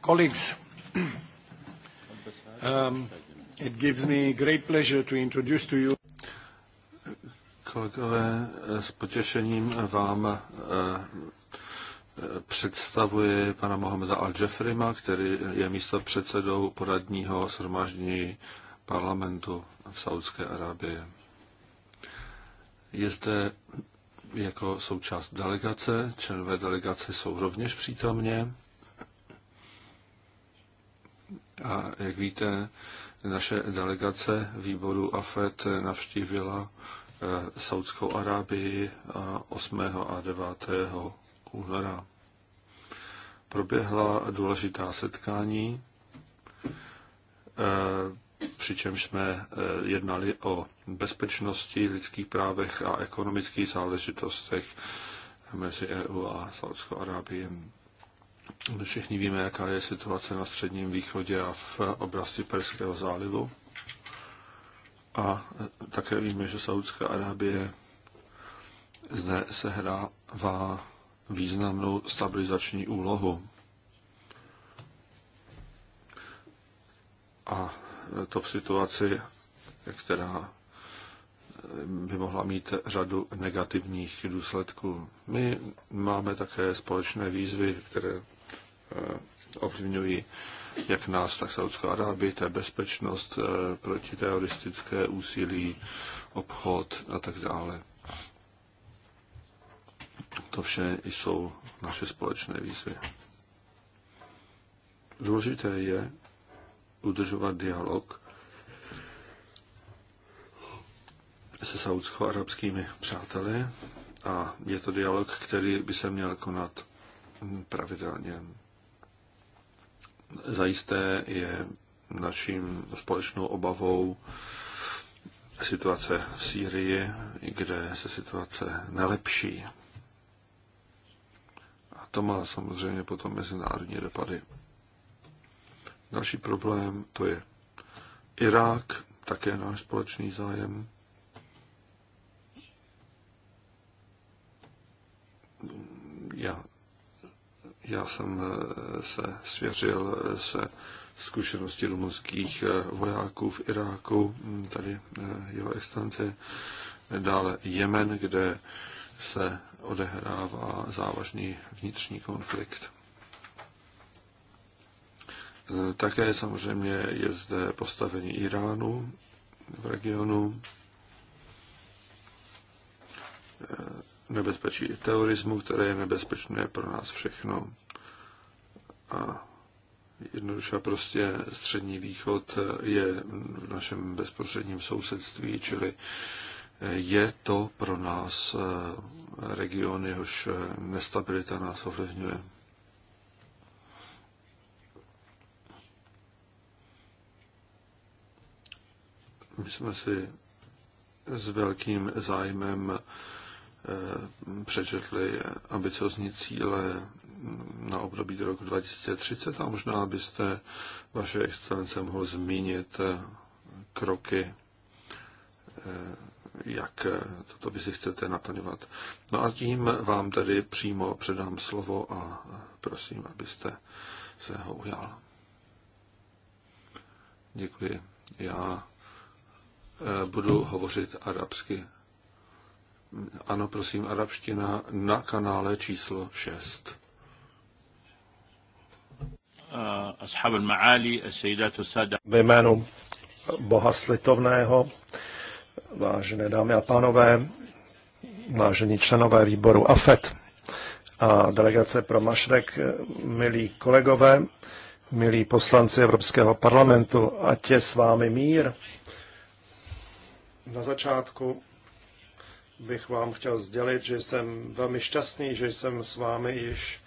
colleagues, um, it gives me great pleasure to introduce to you. Kolegové, eh, s potěšením vám eh, představuji pana Mohameda Al-Jafrima, který je místo předsedou poradního shromáždění parlamentu v Saudské Arábie. Je zde jako součást delegace, členové delegace jsou rovněž přítomně. A jak víte, naše delegace výboru AFET navštívila eh, Saudskou Arábii 8. Eh, a 9. února. Proběhla důležitá setkání, eh, přičemž jsme jednali o bezpečnosti, lidských právech a ekonomických záležitostech mezi EU a Saudskou Arábií. My všichni víme, jaká je situace na Středním východě a v oblasti Perského zálivu. A také víme, že Saudská Arábie zde sehrává významnou stabilizační úlohu. A to v situaci, která by mohla mít řadu negativních důsledků. My máme také společné výzvy, které Eh, ovlivňují jak nás, tak Saudskou Arábii, to je bezpečnost, eh, protiteroristické úsilí, obchod a tak dále. To vše jsou naše společné výzvy. Důležité je udržovat dialog se saudsko-arabskými přáteli a je to dialog, který by se měl konat pravidelně. Zajisté je naším společnou obavou situace v Sýrii, kde se situace nelepší. A to má samozřejmě potom mezinárodní dopady. Další problém to je Irák, také náš společný zájem. Já já jsem eh, se svěřil eh, se zkušenosti rumunských eh, vojáků v Iráku, hm, tady jeho excelence, dále Jemen, kde se odehrává závažný vnitřní konflikt. Také samozřejmě je zde postavení Iránu v regionu nebezpečí terorismu, které je nebezpečné pro nás všechno. A jednoduše prostě střední východ je v našem bezprostředním sousedství, čili je to pro nás eh, region, jehož nestabilita nás ovlivňuje. My jsme si s velkým zájmem Eh, přečetli ambiciozní cíle na období do roku 2030 a možná byste, vaše excelence, mohl zmínit eh, kroky, eh, jak toto by si chcete naplňovat. No a tím vám tedy přímo předám slovo a prosím, abyste se ho ujal. Děkuji. Já budu hovořit arabsky ano, prosím, arabština na kanále číslo 6. Ve jménu Boha Slitovného, vážené dámy a pánové, vážení členové výboru AFET a delegace pro Mašrek, milí kolegové, milí poslanci Evropského parlamentu, ať je s vámi mír. Na začátku bych vám chtěl sdělit, že jsem velmi šťastný, že jsem s vámi již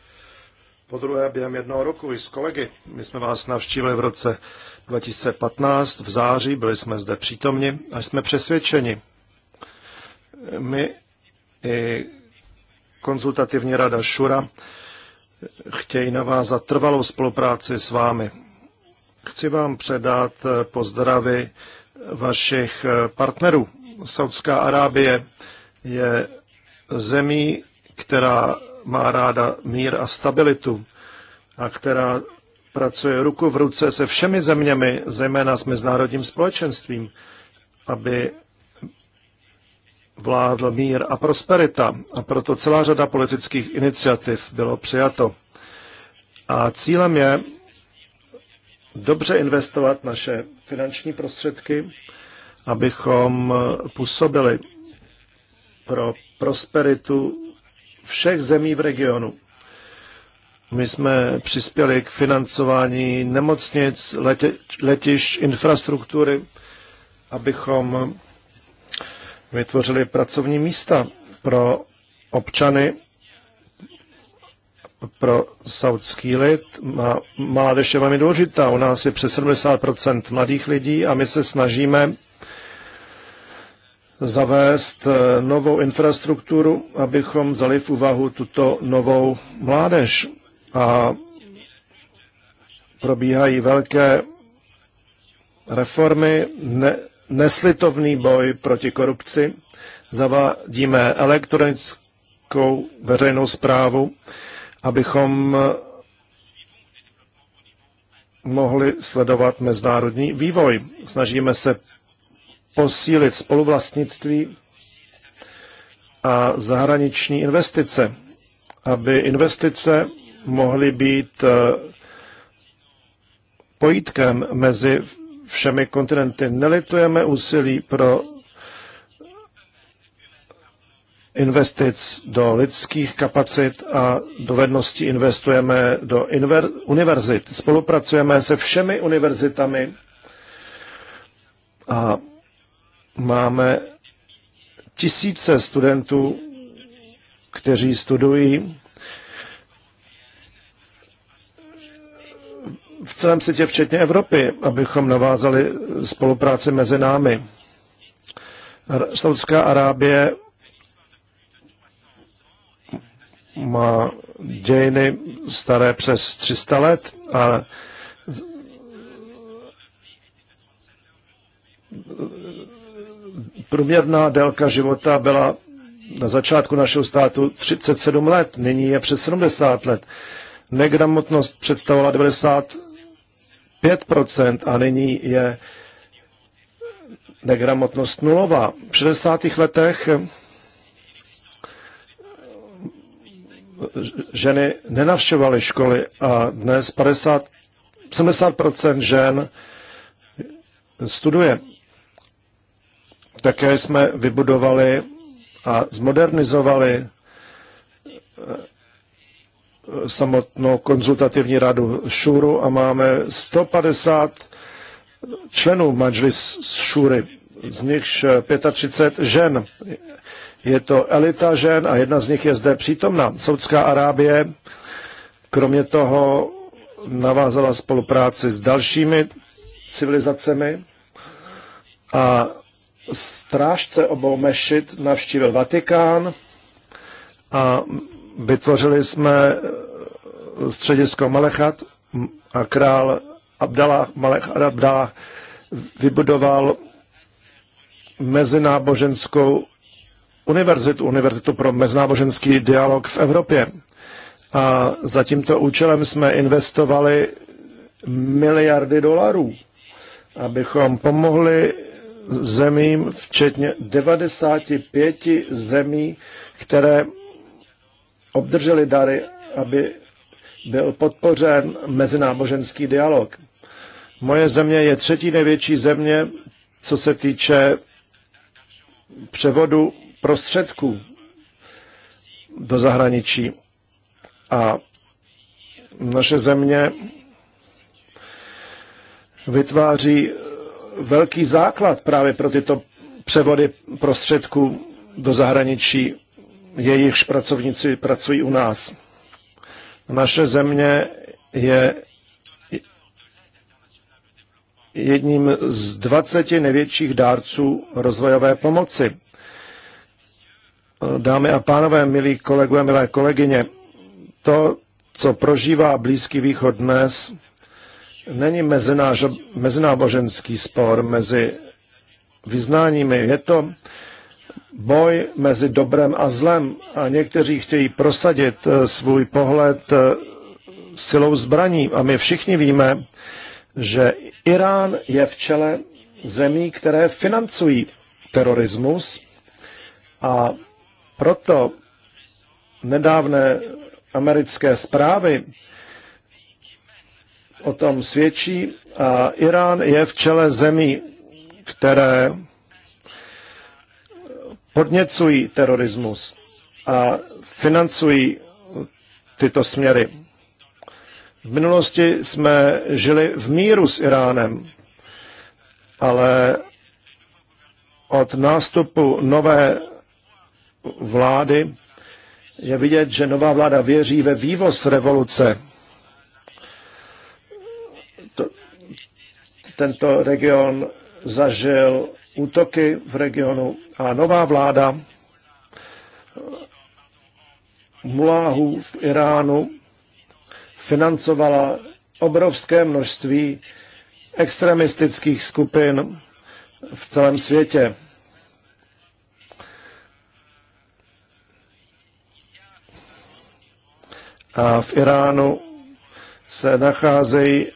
po druhé během jednoho roku i s kolegy. My jsme vás navštívili v roce 2015 v září, byli jsme zde přítomni a jsme přesvědčeni. My i konzultativní rada Šura chtějí navázat trvalou spolupráci s vámi. Chci vám předat pozdravy vašich partnerů. Saudská Arábie je zemí, která má ráda mír a stabilitu a která pracuje ruku v ruce se všemi zeměmi, zejména s mezinárodním společenstvím, aby vládl mír a prosperita. A proto celá řada politických iniciativ bylo přijato. A cílem je dobře investovat naše finanční prostředky, abychom působili pro prosperitu všech zemí v regionu. My jsme přispěli k financování nemocnic, leti, letišť, infrastruktury, abychom vytvořili pracovní místa pro občany, pro saudský lid. Mládež je velmi důležitá. U nás je přes 70 mladých lidí a my se snažíme zavést eh, novou infrastrukturu, abychom vzali v úvahu tuto novou mládež. A probíhají velké reformy, ne, neslitovný boj proti korupci, zavádíme elektronickou veřejnou zprávu, abychom eh, mohli sledovat mezinárodní vývoj. Snažíme se posílit spoluvlastnictví a zahraniční investice, aby investice mohly být eh, pojítkem mezi všemi kontinenty. Nelitujeme úsilí pro investic do lidských kapacit a dovedností investujeme do inver- univerzit. Spolupracujeme se všemi univerzitami a máme tisíce studentů, kteří studují v celém světě, včetně Evropy, abychom navázali spolupráci mezi námi. Saudská Arábie má dějiny staré přes 300 let a Průměrná délka života byla na začátku našeho státu 37 let, nyní je přes 70 let. Negramotnost představovala 95% a nyní je negramotnost nulová. V 60. letech ženy nenavštěvovaly školy a dnes 50, 70% žen studuje. Také jsme vybudovali a zmodernizovali eh, samotnou konzultativní radu Šuru a máme 150 členů Majlis Šury, z nichž 35 eh, žen. Je to elita žen a jedna z nich je zde přítomna. Saudská Arábie kromě toho navázala spolupráci s dalšími civilizacemi a strážce obou mešit navštívil Vatikán a vytvořili jsme eh, středisko Malechat a král Abdallah, Malech Abdallah vybudoval mezináboženskou univerzitu, univerzitu pro mezináboženský dialog v Evropě. A za tímto účelem jsme investovali miliardy dolarů, abychom pomohli zemím, včetně 95 zemí, které obdrželi dary, aby byl podpořen mezináboženský dialog. Moje země je třetí největší země, co se týče převodu prostředků do zahraničí. A naše země vytváří velký základ právě pro tyto převody prostředků do zahraničí, jejichž pracovníci pracují u nás. Naše země je jedním z 20 největších dárců rozvojové pomoci. Dámy a pánové, milí kolegové, milé kolegyně, to, co prožívá Blízký východ dnes, není mezináboženský spor mezi vyznáními. Je to boj mezi dobrem a zlem a někteří chtějí prosadit eh, svůj pohled eh, silou zbraní. A my všichni víme, že Irán je v čele zemí, které financují terorismus a proto nedávné americké zprávy o tom svědčí a Irán je v čele zemí, které podněcují terorismus a financují tyto směry. V minulosti jsme žili v míru s Iránem, ale od nástupu nové vlády je vidět, že nová vláda věří ve vývoz revoluce Tento region zažil útoky v regionu a nová vláda Muláhu v Iránu financovala obrovské množství extremistických skupin v celém světě. A v Iránu se nacházejí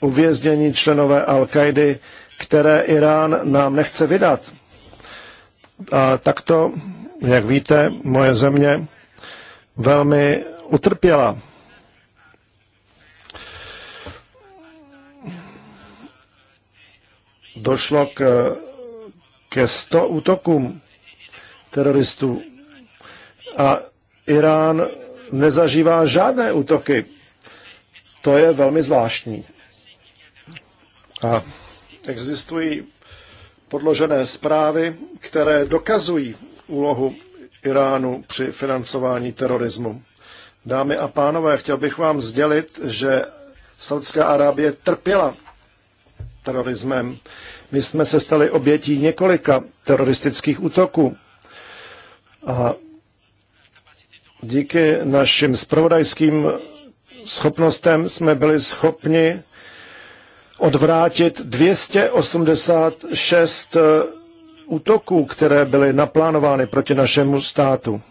uvězněni členové Al-Kaidy, které Irán nám nechce vydat. A takto, jak víte, moje země velmi utrpěla. Došlo k, ke 100 útokům teroristů a Irán nezažívá žádné útoky. To je velmi zvláštní. A existují podložené zprávy, které dokazují úlohu Iránu při financování terorismu. Dámy a pánové, chtěl bych vám sdělit, že Saudská Arábie trpěla terorismem. My jsme se stali obětí několika teroristických útoků. A díky našim spravodajským schopnostem jsme byli schopni odvrátit 286 eh, útoků, které byly naplánovány proti našemu státu.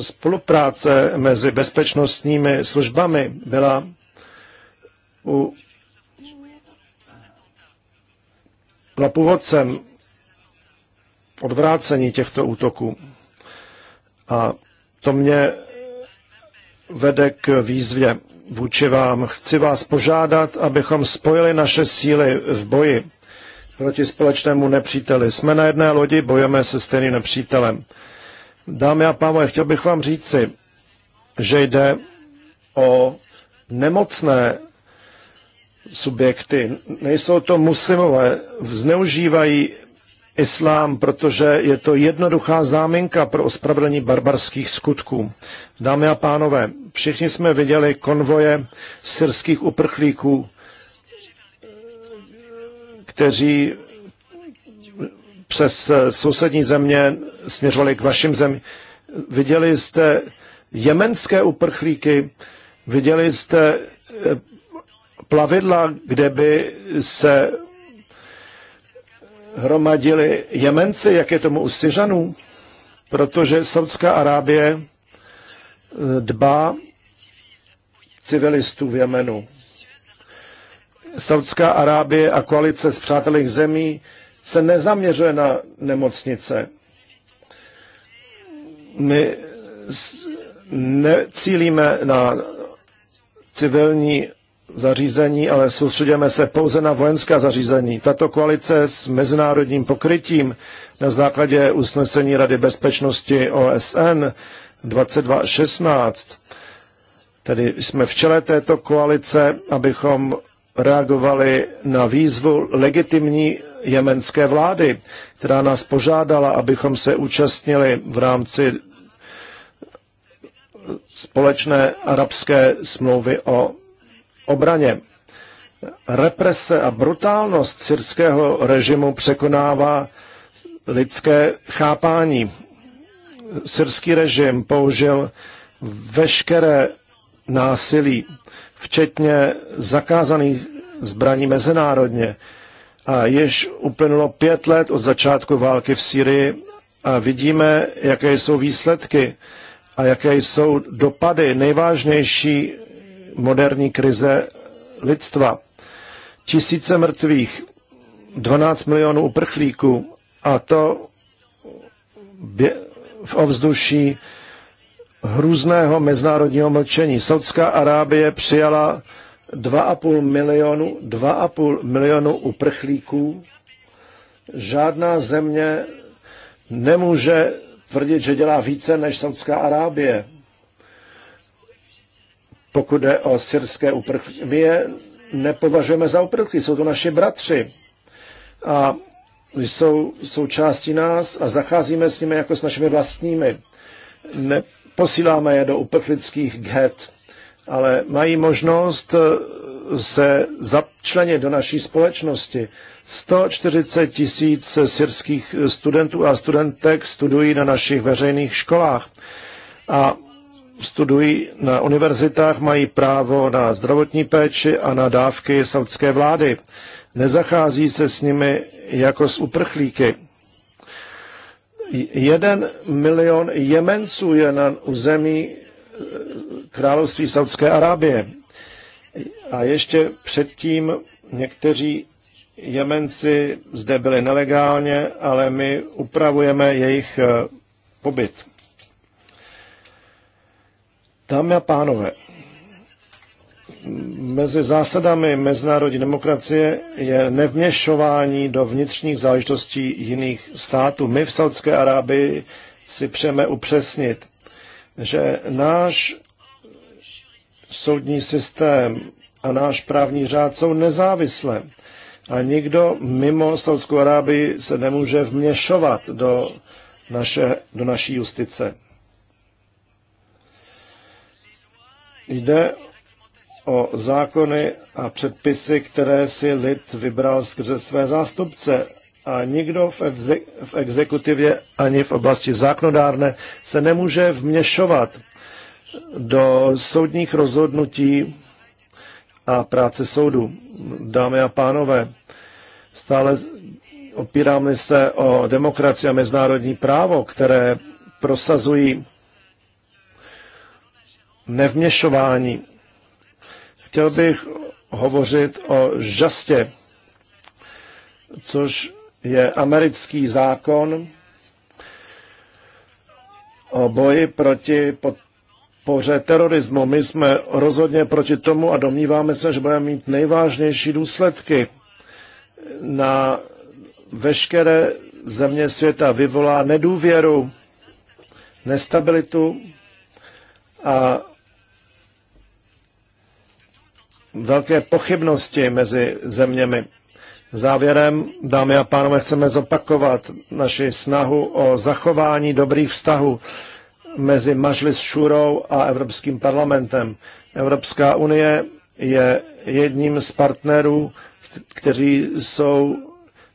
Spolupráce mezi bezpečnostními službami byla u, byla původcem odvrácení těchto útoků. A to mě vede k výzvě vůči vám. Chci vás požádat, abychom spojili naše síly v boji proti společnému nepříteli. Jsme na jedné lodi, bojujeme se stejným nepřítelem. Dámy a pánové, chtěl bych vám říci, že jde o nemocné subjekty. Nejsou to muslimové, zneužívají islám, protože je to jednoduchá záminka pro ospravedlnění barbarských skutků. Dámy a pánové, všichni jsme viděli konvoje syrských uprchlíků, kteří přes sousední země směřovali k vašim zemím. Viděli jste jemenské uprchlíky, viděli jste eh, plavidla, kde by se hromadili Jemenci, jak je tomu u Syřanů, protože Saudská Arábie eh, dbá civilistů v Jemenu. Saudská Arábie a koalice z přátelých zemí se nezaměřuje na nemocnice. My necílíme na civilní zařízení, ale soustředíme se pouze na vojenská zařízení. Tato koalice s mezinárodním pokrytím na základě usnesení Rady bezpečnosti OSN 2216, tedy jsme v čele této koalice, abychom reagovali na výzvu legitimní jemenské vlády, která nás požádala, abychom se účastnili v rámci společné arabské smlouvy o obraně. Represe a brutálnost syrského režimu překonává lidské chápání. Syrský režim použil veškeré násilí, včetně zakázaných zbraní mezinárodně. A již uplynulo pět let od začátku války v Syrii a vidíme, jaké jsou výsledky a jaké jsou dopady. Nejvážnější moderní krize lidstva. Tisíce mrtvých, 12 milionů uprchlíků a to v ovzduší hrůzného mezinárodního mlčení. Saudská Arábie přijala 2,5 milionu, 2,5 milionu uprchlíků. Žádná země nemůže tvrdit, že dělá více než Saudská Arábie pokud jde o syrské uprchlíky. My je nepovažujeme za uprchlíky, jsou to naši bratři. A jsou součástí nás a zacházíme s nimi jako s našimi vlastními. Neposíláme je do uprchlických ghet, ale mají možnost eh, se začlenit do naší společnosti. 140 tisíc syrských studentů a studentek studují na našich veřejných školách. A studují na univerzitách, mají právo na zdravotní péči a na dávky saudské vlády. Nezachází se s nimi jako s uprchlíky. Jeden milion Jemenců je na území eh, království Saudské Arábie. A ještě předtím někteří Jemenci zde byli nelegálně, ale my upravujeme jejich eh, pobyt. Dámy a pánové, mezi zásadami mezinárodní demokracie je nevměšování do vnitřních záležitostí jiných států. My v Saudské Arábii si přejeme upřesnit, že náš soudní systém a náš právní řád jsou nezávislé a nikdo mimo Saudskou Arábii se nemůže vměšovat do, naše, do naší justice. Jde o zákony a předpisy, které si lid vybral skrze své zástupce. A nikdo v, exe- v exekutivě ani v oblasti zákonodárné se nemůže vměšovat do soudních rozhodnutí a práce soudu. Dámy a pánové, stále opíráme se o demokracii a mezinárodní právo, které prosazují nevměšování. Chtěl bych hovořit o žastě, což je americký zákon o boji proti podpoře terorismu. My jsme rozhodně proti tomu a domníváme se, že budeme mít nejvážnější důsledky na veškeré země světa. Vyvolá nedůvěru, nestabilitu a velké pochybnosti mezi zeměmi. Závěrem, dámy a pánové, chceme zopakovat naši snahu o zachování dobrých vztahů mezi Mažlis Šurou a Evropským parlamentem. Evropská unie je jedním z partnerů, kteří jsou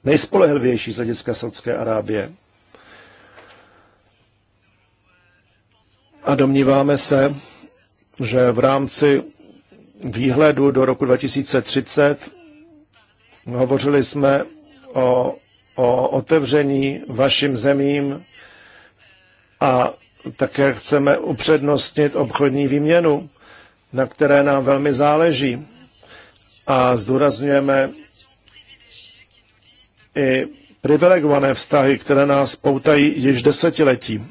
nejspolehlivější z hlediska Saudské Arábie. A domníváme se, že v rámci výhledu do roku 2030. Hovořili jsme o, o otevření vašim zemím a také chceme upřednostnit obchodní výměnu, na které nám velmi záleží. A zdůrazňujeme i privilegované vztahy, které nás poutají již desetiletí.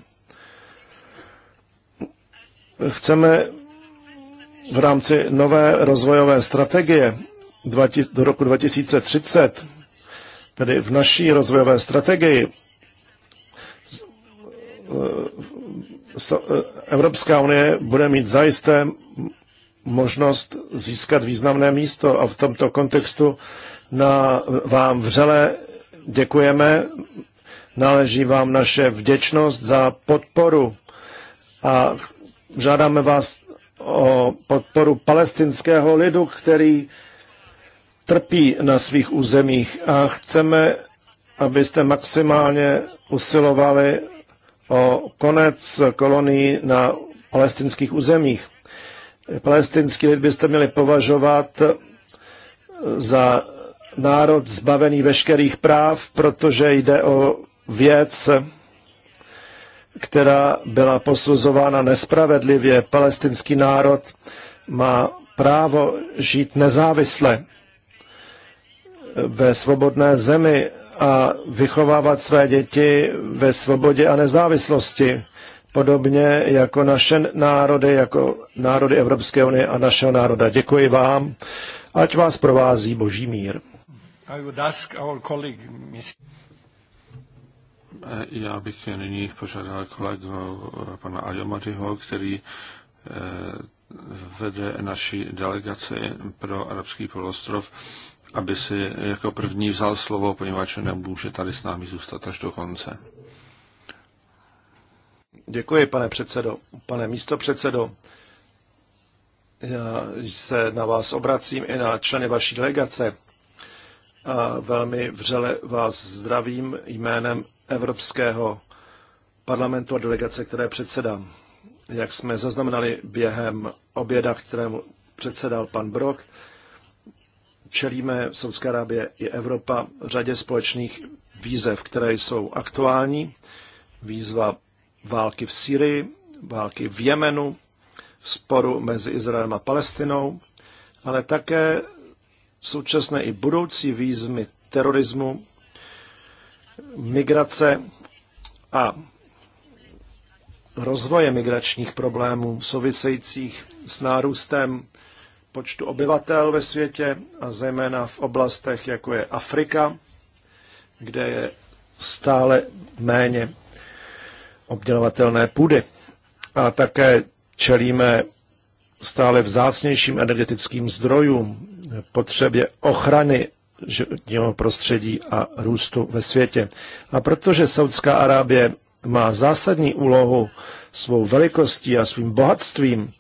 Chceme v rámci nové rozvojové strategie do roku 2030, tedy v naší rozvojové strategii, e, Evropská unie bude mít zajisté možnost získat významné místo a v tomto kontextu na, vám vřele děkujeme. Náleží vám naše vděčnost za podporu a žádáme vás o podporu palestinského lidu, který trpí na svých územích a chceme, abyste maximálně usilovali o konec kolonii na palestinských územích. Palestinský lid byste měli považovat za národ zbavený veškerých práv, protože jde o věc, která byla posluzována nespravedlivě. Palestinský národ má právo žít nezávisle ve svobodné zemi a vychovávat své děti ve svobodě a nezávislosti, podobně jako naše národy, jako národy Evropské unie a našeho národa. Děkuji vám, ať vás provází boží mír. E, já bych nyní požádal kolegu e, pana Ajomadyho, který e, vede naši delegaci pro Arabský polostrov, aby si jako první vzal slovo, poněvadž nemůže tady s námi zůstat až do konce. Děkuji, pane předsedo. Pane místo předsedo, já se na vás obracím i na členy vaší delegace a velmi vřele vás zdravím jménem Evropského parlamentu a delegace, které předsedám. Jak jsme zaznamenali během oběda, kterému předsedal pan Brok, čelíme v Saudské Arábie i Evropa řadě společných výzev, které jsou aktuální. Výzva války v Syrii, války v Jemenu, sporu mezi Izraelem a Palestinou, ale také současné i budoucí výzmy terorismu, migrace a rozvoje migračních problémů souvisejících s nárůstem počtu obyvatel ve světě a zejména v oblastech, jako je Afrika, kde je stále méně obdělovatelné půdy. A také čelíme stále vzácnějším energetickým zdrojům, potřebě ochrany životního prostředí a růstu ve světě. A protože Saudská Arábie má zásadní úlohu svou velikostí a svým bohatstvím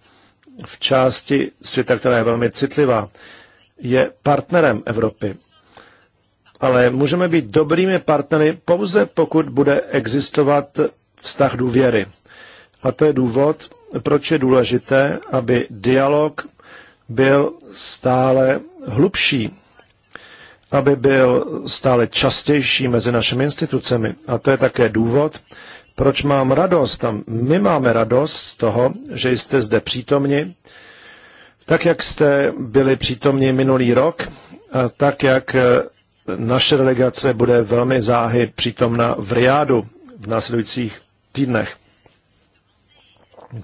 v části světa, která je velmi citlivá, je partnerem Evropy. Ale můžeme být dobrými partnery pouze pokud bude existovat vztah důvěry. A to je důvod, proč je důležité, aby dialog byl stále hlubší, aby byl stále častější mezi našimi institucemi. A to je také důvod, proč mám radost. A my máme radost z toho, že jste zde přítomni, tak jak jste byli přítomni minulý rok, a tak jak eh, naše delegace bude velmi záhy přítomna v Riádu v následujících týdnech.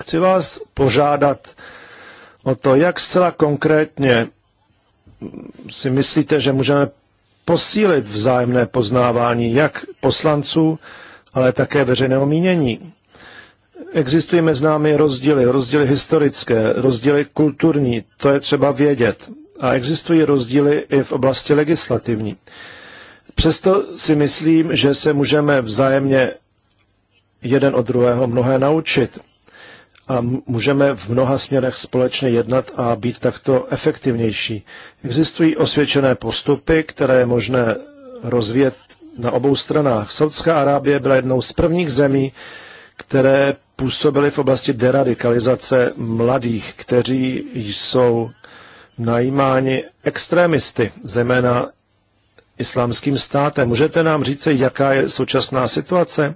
Chci vás požádat o to, jak zcela konkrétně si myslíte, že můžeme posílit vzájemné poznávání jak poslanců, ale také veřejného mínění. Existují mezi námi rozdíly, rozdíly historické, rozdíly kulturní, to je třeba vědět. A existují rozdíly i v oblasti legislativní. Přesto si myslím, že se můžeme vzájemně jeden od druhého mnohé naučit a můžeme v mnoha směrech společně jednat a být takto efektivnější. Existují osvědčené postupy, které je možné rozvíjet na obou stranách. Saudská Arábie byla jednou z prvních zemí, které působily v oblasti deradikalizace mladých, kteří jsou najímáni extremisty, zejména islámským státem. Můžete nám říct, jaká je současná situace?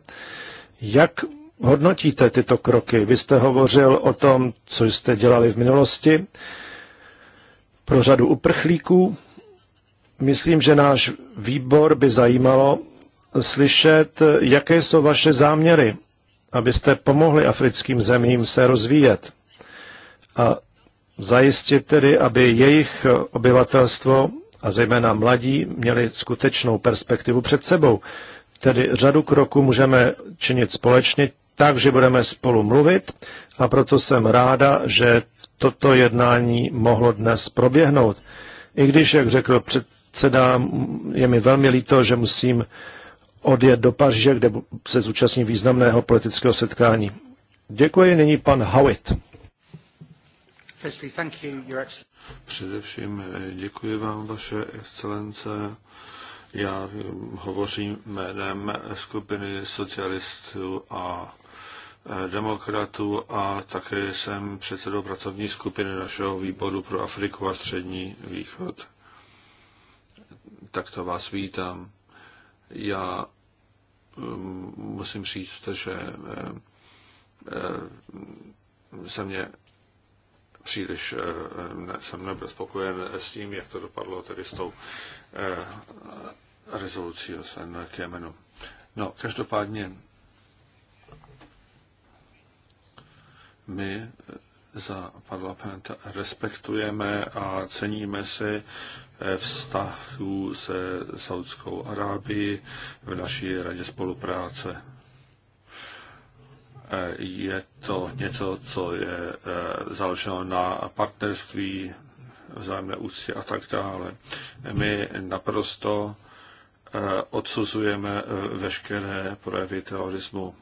Jak hodnotíte tyto kroky? Vy jste hovořil o tom, co jste dělali v minulosti pro řadu uprchlíků. Myslím, že náš výbor by zajímalo slyšet, jaké jsou vaše záměry, abyste pomohli africkým zemím se rozvíjet a zajistit tedy, aby jejich obyvatelstvo a zejména mladí měli skutečnou perspektivu před sebou. Tedy řadu kroků můžeme činit společně, takže budeme spolu mluvit a proto jsem ráda, že toto jednání mohlo dnes proběhnout. I když, jak řekl předseda, je mi velmi líto, že musím odjet do Paříže, kde se zúčastní významného politického setkání. Děkuji, nyní pan Howitt. Především eh, děkuji vám, vaše excelence. Já eh, hovořím jménem eh, skupiny socialistů a Eh, demokratů a také jsem předsedou pracovní skupiny našeho výboru pro Afriku a Střední východ. Tak to vás vítám. Já mm, musím říct, že eh, eh, se mě příliš ne, jsem nebyl spokojen s tím, jak to dopadlo tedy s tou rezolucí o sen Kemenu. No, každopádně my eh, za parlament respektujeme a ceníme si eh, vztahů se Saudskou Arábií v naší radě spolupráce. Eh, je to něco, co je založeno na partnerství, vzájemné úctě a tak dále. My naprosto odsuzujeme veškeré projevy terorismu.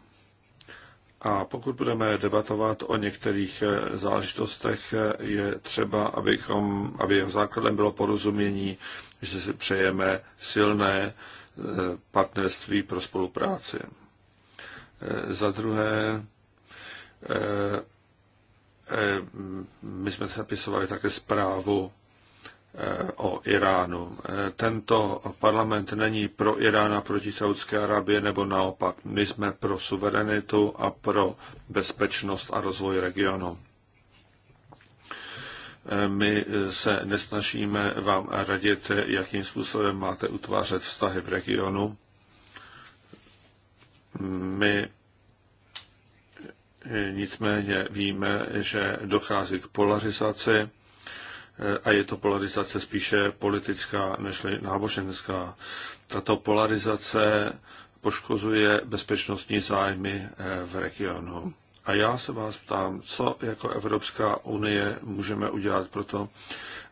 A pokud budeme debatovat o některých eh, záležitostech, eh, je třeba, abychom, aby jeho základem bylo porozumění, že si přejeme silné eh, partnerství pro spolupráci. Za druhé, my jsme zapisovali také zprávu Eh, o Iránu. Eh, tento parlament není pro Irán a proti Saudské Arabie, nebo naopak. My jsme pro suverenitu a pro bezpečnost a rozvoj regionu. Eh, my se nesnažíme vám radit, jakým způsobem máte utvářet vztahy v regionu. My nicméně víme, že dochází k polarizaci Eh, a je to polarizace spíše politická než náboženská. Tato polarizace poškozuje bezpečnostní zájmy eh, v regionu. A já se vás ptám, co jako Evropská unie můžeme udělat pro to,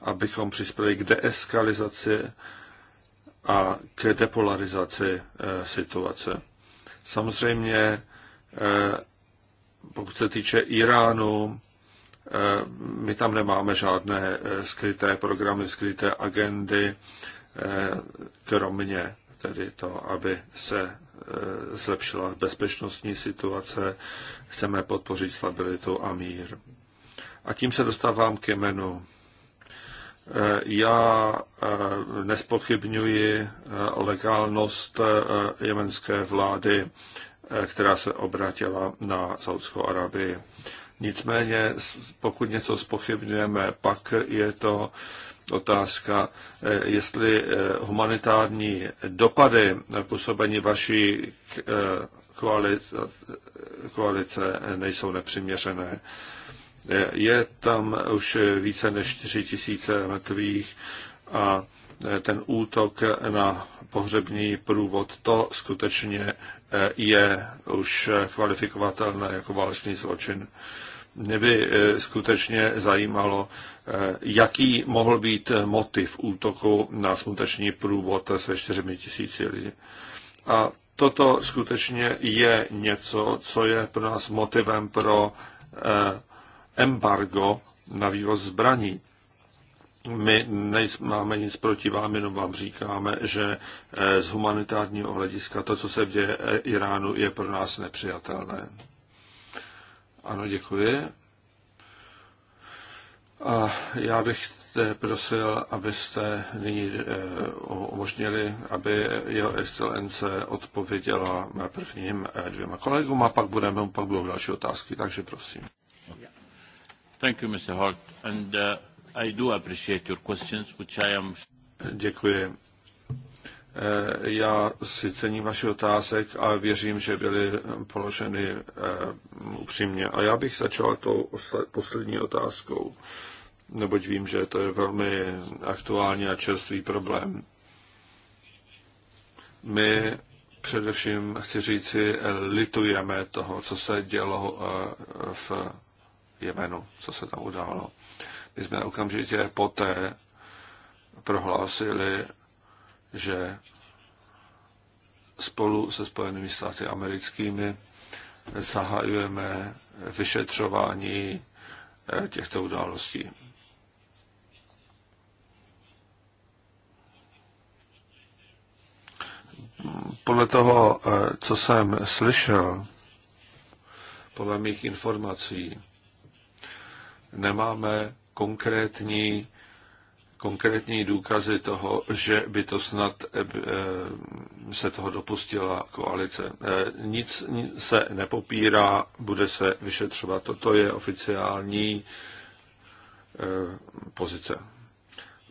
abychom přispěli k deeskalizaci a k depolarizaci eh, situace. Samozřejmě, pokud se týče Iránu, Eh, my tam nemáme žádné eh, skryté programy, skryté agendy, eh, kromě tedy to, aby se zlepšila bezpečnostní situace, chceme podpořit stabilitu a mír. A tím se dostávám k jmenu. Já nespochybňuji legálnost jemenské vlády která se obrátila na Saudskou Arabii. Nicméně, pokud něco spochybňujeme, pak je to otázka, eh, jestli eh, humanitární dopady působení vaší eh, koalice, koalice nejsou nepřiměřené. Je tam už více než 4 tisíce mrtvých a ten útok na pohřební průvod, to skutečně je e už kvalifikovatelné jako válečný zločin. Mě by e, skutečně zajímalo, e, jaký mohl být motiv útoku na smuteční průvod se čtyřmi tisíci lidí. A toto skutečně je něco, co je pro nás motivem pro embargo na vývoz zbraní. My nejsme nic proti vám, jenom vám říkáme, že eh, z humanitárního hlediska to, co se děje eh, Iránu, je pro nás nepřijatelné. Ano, děkuji. A já bych prosil, abyste nyní eh, umožnili, aby jeho excelence odpověděla prvním dvěma kolegům a pak, budeme, pak budou další otázky, takže prosím. Thank you, Mr. Hart. And, uh... I do appreciate your questions, which I am... Děkuji. Eh, já si cením vaše otázek a věřím, že byly eh, položeny eh, upřímně. A já bych začal tou poslední otázkou, neboť vím, že to je velmi aktuální a čerstvý problém. My především, chci říci, litujeme toho, co se dělo v Jemenu, co se tam událo. My jsme okamžitě poté prohlásili, že spolu se Spojenými státy americkými zahajujeme vyšetřování eh, těchto událostí. Podle toho, eh, co jsem slyšel, podle mých informací, nemáme konkrétní, konkrétní důkazy toho, že by to snad eh, se toho dopustila koalice. Eh, nic se nepopírá, bude se vyšetřovat. Toto je oficiální eh, pozice.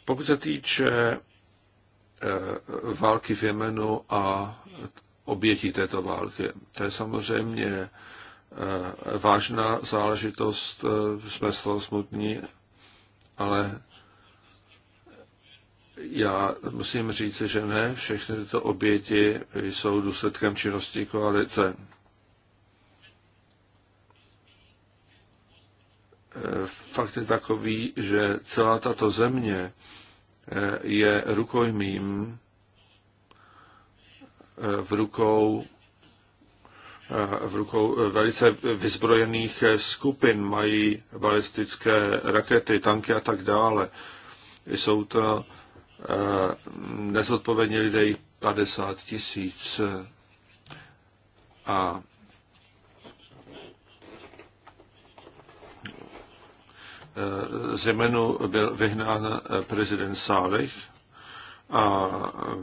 Pokud se týče války v Jemenu a obětí této války, to je samozřejmě vážná záležitost, jsme z toho smutní, ale já musím říct, že ne všechny tyto oběti jsou důsledkem činnosti koalice. Fakt je takový, že celá tato země eh, je rukojmím eh, v rukou v rukou velice vyzbrojených skupin, mají balistické rakety, tanky a tak dále. Jsou to eh, nezodpovědní lidé 50 tisíc. A eh, zemenu byl vyhnán prezident Sálech a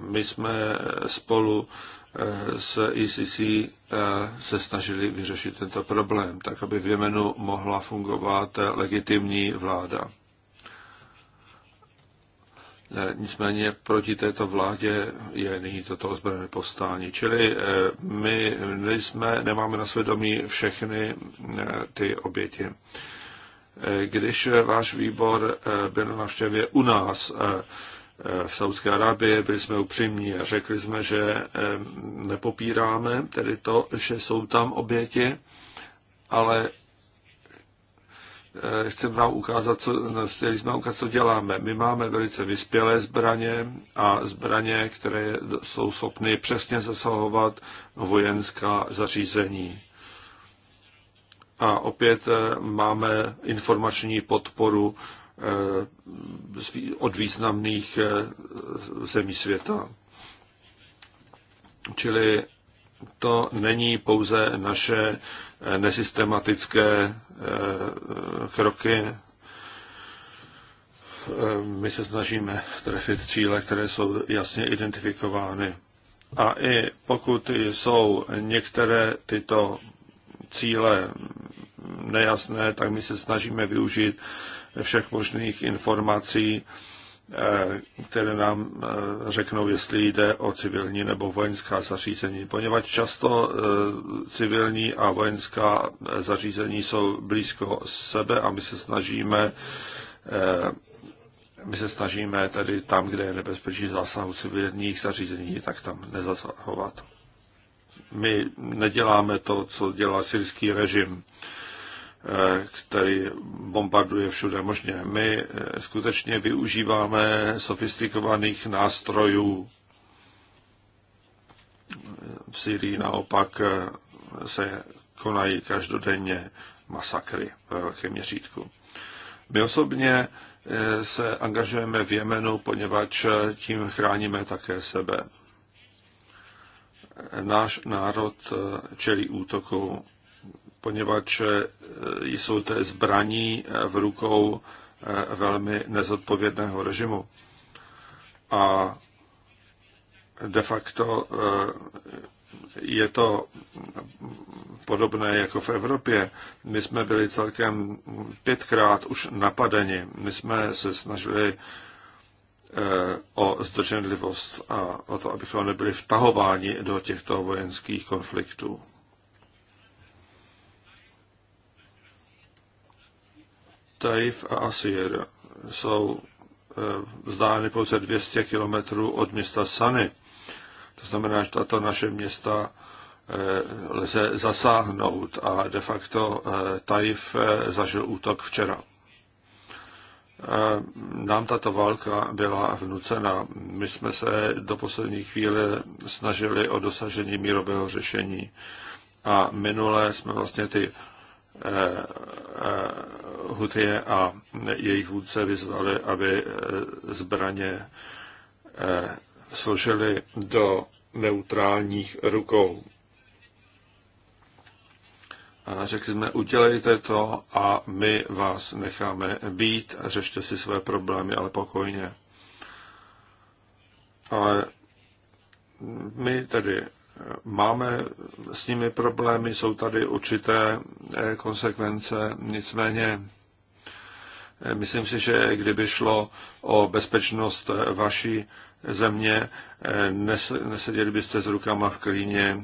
my jsme spolu z ICC e eh, se snažili vyřešit tento problém, tak aby v Jemenu mohla fungovat legitimní vláda. Eh, nicméně proti této vládě je nyní toto ozbrojené povstání. Čili eh, my nejsme, nemáme na svědomí všechny ty oběti. Když váš výbor byl na návštěvě u nás, Eh, v Saudské Arábii, byli jsme upřímní a řekli jsme, že eh, nepopíráme tedy to, že jsou tam oběti, ale eh, chceme vám ukázat, co, no, chtěli jsme ukázat, co děláme. My máme velice vyspělé zbraně a zbraně, které jsou schopny přesně zasahovat vojenská zařízení. A opět máme informační podporu Eh, od významných eh, zemí světa. Čili to není pouze naše eh, nesystematické kroky. My se snažíme trefit cíle, které jsou jasně identifikovány. A i pokud jsou některé tyto cíle nejasné, tak my se snažíme využít všech možných informací, eh, které nám eh, řeknou, jestli jde o civilní nebo vojenská zařízení, poněvadž často eh, civilní a vojenská zařízení jsou blízko sebe a my se snažíme my se snažíme tedy tam, kde je nebezpečí zásahu civilních zařízení, tak tam nezasahovat. My neděláme to, co dělá syrský režim který bombarduje všude možně. My eh, skutečně využíváme sofistikovaných nástrojů. Eh, v Syrii naopak eh, se konají každodenně masakry ve velkém měřítku. My osobně se angažujeme v Jemenu, poněvadž tím chráníme také sebe. Náš národ čelí útoku poněvadž eh, jsou to zbraní eh, v rukou eh, velmi nezodpovědného režimu. A de facto je to podobné jako v Evropě. My jsme byli celkem pětkrát už napadeni. My jsme se snažili o zdrženlivost a o to, abychom nebyli vtahováni do těchto vojenských konfliktů. Taif a Asir jsou eh, vzdáleny pouze 200 kilometrů od města Sany. To znamená, že tato naše města eh, lze zasáhnout a de facto eh, Taif zažil útok včera. Nám tato válka byla vnucena. My jsme se do poslední chvíle snažili o dosažení mírového řešení. A minule jsme vlastně ty Eh, eh, Hutie a jejich vůdce vyzvali, aby eh, zbraně složili do neutrálních rukou. A řekli jsme, udělejte to a my vás necháme být, řešte si své problémy, ale pokojně. Ale my tedy Máme s nimi problémy, jsou tady určité eh, konsekvence, nicméně eh, myslím si, že kdyby šlo o bezpečnost eh, vaší země, neseděli byste s rukama v klíně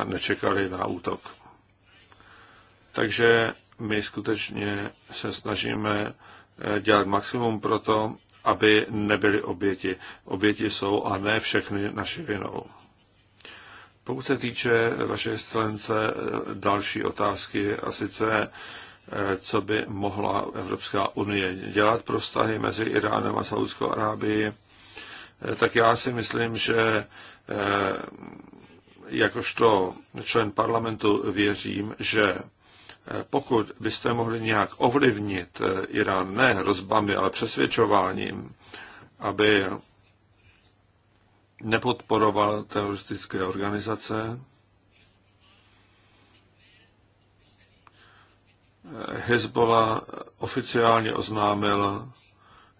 a nečekali na útok. Takže my skutečně se snažíme dělat maximum pro to, aby nebyly oběti. Oběti jsou a ne všechny naši vinou. Pokud se týče vaše excelence další otázky, a sice eh, co by mohla Evropská unie dělat pro vztahy mezi Iránem a Saudskou Arábií, eh, tak já si myslím, že eh, jakožto člen parlamentu věřím, že pokud byste mohli nějak ovlivnit Irán ne hrozbami, ale přesvědčováním, aby nepodporoval teroristické organizace. Hezbola oficiálně oznámil,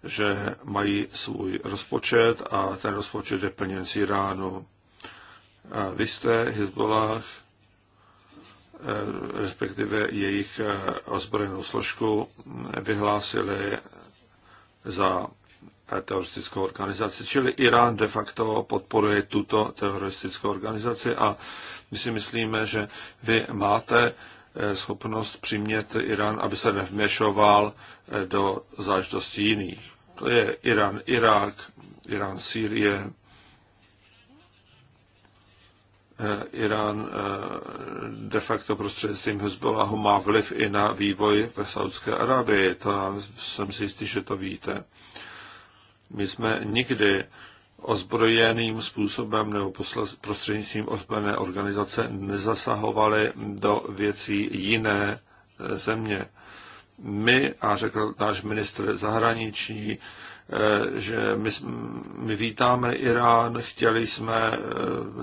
že mají svůj rozpočet a ten rozpočet je plněn z Iránu. A vy jste Hezbolách, eh, respektive jejich eh, ozbrojenou složku, vyhlásili za teroristickou organizaci. Čili Irán de facto podporuje tuto teroristickou organizaci a my si myslíme, že vy máte eh, schopnost přimět Irán, aby se nevměšoval eh, do záležitostí jiných. To je Irán, Irák, Irán, Sýrie, eh, Irán de facto prostřednictvím Hezbollahu má vliv i na vývoj ve Saudské Arabii. To jsem si jistý, že to víte. My jsme nikdy ozbrojeným způsobem nebo prostřednictvím ozbrojené organizace nezasahovali do věcí jiné e, země. My, a řekl náš ministr zahraničí, e, že my, my vítáme Irán, chtěli jsme,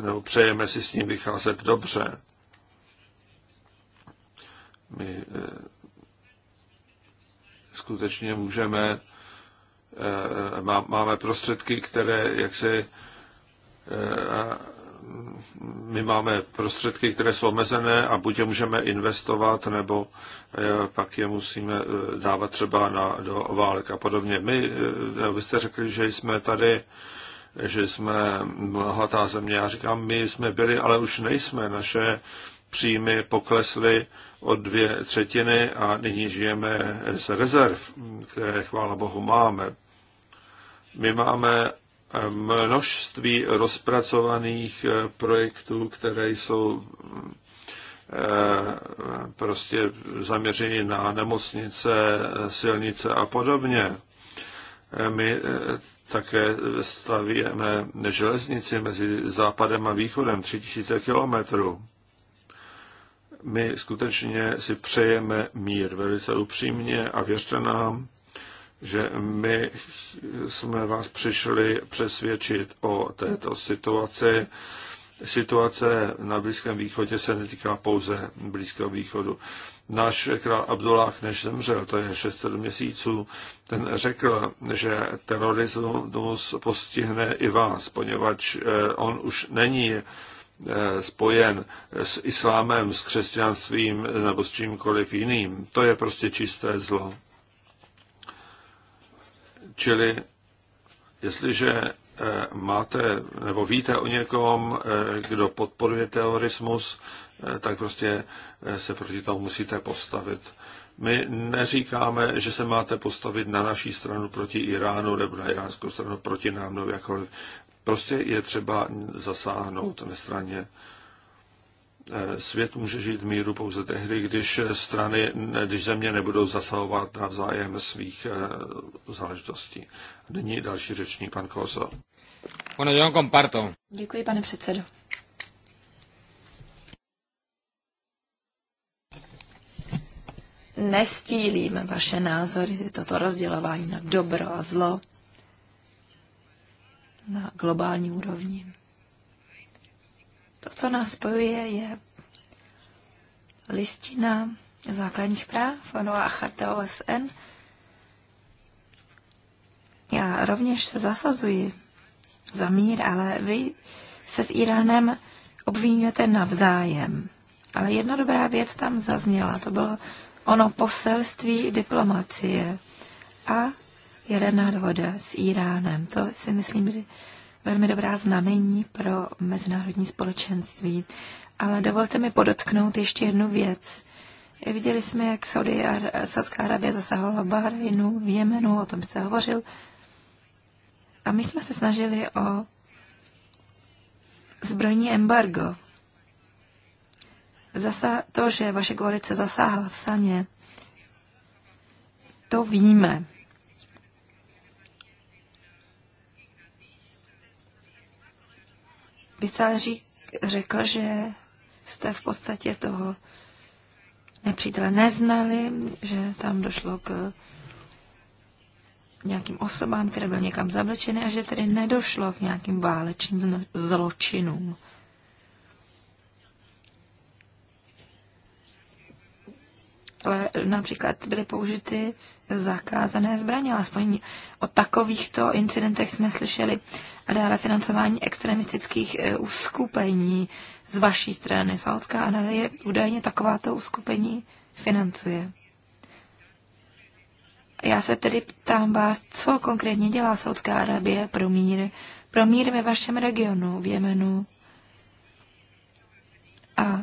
e, nebo přejeme si s ním vycházet dobře. My skutečně můžeme Eh, máme prostředky, které jak se eh, my máme prostředky, které jsou omezené a buď je můžeme investovat, nebo eh, pak je musíme dávat třeba na, do válek a podobně. My, vy jste řekli, že jsme tady, že jsme bohatá země. Já říkám, my jsme byli, ale už nejsme. Naše příjmy poklesly o dvě třetiny a nyní žijeme z rezerv, které chvála Bohu máme. My máme eh, množství rozpracovaných eh, projektů, které jsou eh, prostě zaměřeny na nemocnice, silnice a podobně. My také stavíme železnici mezi západem a východem 3000 kilometrů. My skutečně si přejeme mír velice upřímně a věřte nám, že my jsme vás přišli přesvědčit o této situaci. Situace na Blízkém východě se netýká pouze Blízkého východu. Náš král Abdullah, než zemřel, to je 6 měsíců, ten řekl, že terorismus postihne i vás, poněvadž eh, on už není eh, spojen s islámem, s křesťanstvím eh, nebo s čímkoliv jiným. To je prostě čisté zlo. Čili jestliže eh, máte nebo víte o někom, eh, kdo podporuje terorismus, eh, tak prostě se proti tomu musíte postavit. My neříkáme, že se máte postavit na naší stranu proti Iránu nebo na iránskou stranu proti nám, nebo jakkoliv. Prostě je třeba zasáhnout nestraně. Eh, svět může žít v míru pouze tehdy, když strany, když země nebudou zasahovat navzájem svých eh, záležitostí. Nyní další řečník, pan Koso. No Děkuji, pane předsedo. Nestílím vaše názory, toto rozdělování na dobro a zlo na globální úrovni. To, co nás spojuje, je listina základních práv, ono a charta OSN. Já rovněž se zasazuji za mír, ale vy se s Iránem obvinujete navzájem. Ale jedna dobrá věc tam zazněla, to bylo ono poselství diplomacie a jaderná dohoda s Iránem. To si myslím, že velmi dobrá znamení pro mezinárodní společenství. Ale dovolte mi podotknout ještě jednu věc. Viděli jsme, jak Saudi a Saudská Arabie zasahovala v Bahrajnu, v Jemenu, o tom se hovořil. A my jsme se snažili o zbrojní embargo. Zasa to, že vaše koalice zasáhla v Saně, to víme. byste ale řík, řekl, že jste v podstatě toho nepřítele neznali, že tam došlo k nějakým osobám, které byly někam zavlečeny a že tedy nedošlo k nějakým válečným zločinům. Ale například byly použity zakázané zbraně, alespoň o takovýchto incidentech jsme slyšeli. A dále financování extremistických e, uskupení z vaší strany. Saudská Arábie údajně takováto uskupení financuje. Já se tedy ptám vás, co konkrétně dělá Saudská Arábie pro mír, pro mír ve vašem regionu, v Jemenu. A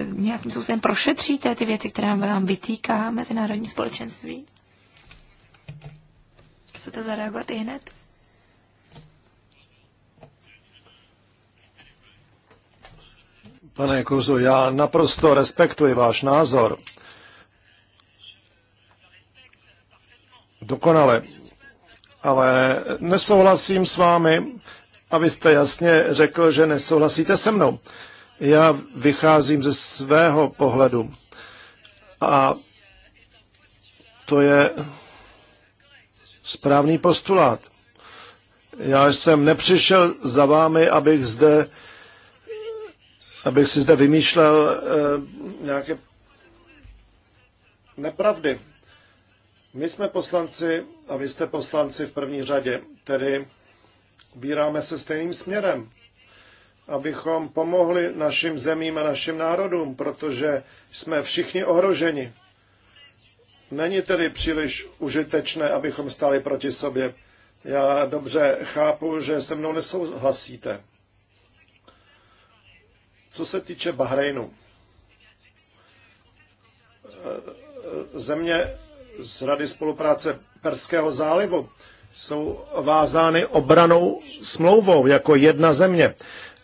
Eh, nějakým způsobem prošetříte ty věci, které vám vytýká mezinárodní společenství? Chcete zareagovat i hned? Pane Kuzu, já naprosto respektuji váš názor. Dokonale. Ale nesouhlasím s vámi, abyste jasně řekl, že nesouhlasíte se mnou. Já vycházím ze svého pohledu a to je správný postulát. Já jsem nepřišel za vámi, abych zde abych si zde vymýšlel eh, nějaké nepravdy. My jsme poslanci a vy jste poslanci v první řadě, tedy bíráme se stejným směrem abychom pomohli našim zemím a našim národům, protože jsme všichni ohroženi. Není tedy příliš užitečné, abychom stali proti sobě. Já dobře chápu, že se mnou nesouhlasíte. Co se týče Bahrajnu, země z Rady spolupráce Perského zálivu jsou vázány obranou smlouvou jako jedna země.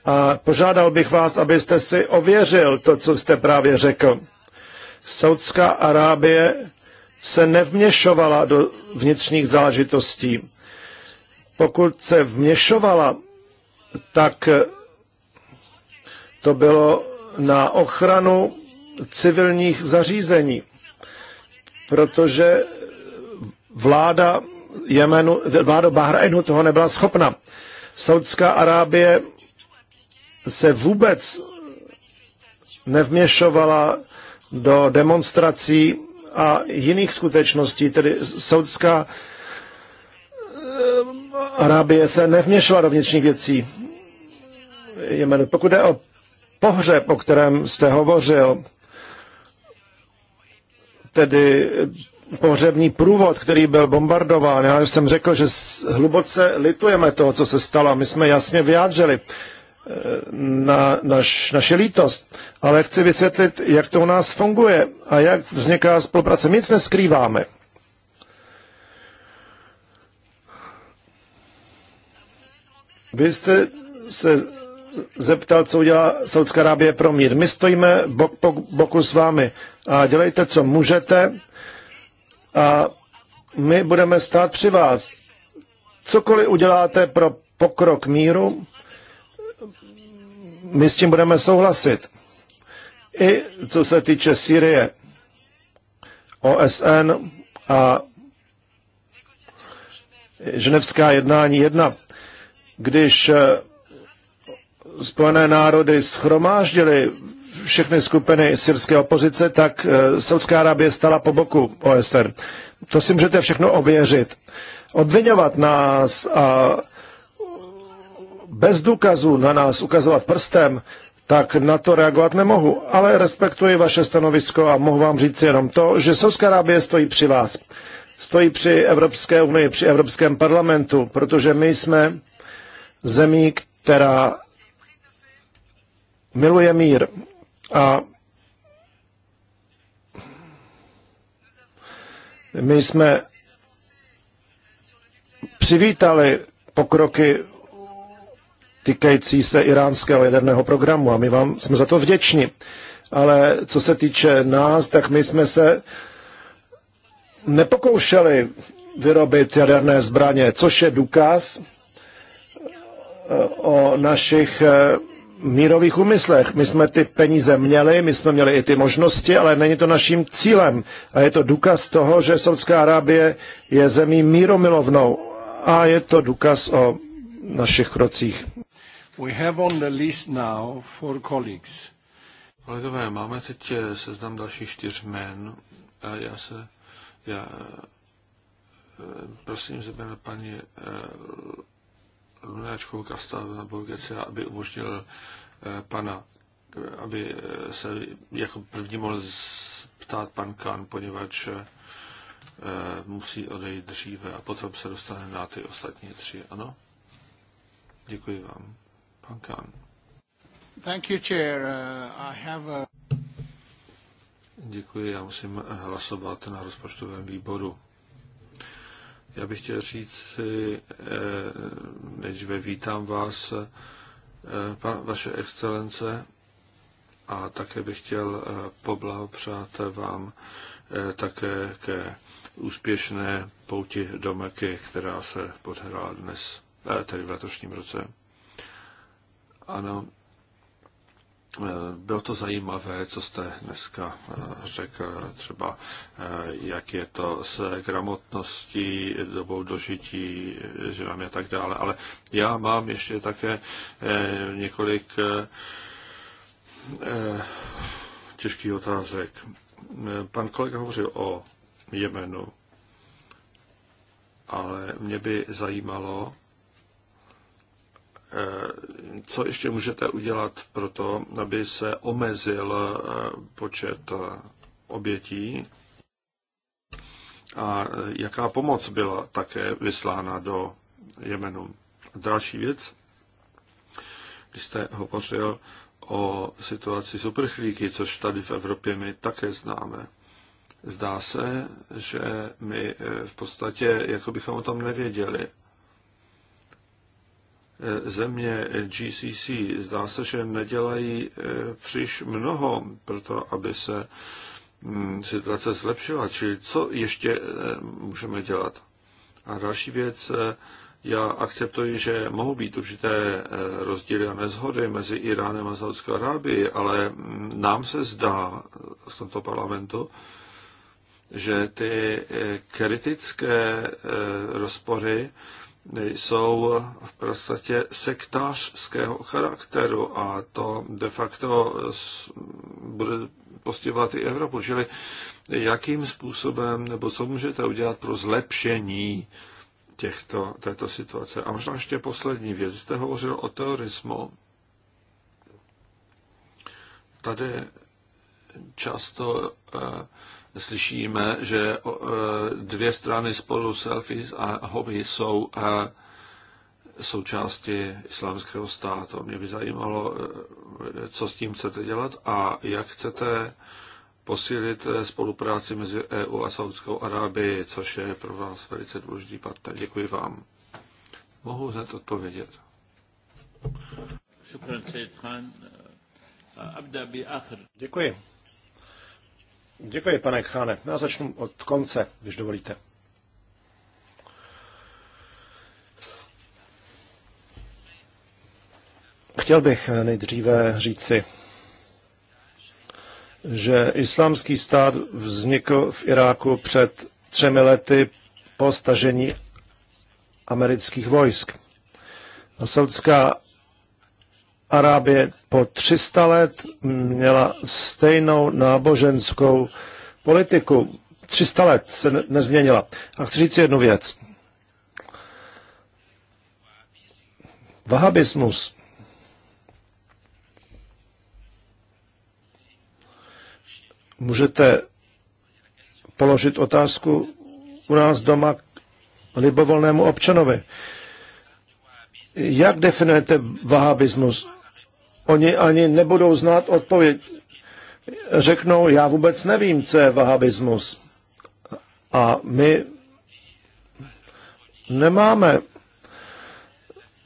A požádal bych vás, abyste si ověřil to, co jste právě řekl. Saudská Arábie se nevměšovala do vnitřních záležitostí. Pokud se vměšovala, tak to bylo na ochranu civilních zařízení, protože vláda, Jemenu, vláda Bahrajnu toho nebyla schopna. Saudská Arábie se vůbec nevměšovala do demonstrací a jiných skutečností, tedy Saudská eh, Arábie se nevměšovala do vnitřních věcí Jemenu. Pokud jde o pohřeb, o kterém jste hovořil, tedy pohřební průvod, který byl bombardován. Já jsem řekl, že hluboce litujeme toho, co se stalo. My jsme jasně vyjádřili, na naš, naše lítost, ale chci vysvětlit, jak to u nás funguje a jak vzniká spolupráce. My nic neskrýváme. Vy jste se zeptal, co udělá Saudská Arábie pro mír. My stojíme bok po boku s vámi a dělejte, co můžete a my budeme stát při vás. Cokoliv uděláte pro pokrok míru, my s tím budeme souhlasit. I co se týče Syrie, OSN a ženevská jednání jedna, když eh, Spojené národy schromáždili všechny skupiny syrské opozice, tak eh, Saudská Arábie stala po boku OSN. To si můžete všechno ověřit. Obvinovat nás a bez důkazů na nás ukazovat prstem, tak na to reagovat nemohu. Ale respektuji vaše stanovisko a mohu vám říct jenom to, že Saudská Arábie stojí při vás. Stojí při Evropské unii, při Evropském parlamentu, protože my jsme zemí, která miluje mír. A my jsme přivítali pokroky týkající se iránského jaderného programu a my vám jsme za to vděční. Ale co se týče nás, tak my jsme se nepokoušeli vyrobit jaderné zbraně, což je důkaz eh, o našich eh, mírových úmyslech. My jsme ty peníze měli, my jsme měli i ty možnosti, ale není to naším cílem. A je to důkaz toho, že Saudská Arábie je zemí míromilovnou. A je to důkaz o našich krocích. We have on the list now four colleagues. Kolegové, máme teď eh, seznam dalších čtyř jmén. Já se, já eh, prosím zebe eh, na paní Kasta na Borgece, aby umožnil pana, aby se jako první mohl ptát pan Kán, poněvadž musí odejít dříve a potom se dostane na ty ostatní tři. Ano? Děkuji vám. Ankan. Thank you, chair. Uh, I have a... Děkuji, já musím hlasovat na rozpočtovém výboru. Já bych chtěl říct, eh, nejdříve vítám vás, eh, vaše excelence, a také bych chtěl eh, poblahopřát vám také ke úspěšné pouti Meky, která se podhrála dnes, tedy v letošním roce. Ano, eh, bylo to zajímavé, co jste dneska eh, řekl, třeba eh, jak je to s gramotností, dobou dožití, že a tak dále. Ale já mám ještě také několik těžkých otázek. Pan kolega hovořil o Jemenu, ale mě by zajímalo, Eh, co ještě můžete udělat pro to, aby se omezil eh, počet eh, obětí a jaká pomoc byla také vyslána do Jemenu. Další věc, když jste hovořil o situaci s uprchlíky, což tady v Evropě my také známe. Zdá se, že my v podstatě, jako bychom o tom nevěděli země GCC zdá se, že nedělají e, příliš mnoho pro to, aby se mm, situace zlepšila. Čili co ještě e, můžeme dělat? A další věc, e, já akceptuji, že mohou být určité rozdíly a nezhody mezi Iránem a Saudskou Arábií, ale mm, nám se zdá z tomto parlamentu, že ty kritické rozpory jsou v podstatě sektářského charakteru a to de facto bude postihovat i Evropu. Čili jakým způsobem nebo co můžete udělat pro zlepšení těchto, této situace? A možná ještě poslední věc. Jste hovořil o terorismu. Tady často eh, slyšíme, že e, dvě strany spolu selfies a hobby jsou e, součásti islámského státu. Mě by zajímalo, e, co s tím chcete dělat a jak chcete posílit spolupráci mezi EU a Saudskou Arábií, což je pro vás velice důležitý partner. Děkuji vám. Mohu hned odpovědět. Děkuji. Děkuji, pane Kháne. Já začnu od konce, když dovolíte. Chtěl bych nejdříve říci, že islámský stát vznikl v Iráku před třemi lety po stažení amerických vojsk. A Saudská Arábie po 300 let měla stejnou náboženskou politiku. 300 let se nezměnila. A chci říct jednu věc. Vahabismus můžete položit otázku u nás doma libovolnému občanovi. Jak definujete vahabismus? Oni ani nebudou znát odpověď. Řeknou, já vůbec nevím, co je vahabismus. A my nemáme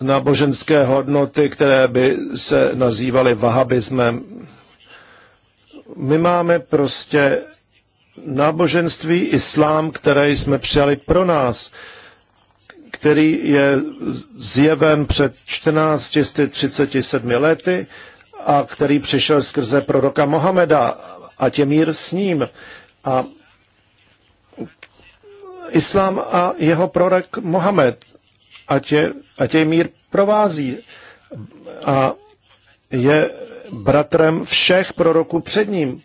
náboženské hodnoty, které by se nazývaly vahabismem. My máme prostě náboženství islám, které jsme přijali pro nás který je zjeven před 14 37 lety a který přišel skrze proroka Mohameda a tě mír s ním. A islám a jeho prorok Mohamed, a tě, a tě mír provází a je bratrem všech proroků před ním.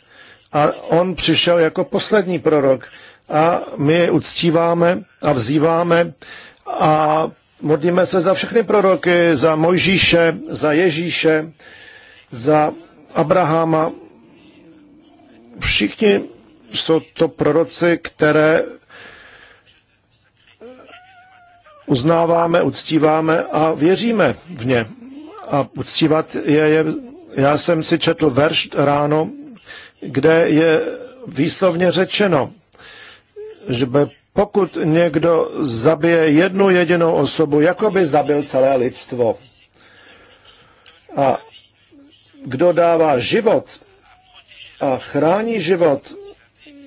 A on přišel jako poslední prorok a my je uctíváme a vzýváme a modlíme se za všechny proroky, za Mojžíše, za Ježíše, za Abrahama. Všichni jsou to proroci, které uznáváme, uctíváme a věříme v ně. A uctívat je, je já jsem si četl verš ráno, kde je výslovně řečeno, že by pokud někdo zabije jednu jedinou osobu, jako by zabil celé lidstvo. A kdo dává život a chrání život,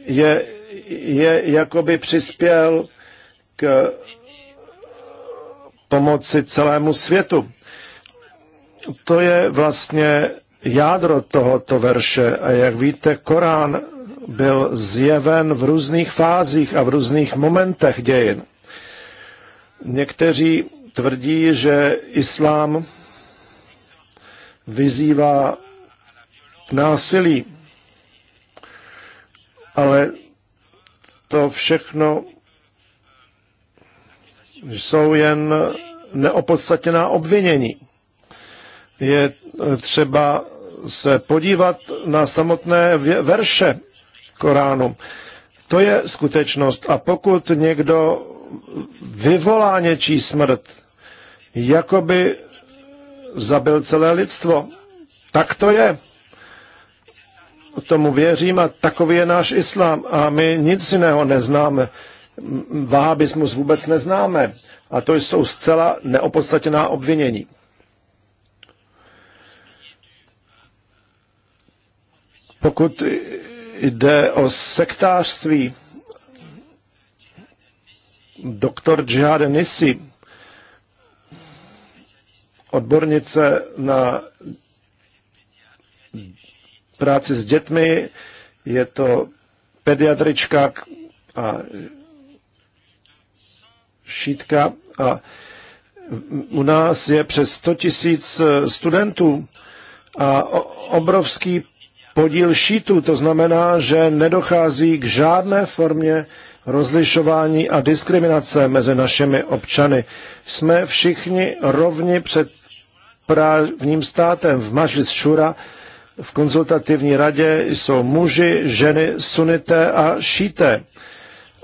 je, je jako by přispěl k pomoci celému světu. To je vlastně jádro tohoto verše. A jak víte, Korán byl zjeven v různých fázích a v různých momentech dějin. Někteří tvrdí, že islám vyzývá násilí, ale to všechno jsou jen neopodstatněná obvinění. Je třeba se podívat na samotné verše Koránu. To je skutečnost. A pokud někdo vyvolá něčí smrt, jako by zabil celé lidstvo, tak to je. Tomu věřím a takový je náš islám. A my nic jiného neznáme. Vahabismus vůbec neznáme. A to jsou zcela neopodstatěná obvinění. Pokud jde o sektářství. Doktor Džihad Nisi, odbornice na práci s dětmi, je to pediatrička a šítka a u nás je přes 100 tisíc studentů a obrovský podíl šítů. To znamená, že nedochází k žádné formě rozlišování a diskriminace mezi našimi občany. Jsme všichni rovni před právním státem v Mažlis Šura, v konzultativní radě jsou muži, ženy, sunité a šíté.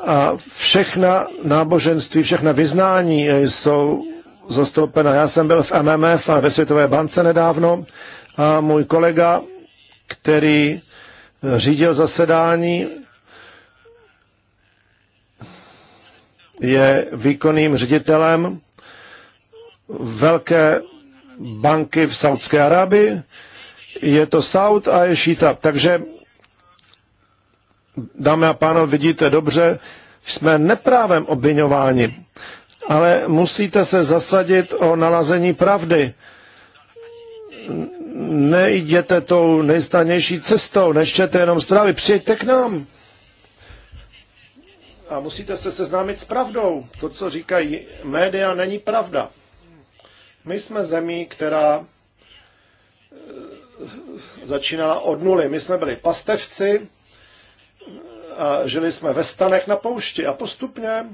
A všechna náboženství, všechna vyznání jsou zastoupena. Já jsem byl v MMF a ve Světové bance nedávno a můj kolega který řídil zasedání, je výkonným ředitelem velké banky v Saudské Arabii. Je to Saud a je Šíta. Takže, dámy a pánové, vidíte dobře, jsme neprávem obvinováni, ale musíte se zasadit o nalazení pravdy nejděte tou nejstanější cestou, neštěte jenom zprávy, přijďte k nám. A musíte se seznámit s pravdou. To, co říkají média, není pravda. My jsme zemí, která eh, začínala od nuly. My jsme byli pastevci a žili jsme ve stanech na poušti a postupně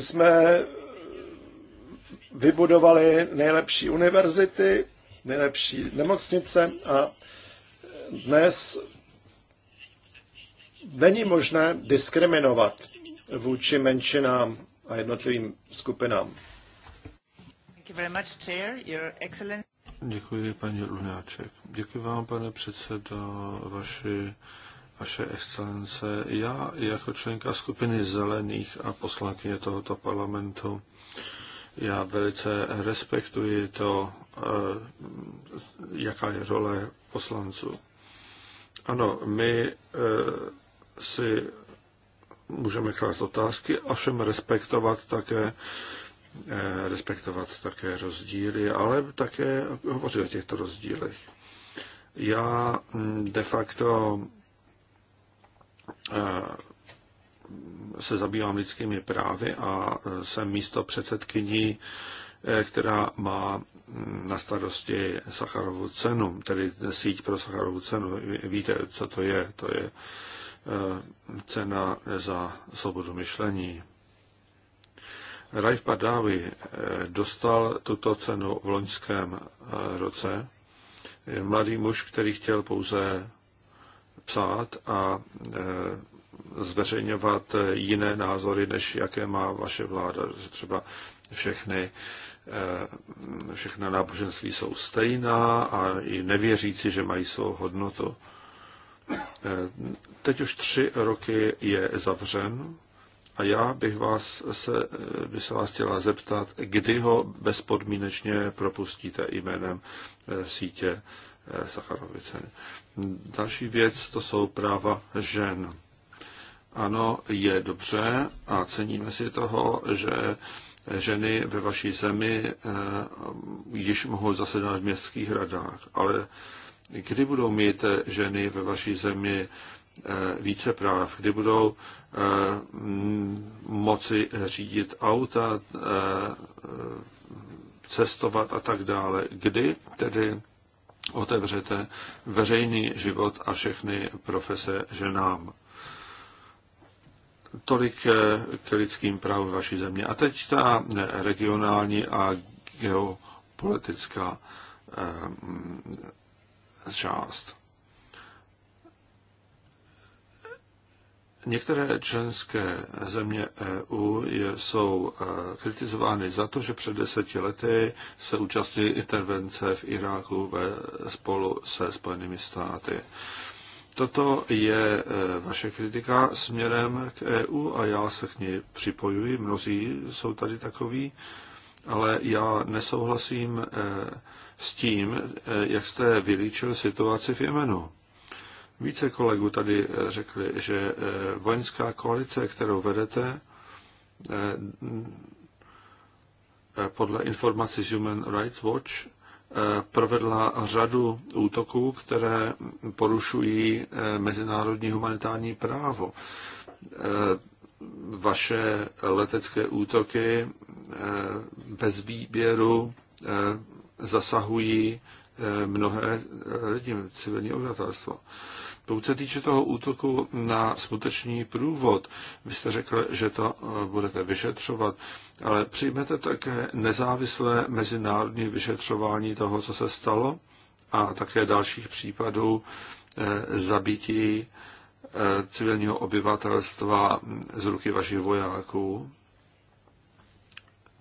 jsme vybudovali nejlepší univerzity, nejlepší nemocnice a dnes není možné diskriminovat vůči menšinám a jednotlivým skupinám. Děkuji, paní Lunáček. Děkuji vám, pane předsedo, vaši, vaše excelence. Já jako členka skupiny zelených a poslankyně tohoto parlamentu, já velice respektuji to Eh, jaká je role poslanců. Ano, my eh, si můžeme klást otázky, ovšem respektovat také eh, respektovat také rozdíly, ale také hovořit o těchto rozdílech. Já hm, de facto se zabývám lidskými právy a jsem místo předsedkyní, která má na starosti Sacharovu cenu, tedy síť pro Sacharovu cenu. Víte, co to je? To je eh, cena za svobodu myšlení. Raif Padávi eh, dostal tuto cenu v loňském eh, roce. Je mladý muž, který chtěl pouze psát a zveřejňovat jiné názory, než jaké má vaše vláda, třeba všechny Eh, všechna náboženství jsou stejná a i nevěřící, že mají svou hodnotu. Eh, teď už tři roky je zavřen a já bych, vás se, eh, bych se vás chtěla zeptat, kdy ho bezpodmínečně propustíte jménem sítě Sacharovice. Další věc to jsou práva žen. Ano, je dobře a ceníme si toho, že ženy ve vaší zemi eh, již mohou zasedat v městských radách, ale kdy budou mít eh, ženy ve vaší zemi eh, více práv, kdy budou moci řídit auta, cestovat a tak dále. Kdy tedy otevřete veřejný život a všechny profese ženám. Tolik k lidským právům vaší země. A teď ta eh, regionální a geopolitická eh, část. Některé členské země EU jsou eh, kritizovány za to, že před deseti lety se účastnili intervence v Iráku ve, spolu se Spojenými státy. Toto je e, vaše kritika směrem k EU a já se k ní připojuji. Mnozí jsou tady takoví, ale já nesouhlasím e, s tím, e, jak jste vylíčil situaci v Jemenu. Více kolegů tady řekli, že vojenská koalice, kterou vedete, podle informací z Human Rights Watch Eh, provedla řadu útoků, které porušují eh, mezinárodní humanitární právo. Eh, vaše letecké útoky bez výběru zasahují mnohé lidi, civilní obyvatelstvo. Pokud se týče toho útoku na smuteční průvod, vy jste řekl, že to budete vyšetřovat ale přijmete také nezávislé mezinárodní vyšetřování toho, co se stalo a také dalších případů eh, zabití eh, civilního obyvatelstva z ruky vašich vojáků.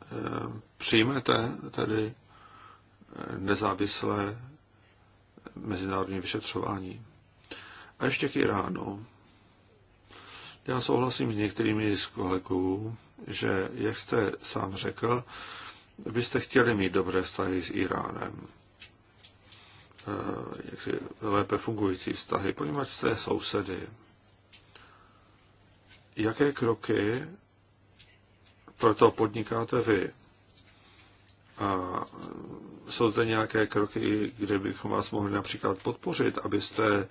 Eh, přijmete tedy nezávislé mezinárodní vyšetřování. A ještě k Iránu. Já souhlasím s některými z kolegů, že, jak jste sám řekl, byste chtěli mít dobré vztahy s Iránem, eh, jak si, lépe fungující vztahy, poněvadž jste sousedy. Jaké kroky proto podnikáte vy? A jsou zde nějaké kroky, kde bychom vás mohli například podpořit, abyste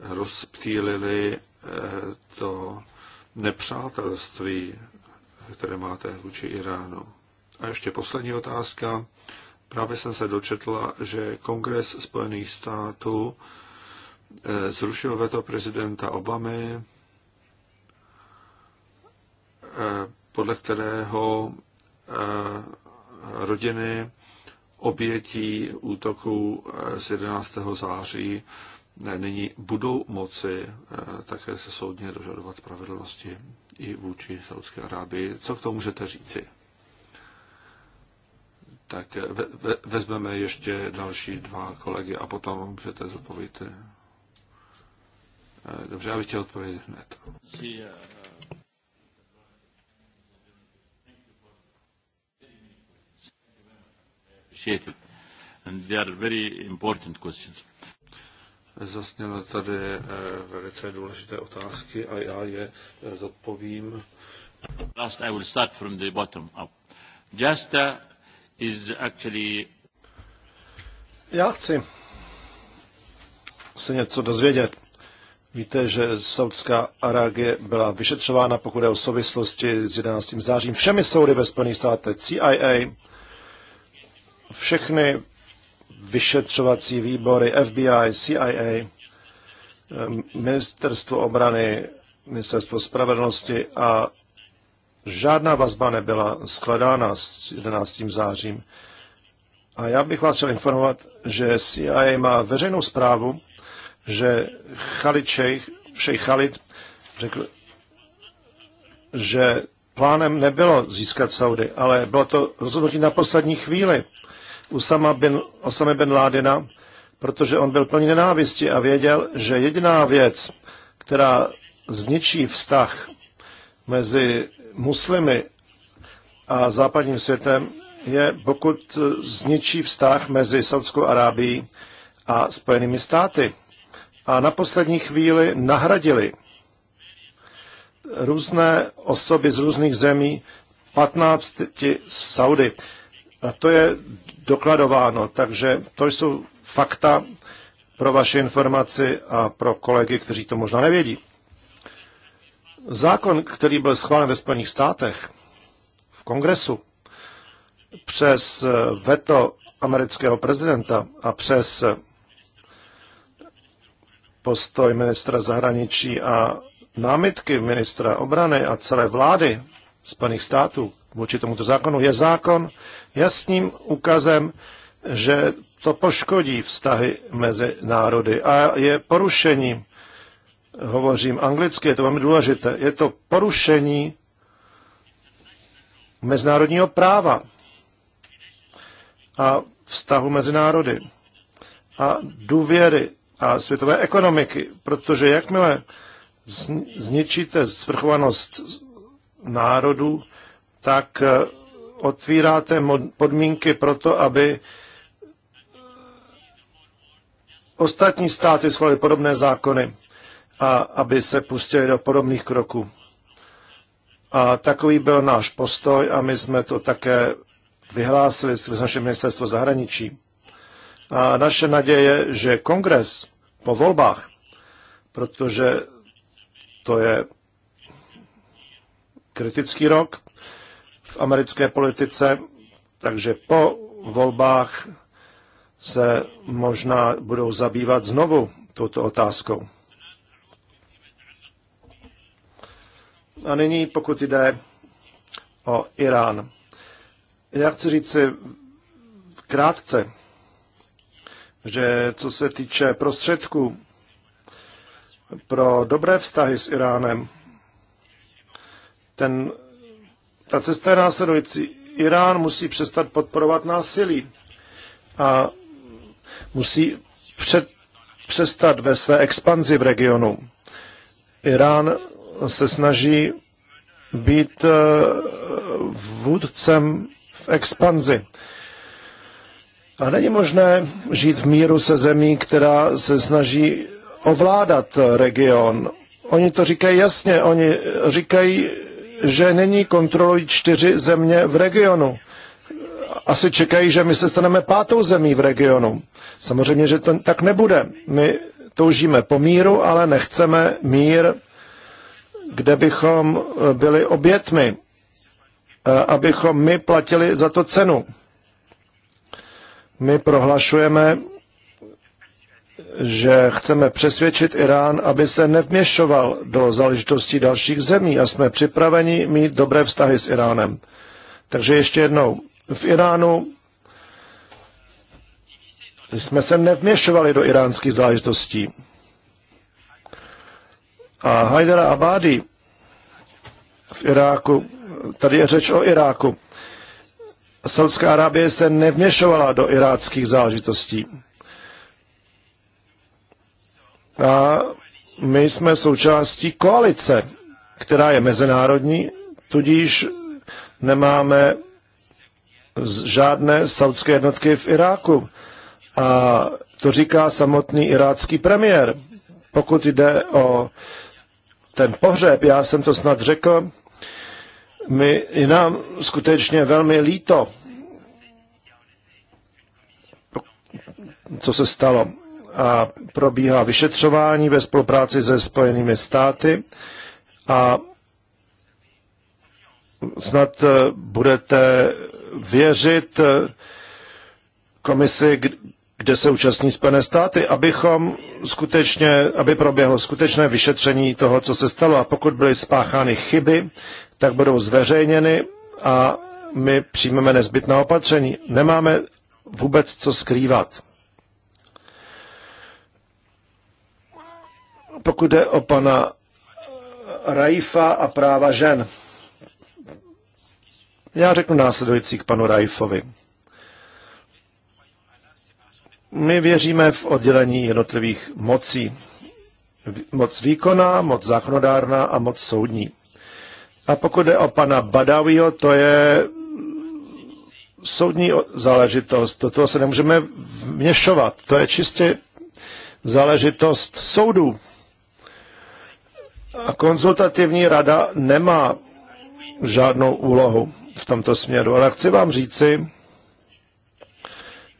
rozptýlili eh, to nepřátelství které máte vůči Iránu. A ještě poslední otázka. Právě jsem se dočetla, že Kongres Spojených států eh, zrušil veto prezidenta Obamy, eh, podle kterého eh, rodiny obětí útoků z 11. září nyní budou moci také se soudně dožadovat spravedlnosti i vůči Saudské Arábii. Co k tomu můžete říci? Tak ve, ve, vezmeme ještě další dva kolegy a potom můžete zodpovědět. Eh, dobře, já bych chtěl odpovědět hned. Eh, eh, appreciated. And they are very important questions. Zasněly tady eh, velice důležité otázky a já je eh, zodpovím. Last I will start from the bottom up. Jasta uh, is actually... Já chci se něco dozvědět. Víte, že Saudská Arábie byla vyšetřována, pokud je o souvislosti s 11. zářím, všemi soudy ve Spojených státech, CIA, všechny vyšetřovací výbory FBI, CIA, eh, ministerstvo obrany, ministerstvo spravedlnosti a žádná vazba nebyla skladána s 11. zářím. A já bych vás chtěl informovat, že CIA má veřejnou zprávu, že Khalid Sheikh, Sheikh Khalid řekl, že plánem nebylo získat Saudy, ale bylo to rozhodnutí na poslední chvíli. Usama bin, Osama bin Ládina, protože on byl plný nenávisti a věděl, že jediná věc, která zničí vztah mezi muslimy a západním světem, je, pokud zničí vztah mezi Saudskou Arábií a Spojenými státy. A na poslední chvíli nahradili různé osoby z různých zemí 15 Saudy. A to je dokladováno, takže to jsou fakta pro vaše informaci a pro kolegy, kteří to možná nevědí. Zákon, který byl schválen ve Spojených státech v kongresu přes veto amerického prezidenta a přes postoj ministra zahraničí a námitky ministra obrany a celé vlády Spojených států vůči tomuto zákonu, je zákon jasným ukazem, že to poškodí vztahy mezi národy a je porušením, hovořím anglicky, je to velmi důležité, je to porušení mezinárodního práva a vztahu mezi národy a důvěry a světové ekonomiky, protože jakmile zničíte svrchovanost národů, tak eh, otvíráte podmínky pro to, aby ostatní státy schválily podobné zákony a aby se pustili do podobných kroků. A takový byl náš postoj a my jsme to také vyhlásili skrz naše ministerstvo zahraničí. A naše naděje je, že kongres po volbách, protože to je kritický rok, v americké politice, takže po volbách se možná budou zabývat znovu touto otázkou. A nyní, pokud jde o Irán. Já chci říct si krátce, že co se týče prostředků pro dobré vztahy s Iránem, ten ta cesta je následující. Irán musí přestat podporovat násilí a musí před, přestat ve své expanzi v regionu. Irán se snaží být eh, vůdcem v expanzi. A není možné žít v míru se zemí, která se snaží ovládat region. Oni to říkají jasně, oni říkají, že nyní kontrolují čtyři země v regionu. Asi čekají, že my se staneme pátou zemí v regionu. Samozřejmě, že to tak nebude. My toužíme po míru, ale nechceme mír, kde bychom eh, byli obětmi, eh, abychom my platili za to cenu. My prohlašujeme, že chceme přesvědčit Irán, aby se nevměšoval do záležitostí dalších zemí a jsme připraveni mít dobré vztahy s Iránem. Takže ještě jednou, v Iránu jsme se nevměšovali do iránských záležitostí. A Haidara Abadi v Iráku, tady je řeč o Iráku, Saudská Arábie se nevměšovala do iráckých záležitostí. A my jsme součástí koalice, která je mezinárodní, tudíž nemáme žádné saudské jednotky v Iráku. A to říká samotný irácký premiér. Pokud jde o ten pohřeb, já jsem to snad řekl, my, je nám skutečně velmi líto, co se stalo a probíhá vyšetřování ve spolupráci se Spojenými státy a snad eh, budete věřit eh, komisi, kde se účastní Spojené státy, abychom skutečně, aby proběhlo skutečné vyšetření toho, co se stalo. A pokud byly spáchány chyby, tak budou zveřejněny a my přijmeme nezbytná opatření. Nemáme vůbec co skrývat. Pokud jde o pana Raifa a práva žen, já řeknu následující k panu Raifovi. My věříme v oddělení jednotlivých mocí. Moc výkonná, moc zákonodárná a moc soudní. A pokud jde o pana Badawiho, to je soudní záležitost. Do toho se nemůžeme vměšovat. To je čistě záležitost soudů. A konzultativní rada nemá žádnou úlohu v tomto směru. Ale chci vám říci,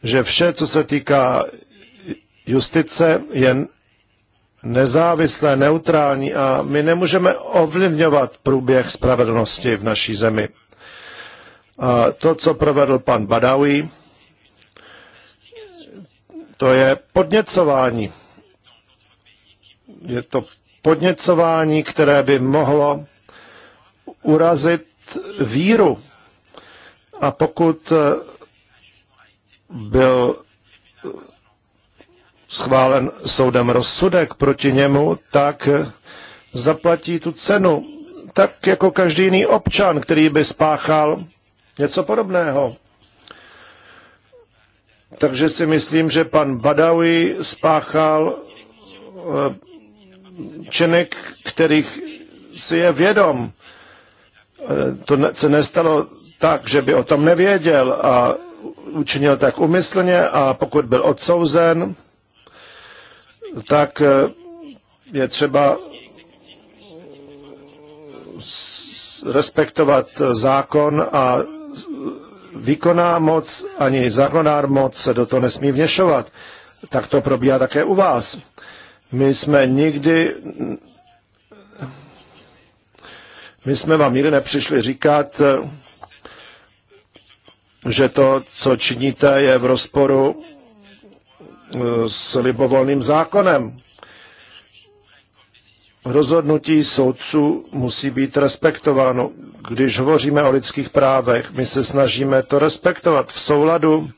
že vše, co se týká justice, je nezávislé, neutrální a my nemůžeme ovlivňovat průběh spravedlnosti v naší zemi. A to, co provedl pan Badawi, to je podněcování. Je to podněcování, které by mohlo urazit víru. A pokud eh, byl schválen soudem rozsudek proti němu, tak eh, zaplatí tu cenu, tak jako každý jiný občan, který by spáchal něco podobného. Takže si myslím, že pan Badawi spáchal eh, činek, kterých si je vědom. E, to se nestalo tak, že by o tom nevěděl a učinil tak umyslně a pokud byl odsouzen, tak e, je třeba respektovat zákon a výkonná moc ani zákonár moc se do toho nesmí vněšovat. Tak to probíhá také u vás. My jsme nikdy my jsme vám nikdy nepřišli říkat, že to, co činíte, je v rozporu eh, s libovolným zákonem. Rozhodnutí soudců musí být respektováno. Když hovoříme o lidských právech, my se snažíme to respektovat v souladu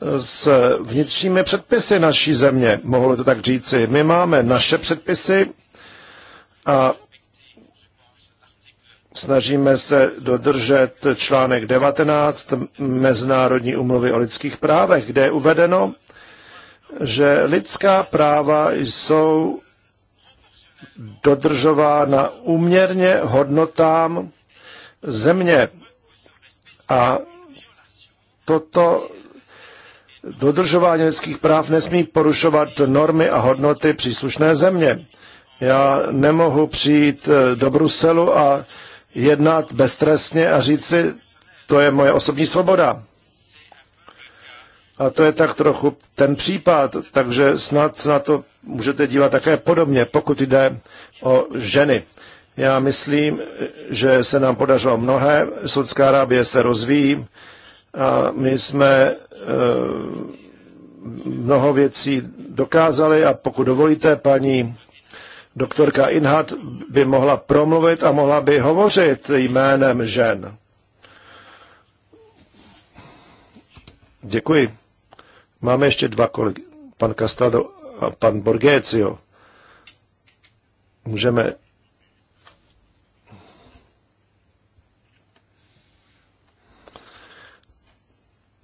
s vnitřními předpisy naší země, mohlo to tak říci. My máme naše předpisy a snažíme se dodržet článek 19 Mezinárodní umluvy o lidských právech, kde je uvedeno, že lidská práva jsou dodržována uměrně hodnotám země. A toto Dodržování lidských práv nesmí porušovat normy a hodnoty příslušné země. Já nemohu přijít eh, do Bruselu a jednat beztrestně a říci, to je moje osobní svoboda. A to je tak trochu ten případ, takže snad se na to můžete dívat také podobně, pokud jde o ženy. Já myslím, že se nám podařilo mnohé. Saudská Arábie se rozvíjí, a my jsme e, mnoho věcí dokázali a pokud dovolíte, paní doktorka Inhat by mohla promluvit a mohla by hovořit jménem žen. Děkuji. Máme ještě dva kolegy, pan Castaldo a pan Borgécio. Můžeme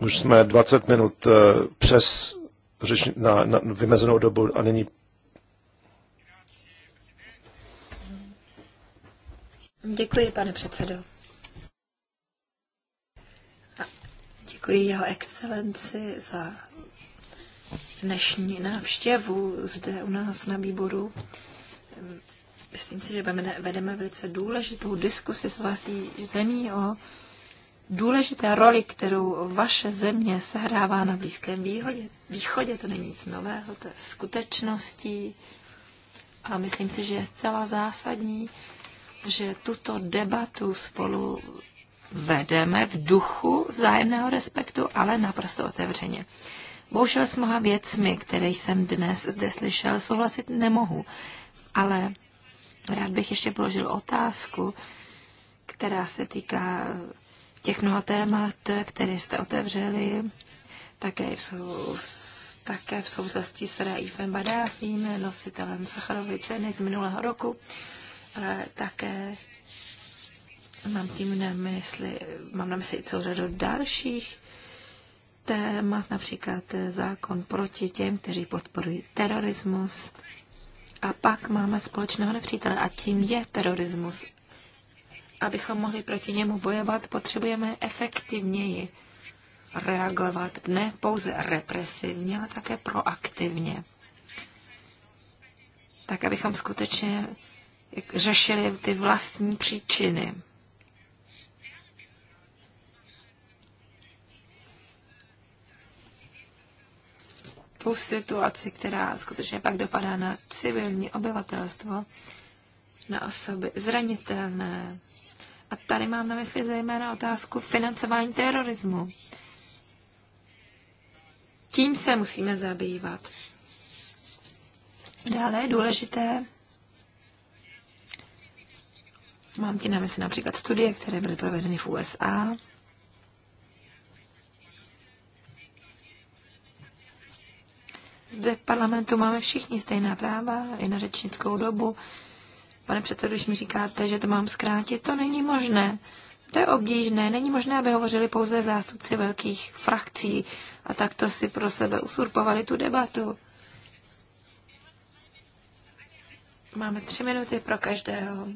Už jsme 20 minut eh, přes řeč, na, na vymezenou dobu a nyní. Děkuji, pane předsedo. A děkuji jeho excelenci za dnešní návštěvu zde u nás na výboru. Myslím si, že vedeme velice důležitou diskusi s vlastní zemí o důležité roli, kterou vaše země sehrává na Blízkém východě. východě. To není nic nového, to je skutečností. A myslím si, že je zcela zásadní, že tuto debatu spolu vedeme v duchu vzájemného respektu, ale naprosto otevřeně. Bohužel s mnoha věcmi, které jsem dnes zde slyšel, souhlasit nemohu. Ale rád bych ještě položil otázku, která se týká těch mnoha témat, které jste otevřeli, také jsou také v souvislosti s Raifem Badáfím, nositelem Sacharovy ceny z minulého roku, ale také mám tím na mysli, mám na mysli celou řadu dalších témat, například zákon proti těm, kteří podporují terorismus. A pak máme společného nepřítele a tím je terorismus abychom mohli proti němu bojovat, potřebujeme efektivněji reagovat, ne pouze represivně, ale také proaktivně. Tak, abychom skutečně řešili ty vlastní příčiny. tu situaci, která skutečně pak dopadá na civilní obyvatelstvo, na osoby zranitelné, a tady mám na mysli zejména otázku financování terorismu. Tím se musíme zabývat. Dále je důležité, mám ti na mysli například studie, které byly provedeny v USA, Zde v parlamentu máme všichni stejná práva i na řečnickou dobu. Pane předsedo, když mi říkáte, že to mám zkrátit, to není možné. To je obdížné. Není možné, aby hovořili pouze zástupci velkých frakcí a takto si pro sebe usurpovali tu debatu. Máme tři minuty pro každého.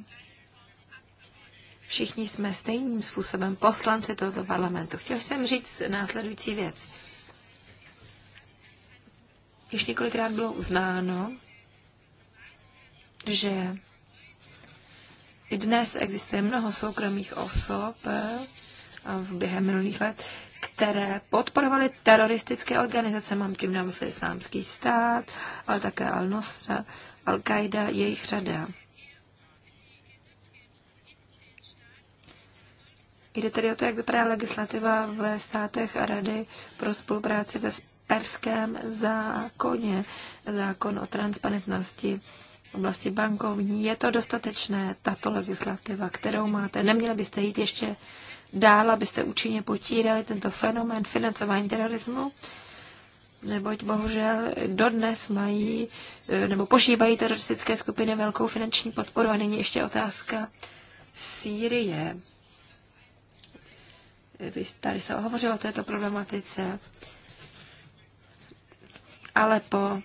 Všichni jsme stejným způsobem poslanci tohoto parlamentu. Chtěl jsem říct následující věc. Již několikrát bylo uznáno, že i dnes existuje mnoho soukromých osob eh, a během minulých let, které podporovaly teroristické organizace, mám tím na mysli islámský stát, ale také Al-Nusra, Al-Qaida, jejich řada. Jde tedy o to, jak vypadá legislativa ve státech a rady pro spolupráci ve perském zákoně, zákon o transparentnosti oblasti bankovní. Je to dostatečné, tato legislativa, kterou máte? Neměli byste jít ještě dál, abyste účinně potírali tento fenomén financování terorismu? Neboť bohužel dodnes mají nebo požívají teroristické skupiny velkou finanční podporu. A nyní ještě otázka Sýrie. Tady se hovořilo o této problematice. Ale po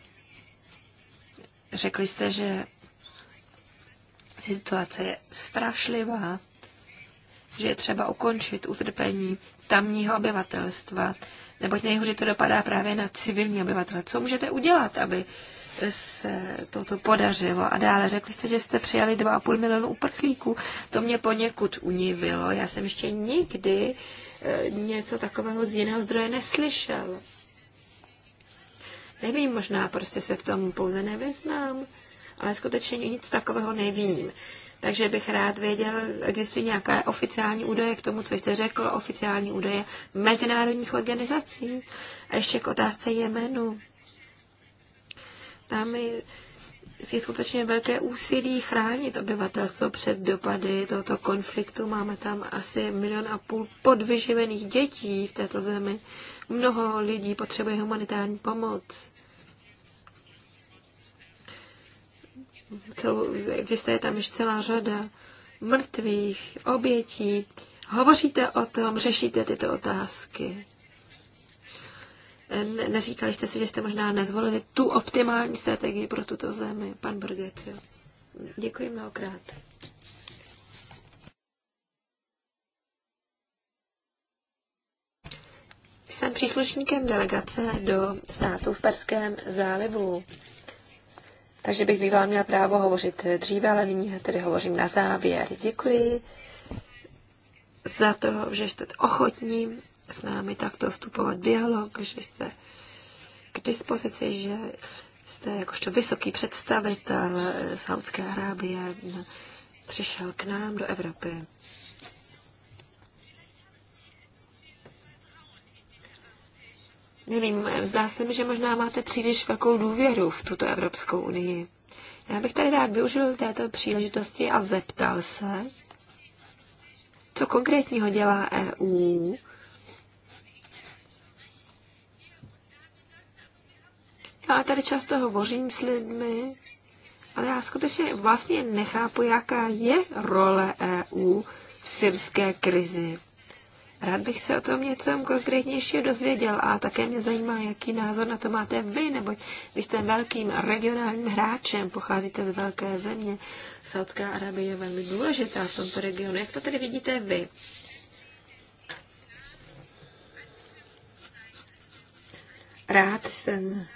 Řekli jste, že situace je strašlivá, že je třeba ukončit utrpení tamního obyvatelstva, neboť nejhůře to dopadá právě na civilní obyvatele. Co můžete udělat, aby se toto podařilo. A dále řekli jste, že jste přijali 2,5 milionu uprchlíků. To mě poněkud univilo. Já jsem ještě nikdy eh, něco takového z jiného zdroje neslyšel. Nevím, možná prostě se v tom pouze nevyznám, ale skutečně nic takového nevím. Takže bych rád věděl, existují nějaké oficiální údaje k tomu, co jste řekl, oficiální údaje mezinárodních organizací. A ještě k otázce Jemenu. Tam je skutečně velké úsilí chránit obyvatelstvo před dopady tohoto konfliktu. Máme tam asi milion a půl podvyživených dětí v této zemi. Mnoho lidí potřebuje humanitární pomoc. celou, existuje tam již celá řada mrtvých, obětí. Hovoříte o tom, řešíte tyto otázky. Ne, neříkali jste si, že jste možná nezvolili tu optimální strategii pro tuto zemi, pan Brgecio. Děkuji mnohokrát. Jsem příslušníkem delegace do států v Perském zálivu takže bych bývala měla právo hovořit dříve, ale nyní tedy hovořím na závěr. Děkuji za to, že jste ochotní s námi takto vstupovat dialog, že jste k dispozici, že jste jakožto vysoký představitel Saudské Arábie přišel k nám do Evropy. Nevím, zdá se mi, že možná máte příliš velkou důvěru v tuto Evropskou unii. Já bych tady rád využil této příležitosti a zeptal se, co konkrétního dělá EU, Já tady často hovořím s lidmi, ale já skutečně vlastně nechápu, jaká je role EU v syrské krizi. Rád bych se o tom něco konkrétnějšího dozvěděl a také mě zajímá, jaký názor na to máte vy, neboť vy jste velkým regionálním hráčem, pocházíte z velké země. Saudská Arabie je velmi důležitá v tomto regionu. Jak to tedy vidíte vy? Rád jsem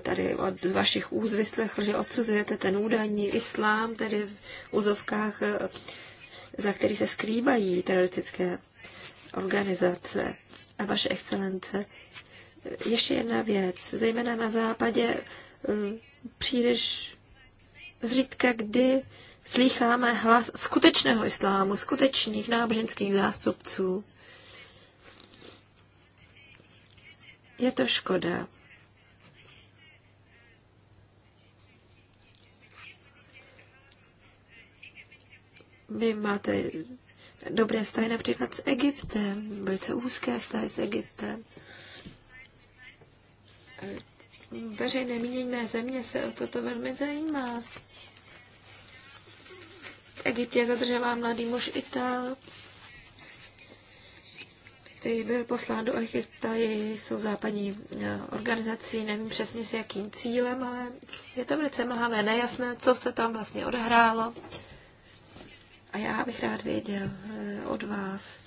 tady od vašich úz vyslechl, že odsuzujete ten údajný islám, tedy v úzovkách, eh, za který se skrývají teroristické organizace. A vaše excelence, eh, ještě jedna věc, zejména na západě eh, příliš zřídka kdy slýcháme hlas skutečného islámu, skutečných náboženských zástupců. Je to škoda. Vy máte dobré vztahy například s Egyptem, velice úzké vztahy s Egyptem. Veřejné mínění země se o toto velmi zajímá. V Egyptě zadržela mladý muž Ital, který byl poslán do Egypta, jsou západní eh, organizací, nevím přesně s jakým cílem, ale je to velice mlhavé, nejasné, co se tam vlastně odehrálo. A já bych rád věděl eh, od vás,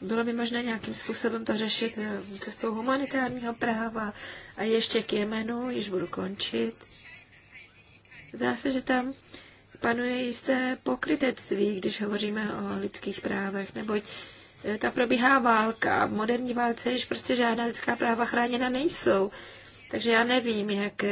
bylo by možné nějakým způsobem to řešit eh, cestou humanitárního práva a ještě k Jemenu, již budu končit. Zdá se, že tam panuje jisté pokrytectví, když hovoříme o lidských právech, neboť eh, ta probíhá válka. V moderní válce již prostě žádná lidská práva chráněna nejsou. Takže já nevím, jak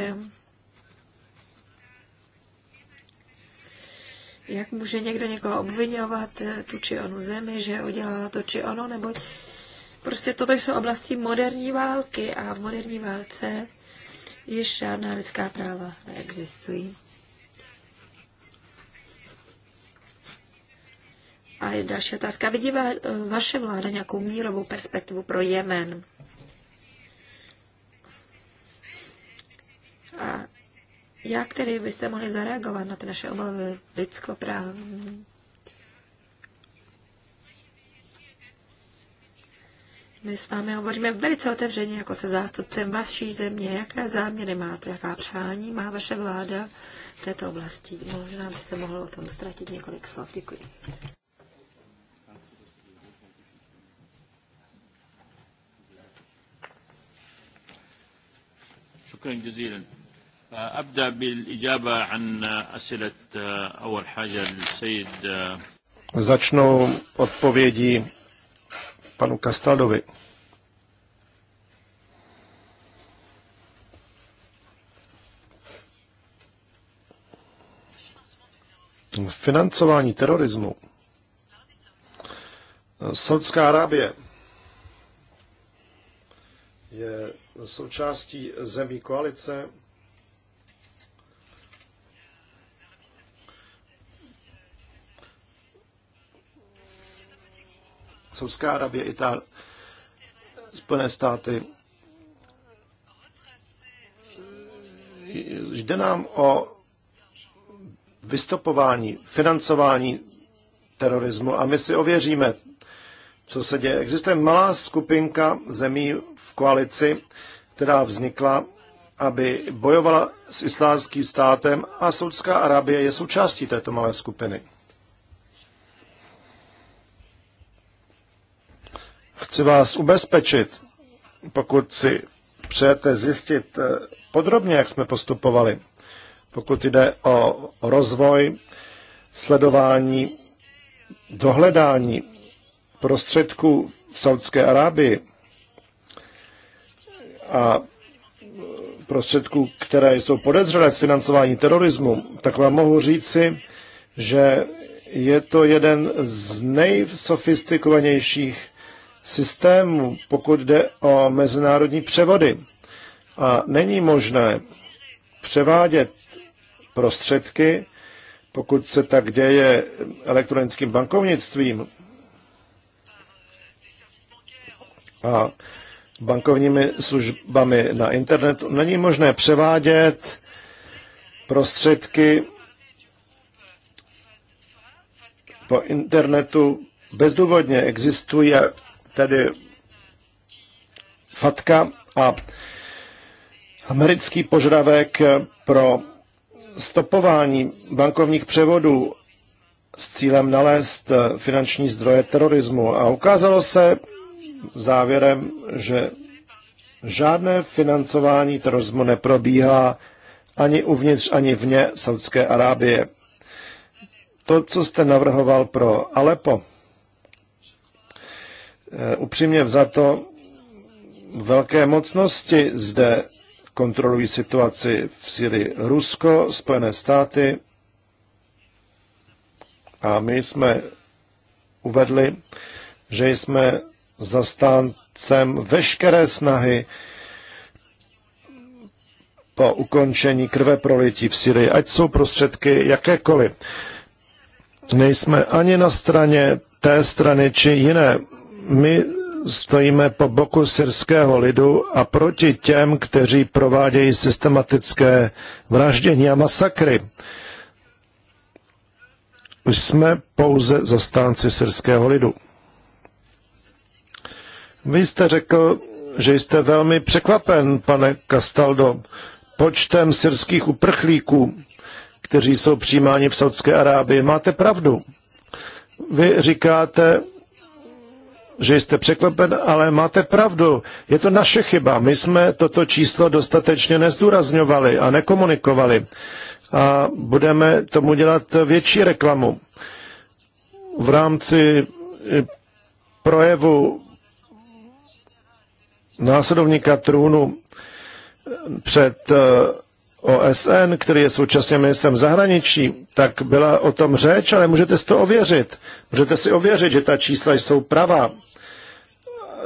Jak může někdo někoho obvinovat eh, tu či onu zemi, že udělala to či ono, nebo prostě toto jsou oblasti moderní války a v moderní válce již žádná lidská práva neexistují. A je další otázka. Vidí vaše vláda nějakou mírovou perspektivu pro Jemen? A jak tedy byste mohli zareagovat na ty naše obavy lidskoprávní? My s vámi hovoříme velice otevřeně jako se zástupcem vaší země. Jaké záměry máte, jaká přání má vaše vláda v této oblasti? Možná byste mohl o tom ztratit několik slov. Děkuji. Děkuji. أبدأ بالإجابة عن أسئلة أول حاجة للسيد Začnu odpovědí panu Kastaldovi. Financování terorismu. Saudská Arábie je součástí zemí koalice Saudská Arabie, Itálie, Spojené státy. Jde nám o vystopování, financování terorismu a my si ověříme, co se děje. Existuje malá skupinka zemí v koalici, která vznikla, aby bojovala s islámským státem a Saudská Arábie je součástí této malé skupiny. Chci vás ubezpečit, pokud si přejete zjistit eh, podrobně, jak jsme postupovali, pokud jde o rozvoj, sledování, dohledání prostředků v Saudské Arábii a prostředků, které jsou podezřelé z financování terorismu, tak vám mohu říci, že je to jeden z nejsofistikovanějších systému, pokud jde o mezinárodní převody. A není možné převádět prostředky, pokud se tak děje elektronickým bankovnictvím a bankovními službami na internetu, není možné převádět prostředky po internetu bezdůvodně existuje tedy FATKA a americký požadavek pro stopování bankovních převodů s cílem nalézt finanční zdroje terorismu. A ukázalo se závěrem, že žádné financování terorismu neprobíhá ani uvnitř, ani vně Saudské Arábie. To, co jste navrhoval pro Alepo, Eh, upřímně vzato velké mocnosti zde kontrolují situaci v Syrii. Rusko, Spojené státy a my jsme uvedli, že jsme zastáncem veškeré snahy po ukončení krve prolití v Syrii, ať jsou prostředky jakékoliv. Nejsme ani na straně té strany či jiné. My stojíme po boku syrského lidu a proti těm, kteří provádějí systematické vraždění a masakry. Už jsme pouze zastánci syrského lidu. Vy jste řekl, že jste velmi překvapen, pane Castaldo, počtem syrských uprchlíků, kteří jsou přijímáni v Saudské Arábii. Máte pravdu. Vy říkáte, že jste překvapen, ale máte pravdu. Je to naše chyba. My jsme toto číslo dostatečně nezdůrazňovali a nekomunikovali. A budeme tomu dělat větší reklamu. V rámci eh, projevu následovníka trůnu eh, před eh, OSN, který je současně ministrem zahraničí, tak byla o tom řeč, ale můžete si to ověřit. Můžete si ověřit, že ta čísla jsou pravá.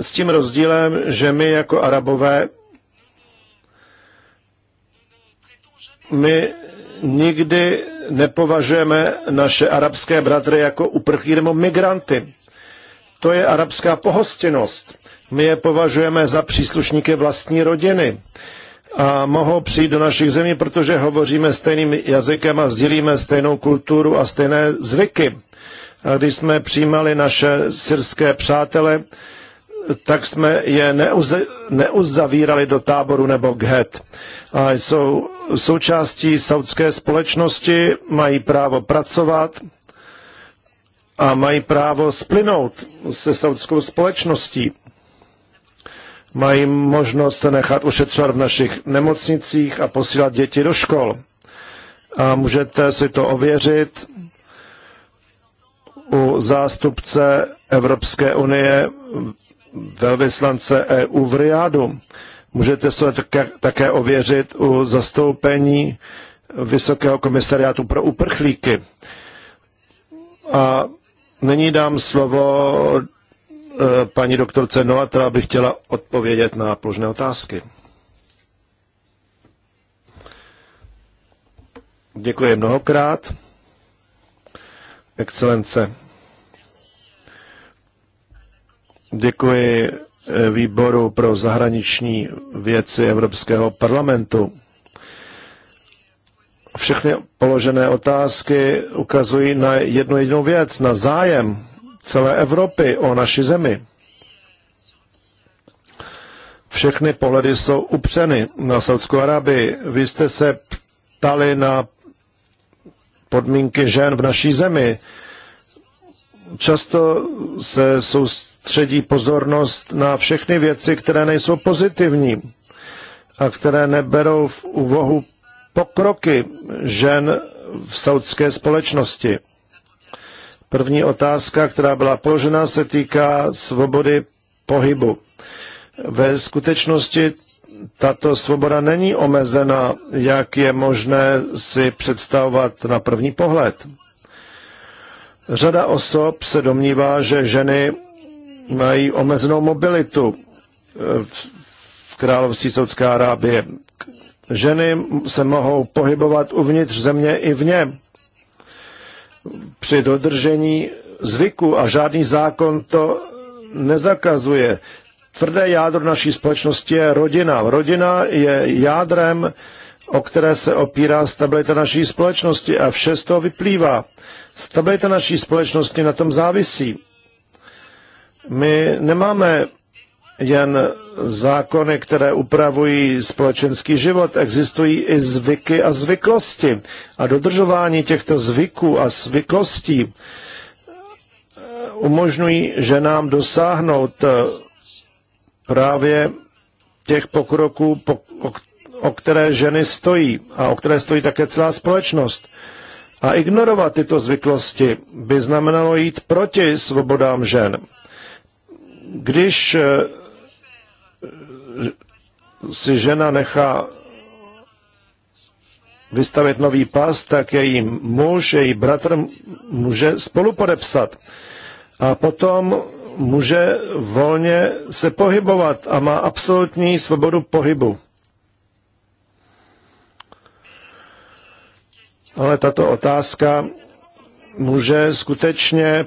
S tím rozdílem, že my jako arabové, my nikdy nepovažujeme naše arabské bratry jako uprchlí nebo migranty. To je arabská pohostinnost. My je považujeme za příslušníky vlastní rodiny a mohou přijít do našich zemí, protože hovoříme stejným jazykem a sdílíme stejnou kulturu a stejné zvyky. A když jsme přijímali naše syrské přátele, tak jsme je neuzavírali do táboru nebo ghet. A jsou součástí saudské společnosti, mají právo pracovat a mají právo splynout se saudskou společností mají možnost se nechat ušetřovat v našich nemocnicích a posílat děti do škol. A můžete si to ověřit u zástupce Evropské unie velvyslance EU v Riádu. Můžete se také ověřit u zastoupení Vysokého komisariátu pro uprchlíky. A nyní dám slovo Eh, paní doktorce Noatra by chtěla odpovědět na pložné otázky. Děkuji mnohokrát. Excelence. Děkuji eh, výboru pro zahraniční věci Evropského parlamentu. Všechny položené otázky ukazují na jednu jedinou věc, na zájem celé Evropy o naši zemi. Všechny pohledy jsou upřeny na Saudskou Arabii. Vy jste se ptali na podmínky žen v naší zemi. Často se soustředí pozornost na všechny věci, které nejsou pozitivní a které neberou v úvahu pokroky žen v saudské společnosti. První otázka, která byla položena, se týká svobody pohybu. Ve skutečnosti tato svoboda není omezena, jak je možné si představovat na první pohled. Řada osob se domnívá, že ženy mají omezenou mobilitu v království Saudská Arábie. Ženy se mohou pohybovat uvnitř země i vně při dodržení zvyku a žádný zákon to nezakazuje. Tvrdé jádro naší společnosti je rodina. Rodina je jádrem, o které se opírá stabilita naší společnosti a vše z toho vyplývá. Stabilita naší společnosti na tom závisí. My nemáme jen zákony, které upravují společenský život, existují i zvyky a zvyklosti. A dodržování těchto zvyků a zvyklostí eh, umožňují ženám dosáhnout eh, právě těch pokroků, o které ženy stojí a o které stojí také celá společnost. A ignorovat tyto zvyklosti by znamenalo jít proti svobodám žen. Když eh, si žena nechá vystavit nový pas, tak její muž, její bratr může spolu A potom může volně se pohybovat a má absolutní svobodu pohybu. Ale tato otázka může skutečně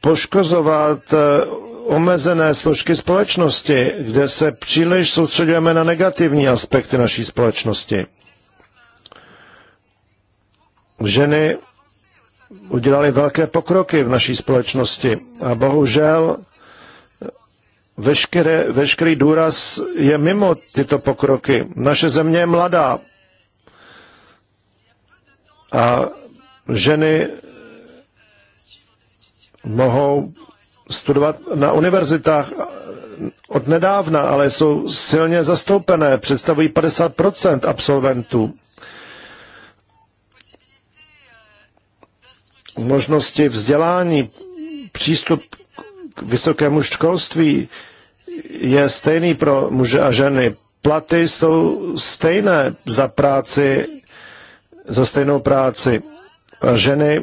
poškozovat eh, omezené složky společnosti, kde se příliš soustředujeme na negativní aspekty naší společnosti. Ženy udělali velké pokroky v naší společnosti a bohužel veškeré, veškerý důraz je mimo tyto pokroky. Naše země je mladá a ženy mohou studovat na univerzitách od nedávna, ale jsou silně zastoupené, představují 50 absolventů. Možnosti vzdělání, přístup k vysokému školství je stejný pro muže a ženy. Platy jsou stejné za práci, za stejnou práci. A ženy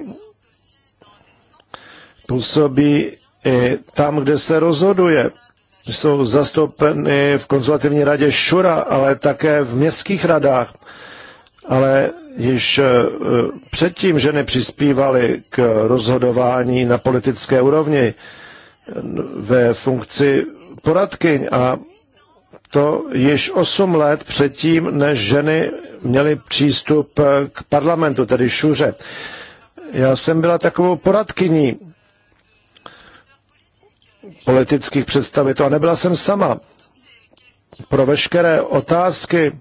působí i tam, kde se rozhoduje. Jsou zastoupeny v konzulativní radě Šura, ale také v městských radách. Ale již eh, předtím ženy přispívaly k rozhodování na politické úrovni ve funkci poradkyň a to již 8 let předtím, než ženy měly přístup eh, k parlamentu, tedy šuře. Já jsem byla takovou poradkyní politických představitelů. A nebyla jsem sama. Pro veškeré otázky,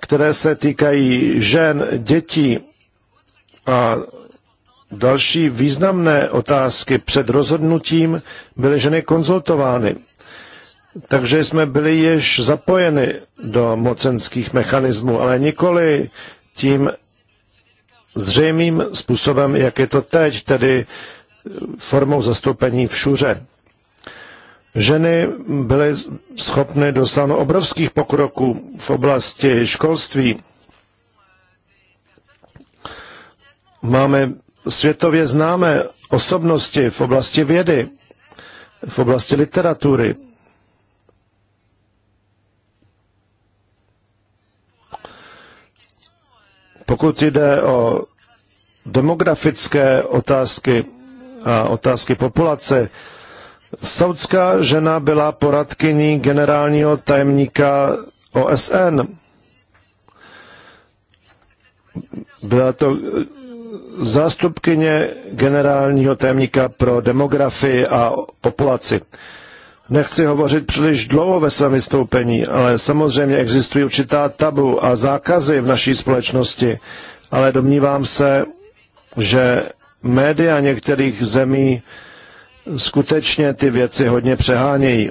které se týkají žen, dětí a další významné otázky před rozhodnutím, byly ženy konzultovány. Takže jsme byli již zapojeni do mocenských mechanismů, ale nikoli tím zřejmým způsobem, jak je to teď, tedy formou zastoupení všuře. Ženy byly schopny dosáhnout obrovských pokroků v oblasti školství. Máme světově známé osobnosti v oblasti vědy, v oblasti literatury. Pokud jde o demografické otázky a otázky populace, Saudská žena byla poradkyní generálního tajemníka OSN. Byla to zástupkyně generálního tajemníka pro demografii a populaci. Nechci hovořit příliš dlouho ve svém vystoupení, ale samozřejmě existují určitá tabu a zákazy v naší společnosti, ale domnívám se, že média některých zemí skutečně ty věci hodně přehánějí.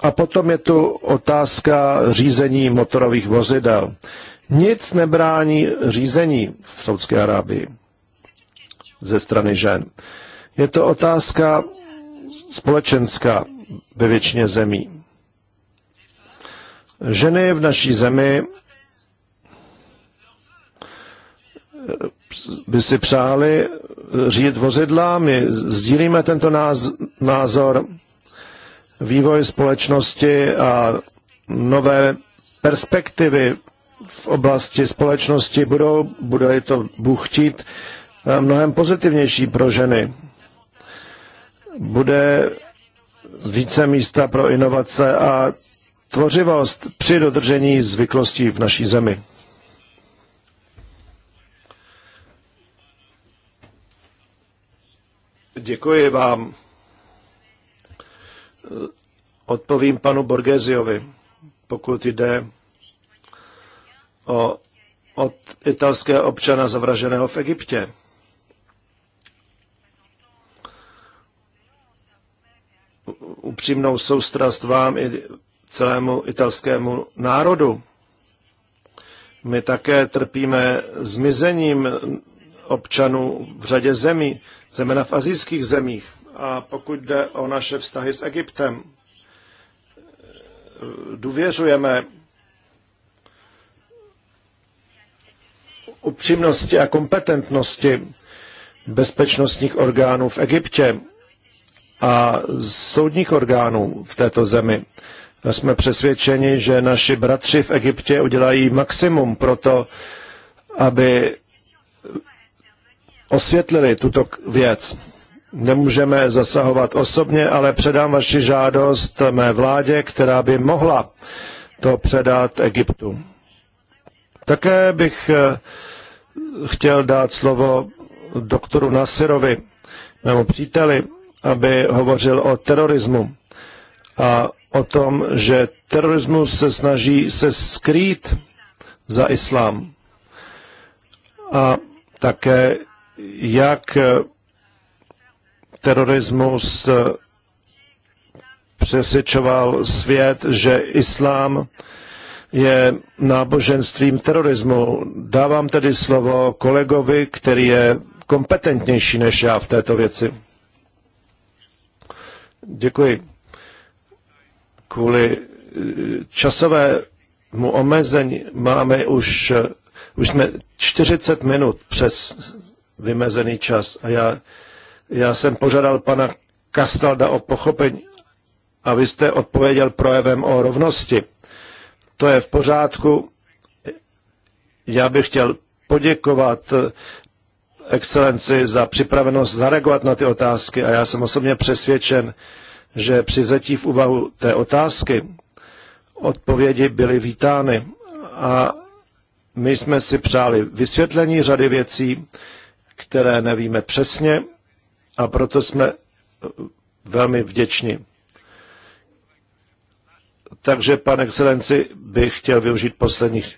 A potom je tu otázka řízení motorových vozidel. Nic nebrání řízení v Saudské Arábii ze strany žen. Je to otázka společenská ve většině zemí. Ženy v naší zemi by si přáli, řídit vozidla. My sdílíme tento názor. Vývoj společnosti a nové perspektivy v oblasti společnosti budou, bude to Bůh chtít, mnohem pozitivnější pro ženy. Bude více místa pro inovace a tvořivost při dodržení zvyklostí v naší zemi. Děkuji vám. Odpovím panu Borgesiovi, pokud jde o od italského občana zavraženého v Egyptě. Upřímnou soustrast vám i celému italskému národu. My také trpíme zmizením občanů v řadě zemí zejména v azijských zemích. A pokud jde o naše vztahy s Egyptem, důvěřujeme upřímnosti a kompetentnosti bezpečnostních orgánů v Egyptě a soudních orgánů v této zemi. Jsme přesvědčeni, že naši bratři v Egyptě udělají maximum pro to, aby osvětlili tuto věc. Nemůžeme zasahovat osobně, ale předám vaši žádost mé vládě, která by mohla to předat Egyptu. Také bych eh, chtěl dát slovo doktoru Nasirovi, mému příteli, aby hovořil o terorismu a o tom, že terorismus se snaží se skrýt za islám. A také jak eh, terorismus eh, přesvědčoval svět, že islám je náboženstvím terorismu. Dávám tedy slovo kolegovi, který je kompetentnější než já v této věci. Děkuji. Kvůli eh, časovému omezení máme už, už jsme 40 minut přes vymezený čas. A já, já jsem požádal pana Kastalda o pochopení a vy jste odpověděl projevem o rovnosti. To je v pořádku. Já bych chtěl poděkovat eh, excelenci za připravenost zareagovat na ty otázky a já jsem osobně přesvědčen, že při vzetí v úvahu té otázky odpovědi byly vítány a my jsme si přáli vysvětlení řady věcí, které nevíme přesně a proto jsme eh, velmi vděční. Takže, pane excelenci, bych chtěl využít posledních,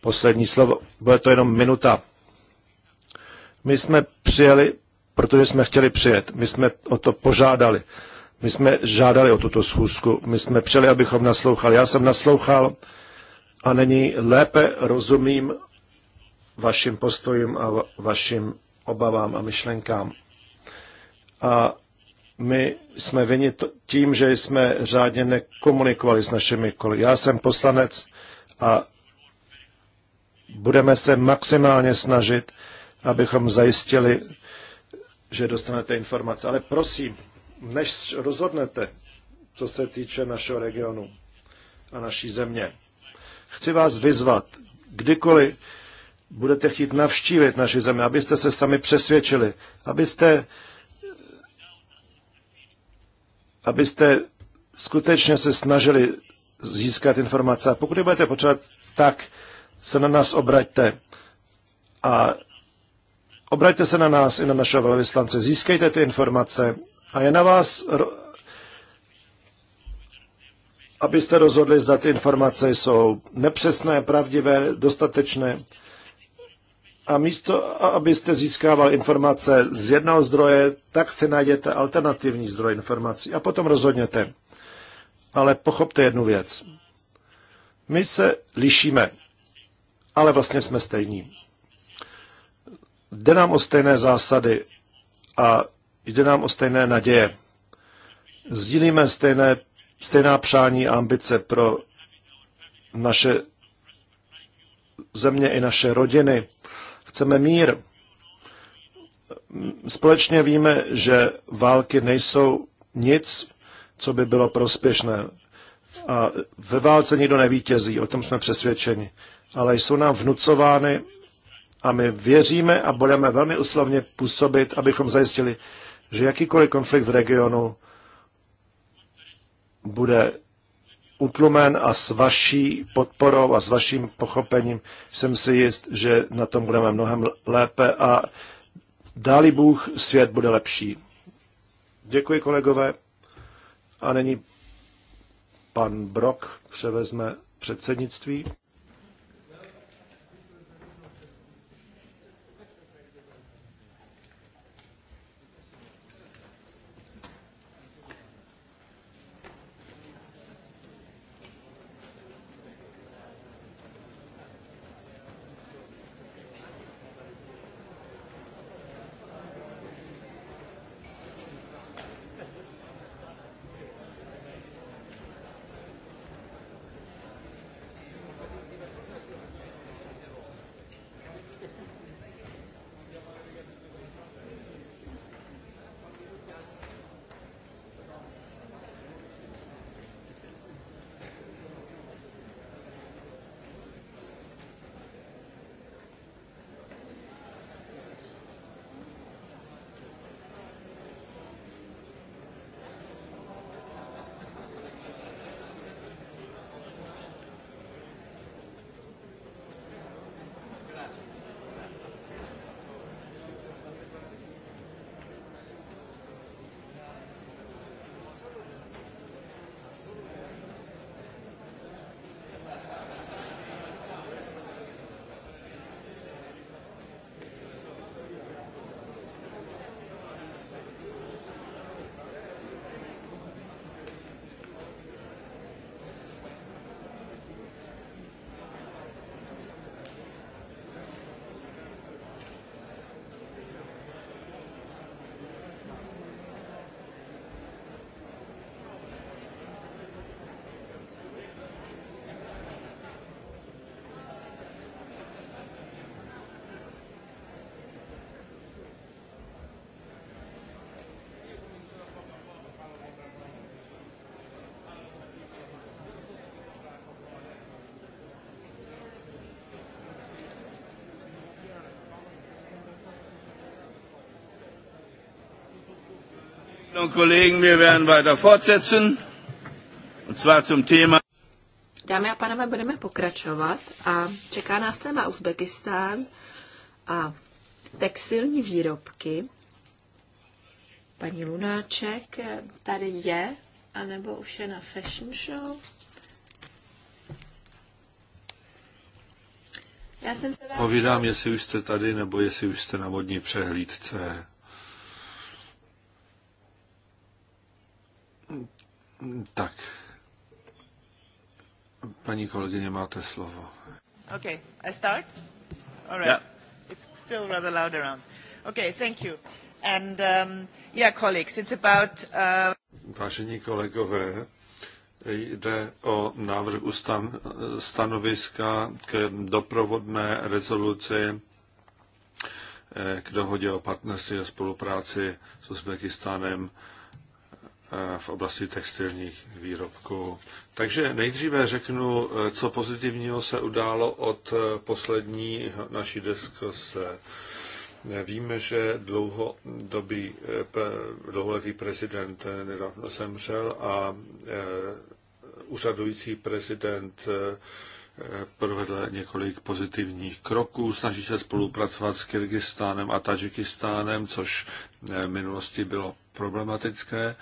poslední slovo. Bude to jenom minuta. My jsme přijeli, protože jsme chtěli přijet. My jsme o to požádali. My jsme žádali o tuto schůzku. My jsme přijeli, abychom naslouchali. Já jsem naslouchal a není lépe rozumím vašim postojům a vašim obavám a myšlenkám. A my jsme vyni tím, že jsme řádně nekomunikovali s našimi kolegy. Já jsem poslanec a budeme se maximálně snažit, abychom zajistili, že dostanete informace. Ale prosím, než rozhodnete, co se týče našeho regionu a naší země, chci vás vyzvat, kdykoliv budete chtít navštívit naši zemi, abyste se sami přesvědčili, abyste, abyste skutečně se snažili získat informace. A pokud je budete potřebovat, tak se na nás obraťte. A obraťte se na nás i na našeho velvyslance. Získejte ty informace a je na vás, abyste rozhodli, zda ty informace jsou nepřesné, pravdivé, dostatečné. A místo, abyste získával informace z jednoho zdroje, tak si najděte alternativní zdroj informací a potom rozhodněte. Ale pochopte jednu věc. My se lišíme, ale vlastně jsme stejní. Jde nám o stejné zásady a jde nám o stejné naděje. Sdílíme stejné, stejná přání a ambice pro naše země i naše rodiny Chceme mír. Společně víme, že války nejsou nic, co by bylo prospěšné. A ve válce nikdo nevítězí, o tom jsme přesvědčeni. Ale jsou nám vnucovány a my věříme a budeme velmi uslovně působit, abychom zajistili, že jakýkoliv konflikt v regionu bude utlumen a s vaší podporou a s vaším pochopením jsem si jist, že na tom budeme mnohem lépe a dáli Bůh, svět bude lepší. Děkuji kolegové. A není pan Brok převezme předsednictví. und Kollegen, wir werden weiter fortsetzen. Und zwar zum Thema. Dámy a pánové, budeme pokračovat a čeká nás téma Uzbekistán a textilní výrobky. Paní Lunáček tady je, anebo už je na fashion show. Já jsem se vám... Povídám, jestli už jste tady, nebo jestli už jste na modní přehlídce. paní kolegyně, máte slovo. Okay, I start? All right. Yeah. It's still rather loud around. Okay, thank you. And um, yeah, colleagues, it's about... Uh... Vážení kolegové, jde o návrh ustan- stanoviska k doprovodné rezoluci eh, k dohodě o partnerství a spolupráci s Uzbekistánem Eh, v oblasti textilních výrobků. Takže nejdříve řeknu, eh, co pozitivního se událo od eh, poslední naší diskuse. Víme, že dlouhodobý, dlouholetý prezident nedávno zemřel a úřadující prezident provedl několik pozitivních kroků, snaží se spolupracovat s Kyrgyzstánem a Tadžikistánem, což v minulosti bylo problematické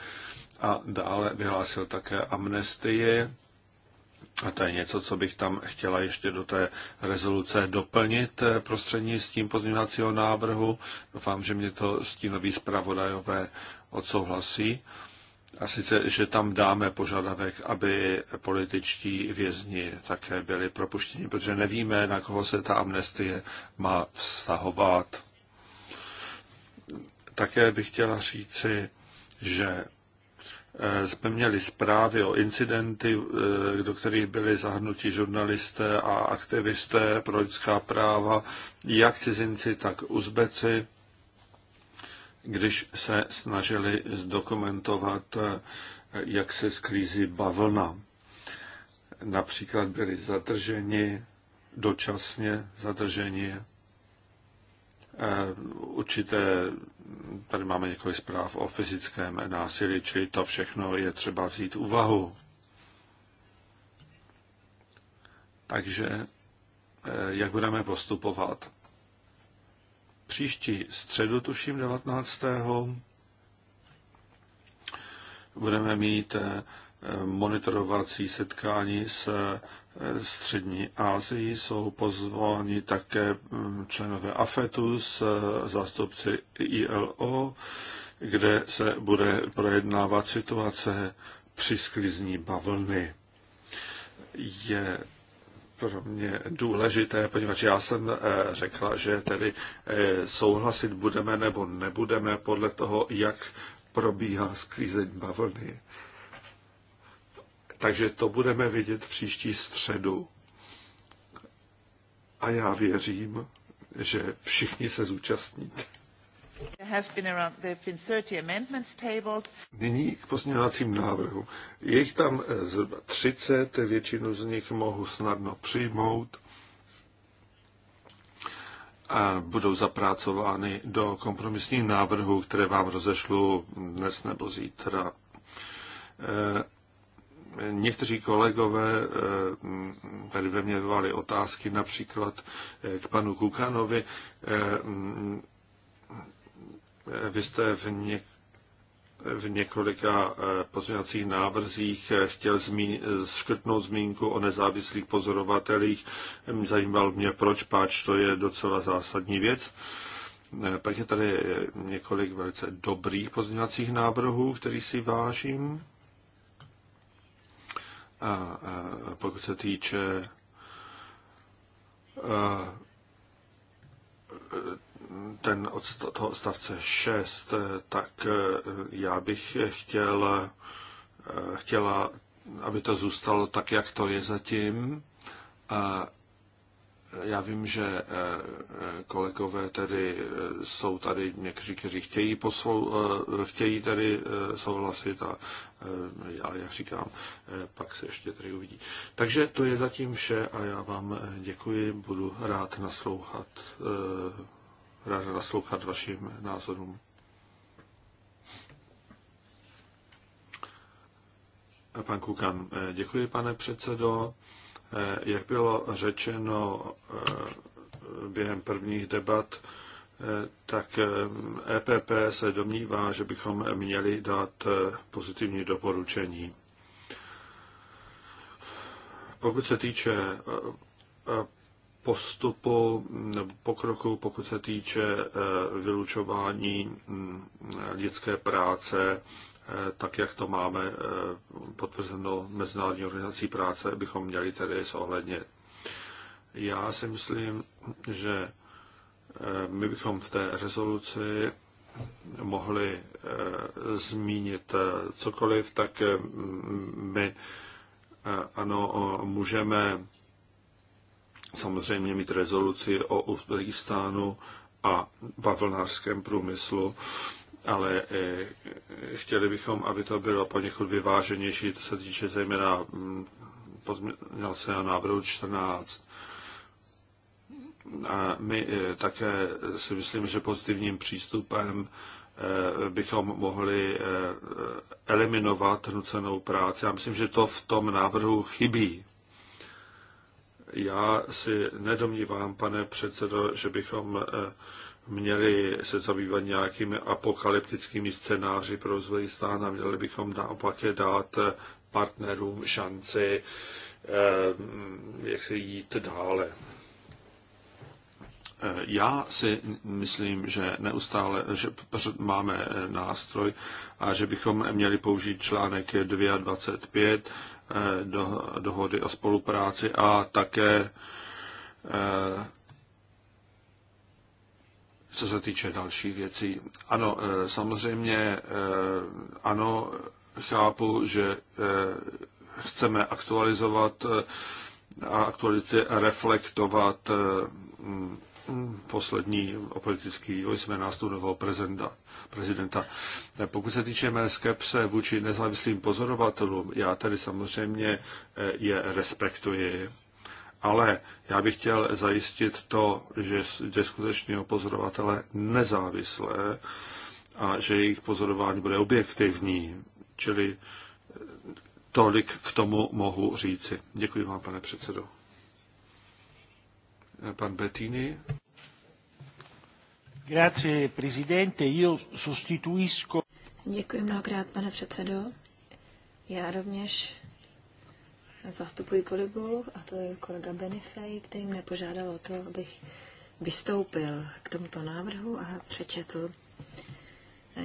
a dále vyhlásil také amnestii. A to je něco, co bych tam chtěla ještě do té rezoluce doplnit eh, prostřednictvím pozměňovacího návrhu. Doufám, že mě to stínoví zpravodajové odsouhlasí. A sice, že tam dáme požadavek, aby političtí vězni také byli propuštěni, protože nevíme, na koho se ta amnestie má vztahovat. Také bych chtěla říci, že Eh, jsme měli zprávy o incidenty, eh, do kterých byli zahrnuti žurnalisté a aktivisté pro lidská práva, jak cizinci, tak uzbeci, když se snažili zdokumentovat, eh, jak se sklízí bavlna. Například byli zadrženi, dočasně zadrženi určité tady máme několik zpráv o fyzickém násilí, čili to všechno je třeba vzít úvahu. Takže eh, jak budeme postupovat? Příští středu, tuším 19. budeme mít eh, monitorovací setkání s střední Asii jsou pozváni také mm, členové AFETu s eh, zástupci ILO, kde se bude projednávat situace při sklizní bavlny. Je pro mě důležité, poněvadž já jsem eh, řekla, že tedy eh, souhlasit budeme nebo nebudeme podle toho, jak probíhá sklizeň bavlny. Takže to budeme vidět příští středu. A já věřím, že všichni se zúčastníte. Nyní k pozměňovacím návrhu. Je jich tam eh, zhruba 30, většinu z nich mohu snadno přijmout a budou zapracovány do kompromisních návrhů, které vám rozešlu dnes nebo zítra. Eh, Někteří kolegové eh, tady ve mně vyvali otázky například eh, k panu Kukanovi. Eh, vy jste v, ně, v několika pozměňovacích návrzích chtěl zmín- škrtnout zmínku o nezávislých pozorovatelích. Zajímal mě, proč páč to je docela zásadní věc. Pak je tady několik velice dobrých pozměňovacích návrhů, který si vážím. A pokud se týče ten od toho odstavce 6, tak e, já bych chtěl, e, chtěla, aby to zůstalo tak, jak to je zatím. A já vím, že eh, kolegové tedy eh, jsou tady někteří, kteří chtějí, poslou eh, chtějí tady souhlasit a já, jak říkám, pak se ještě tady uvidí. Takže to je zatím vše a já vám děkuji, budu rád naslouchat, rád naslouchat vašim názorům. Pan Kukan, děkuji, pane předsedo. Eh, jak bylo řečeno eh, během prvních debat, eh, tak EPP e se domnívá, že bychom měli dát pozitivní doporučení. Pokud se týče postupu nebo pokroku, pokud se týče vylučování mm, lidské práce Eh, tak jak to máme eh, potvrzeno Mezinárodní organizací práce, bychom měli tedy zohlednit. Já si myslím, že eh, my bychom v té rezoluci mohli zmínit cokoliv, tak my ano, můžeme samozřejmě mít rezoluci o Uzbekistánu a bavlnářském průmyslu, ale e, chtěli bychom, aby to bylo poněkud vyváženější, to se týče zejména mm, pozměňovacího návrhu 14. A my e, také si myslím, že pozitivním přístupem e, bychom mohli eliminovat nucenou práci. Já myslím, že to v tom návrhu chybí. Já si nedomnívám, pane předsedo, že bychom měli se zabývat nějakými apokalyptickými scénáři pro rozvoj a Měli bychom naopak je dát partnerům šanci, eh, jak se jít dále. Eh, já si myslím, že neustále že máme eh, nástroj a že bychom měli použít článek 225 do, dohody o spolupráci a také co se týče dalších věcí. Ano, eh, samozřejmě, eh, ano, chápu, že eh, chceme aktualizovat a aktualizace reflektovat mm, poslední politický vývoj jsme nástup nového prezidenta. prezidenta. Pokud se týče mé skepse vůči nezávislým pozorovatelům, já tady samozřejmě je respektuji ale já bych chtěl zajistit to, že jde skutečně o pozorovatele nezávislé a že jejich pozorování bude objektivní. Čili eh, tolik k tomu mohu říci. Děkuji vám, pane předsedo. Eh, pan Bettini. Grazie, presidente. Io sostituisco... Děkuji mnohokrát, pane předsedo. Já rovněž zastupuji kolegu, a to je kolega Benifej, který mě požádal o to, abych vystoupil k tomuto návrhu a přečetl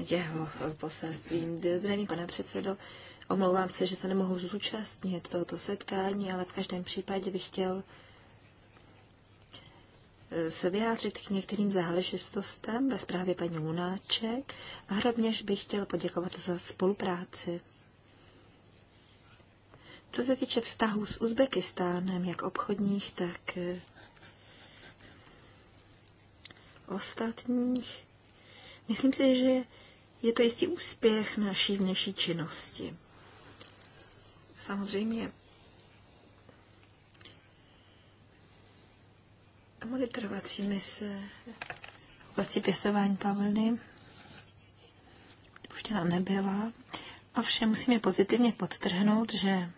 jeho poselstvím. Zdravím, pane předsedo, omlouvám se, že se nemohu zúčastnit tohoto setkání, ale v každém případě bych chtěl eh, se vyjádřit k některým záležitostem ve zprávě paní Lunáček a hrobněž bych chtěl poděkovat za spolupráci. Co se týče vztahů s Uzbekistánem, jak obchodních, tak eh, ostatních, myslím si, že je to jistý úspěch naší vnější činnosti. Samozřejmě monitorovací mise v oblasti pěstování pavlny puštěna nebyla. Ovšem musíme pozitivně podtrhnout, že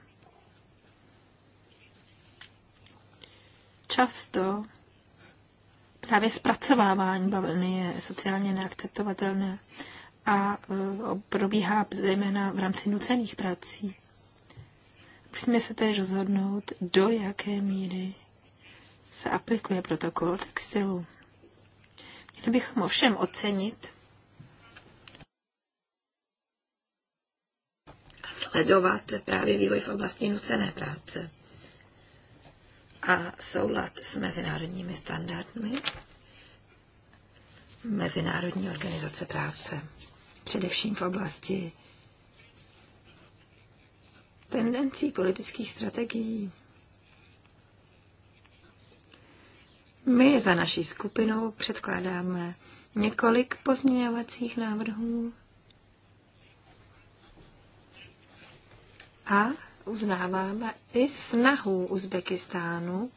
často právě zpracovávání bavlny je sociálně neakceptovatelné a e, probíhá zejména v rámci nucených prací. Musíme se též rozhodnout, do jaké míry se aplikuje protokol textilu. Měli bychom ovšem ocenit a sledovat právě vývoj v oblasti nucené práce a soulad s mezinárodními standardy Mezinárodní organizace práce, především v oblasti tendencí politických strategií. My za naší skupinou předkládáme několik pozměňovacích návrhů a uznáváme i snahu Uzbekistánu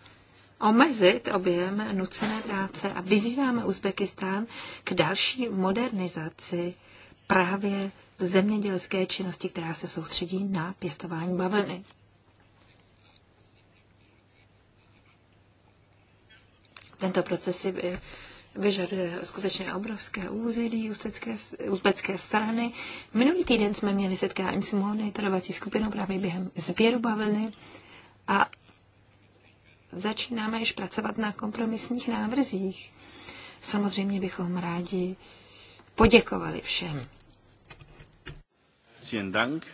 omezit objem nucené práce a vyzýváme Uzbekistán k další modernizaci právě v zemědělské činnosti, která se soustředí na pěstování bavlny. Tento proces by vyžaduje skutečně obrovské úzilí uzbecké, strany. Minulý týden jsme měli setkání s monitorovací skupinou právě během sběru bavlny a začínáme již pracovat na kompromisních návrzích. Samozřejmě bychom rádi poděkovali všem. Dank.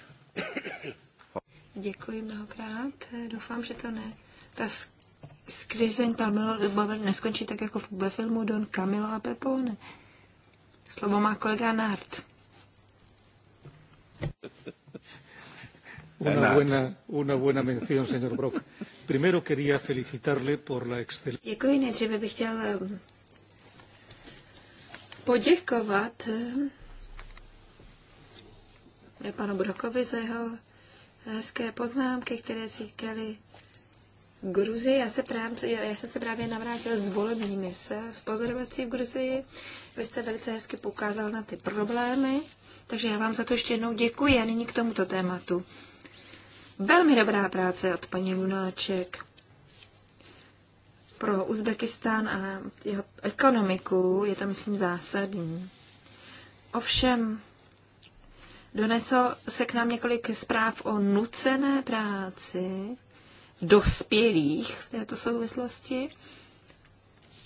Děkuji mnohokrát. Doufám, že to ne. Ta sklizeň Pamela Bavil neskončí tak jako ve filmu Don Camilo a Pepone. Slovo má kolega Nart. Una buena, una buena mención, señor Brock. Primero quería felicitarle por la excelencia. Děkuji, nejdříve bych chtěl eh, poděkovat eh, panu Brokovi za jeho hezké poznámky, které říkali Gruzii. Já, se právě, já jsem se právě navrátil z volební mise z pozorovací v Gruzii. Vy jste velice hezky poukázal na ty problémy, takže já vám za to ještě jednou děkuji a nyní k tomuto tématu. Velmi dobrá práce od paní Lunáček pro Uzbekistán a jeho ekonomiku je to, myslím, zásadní. Ovšem, doneslo se k nám několik zpráv o nucené práci, dospělých v této souvislosti.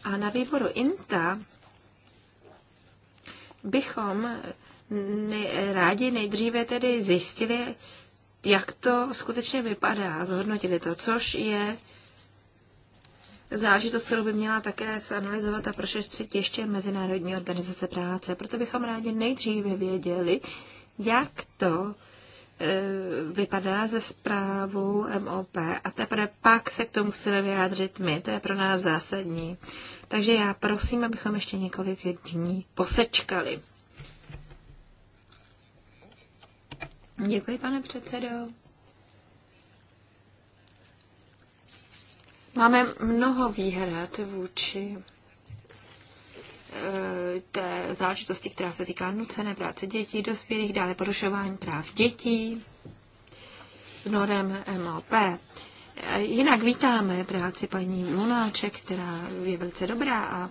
A na výboru INTA bychom rádi nejdříve tedy zjistili, jak to skutečně vypadá, zhodnotili to, což je zážitost, kterou by měla také zanalizovat a prošetřit ještě Mezinárodní organizace práce. Proto bychom rádi nejdříve věděli, jak to E, vypadá ze zprávu MOP a teprve pak se k tomu chceme vyjádřit my. To je pro nás zásadní. Takže já prosím, abychom ještě několik dní posečkali. Děkuji, pane předsedo. Máme mnoho výhrad vůči Eh, té záležitosti, která se týká nucené práce dětí, dospělých, dále porušování práv dětí s norem MOP. Eh, jinak vítáme práci paní Lunáček, která je velice dobrá a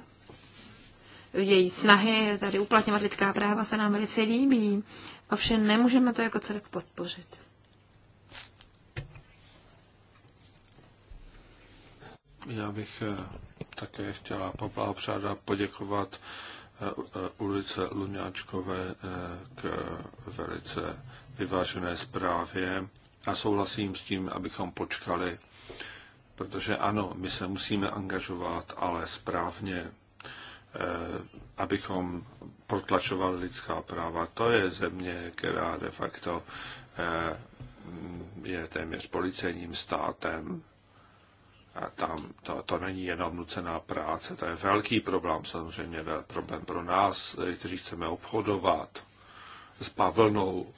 její snahy tady uplatňovat lidská práva se nám velice líbí. Ovšem nemůžeme to jako celek podpořit. Já bych eh, také chtěla poblahopřát a poděkovat eh, eh, ulice Luňáčkové eh, k velice vyvážené zprávě a souhlasím s tím, abychom počkali, protože ano, my se musíme angažovat, ale správně, abychom protlačovali lidská práva. To je země, která de facto je téměř policejním státem a tam to, to není jenom nucená práce, to je velký problém, samozřejmě problém pro nás, kteří chceme obchodovat s bavlnou,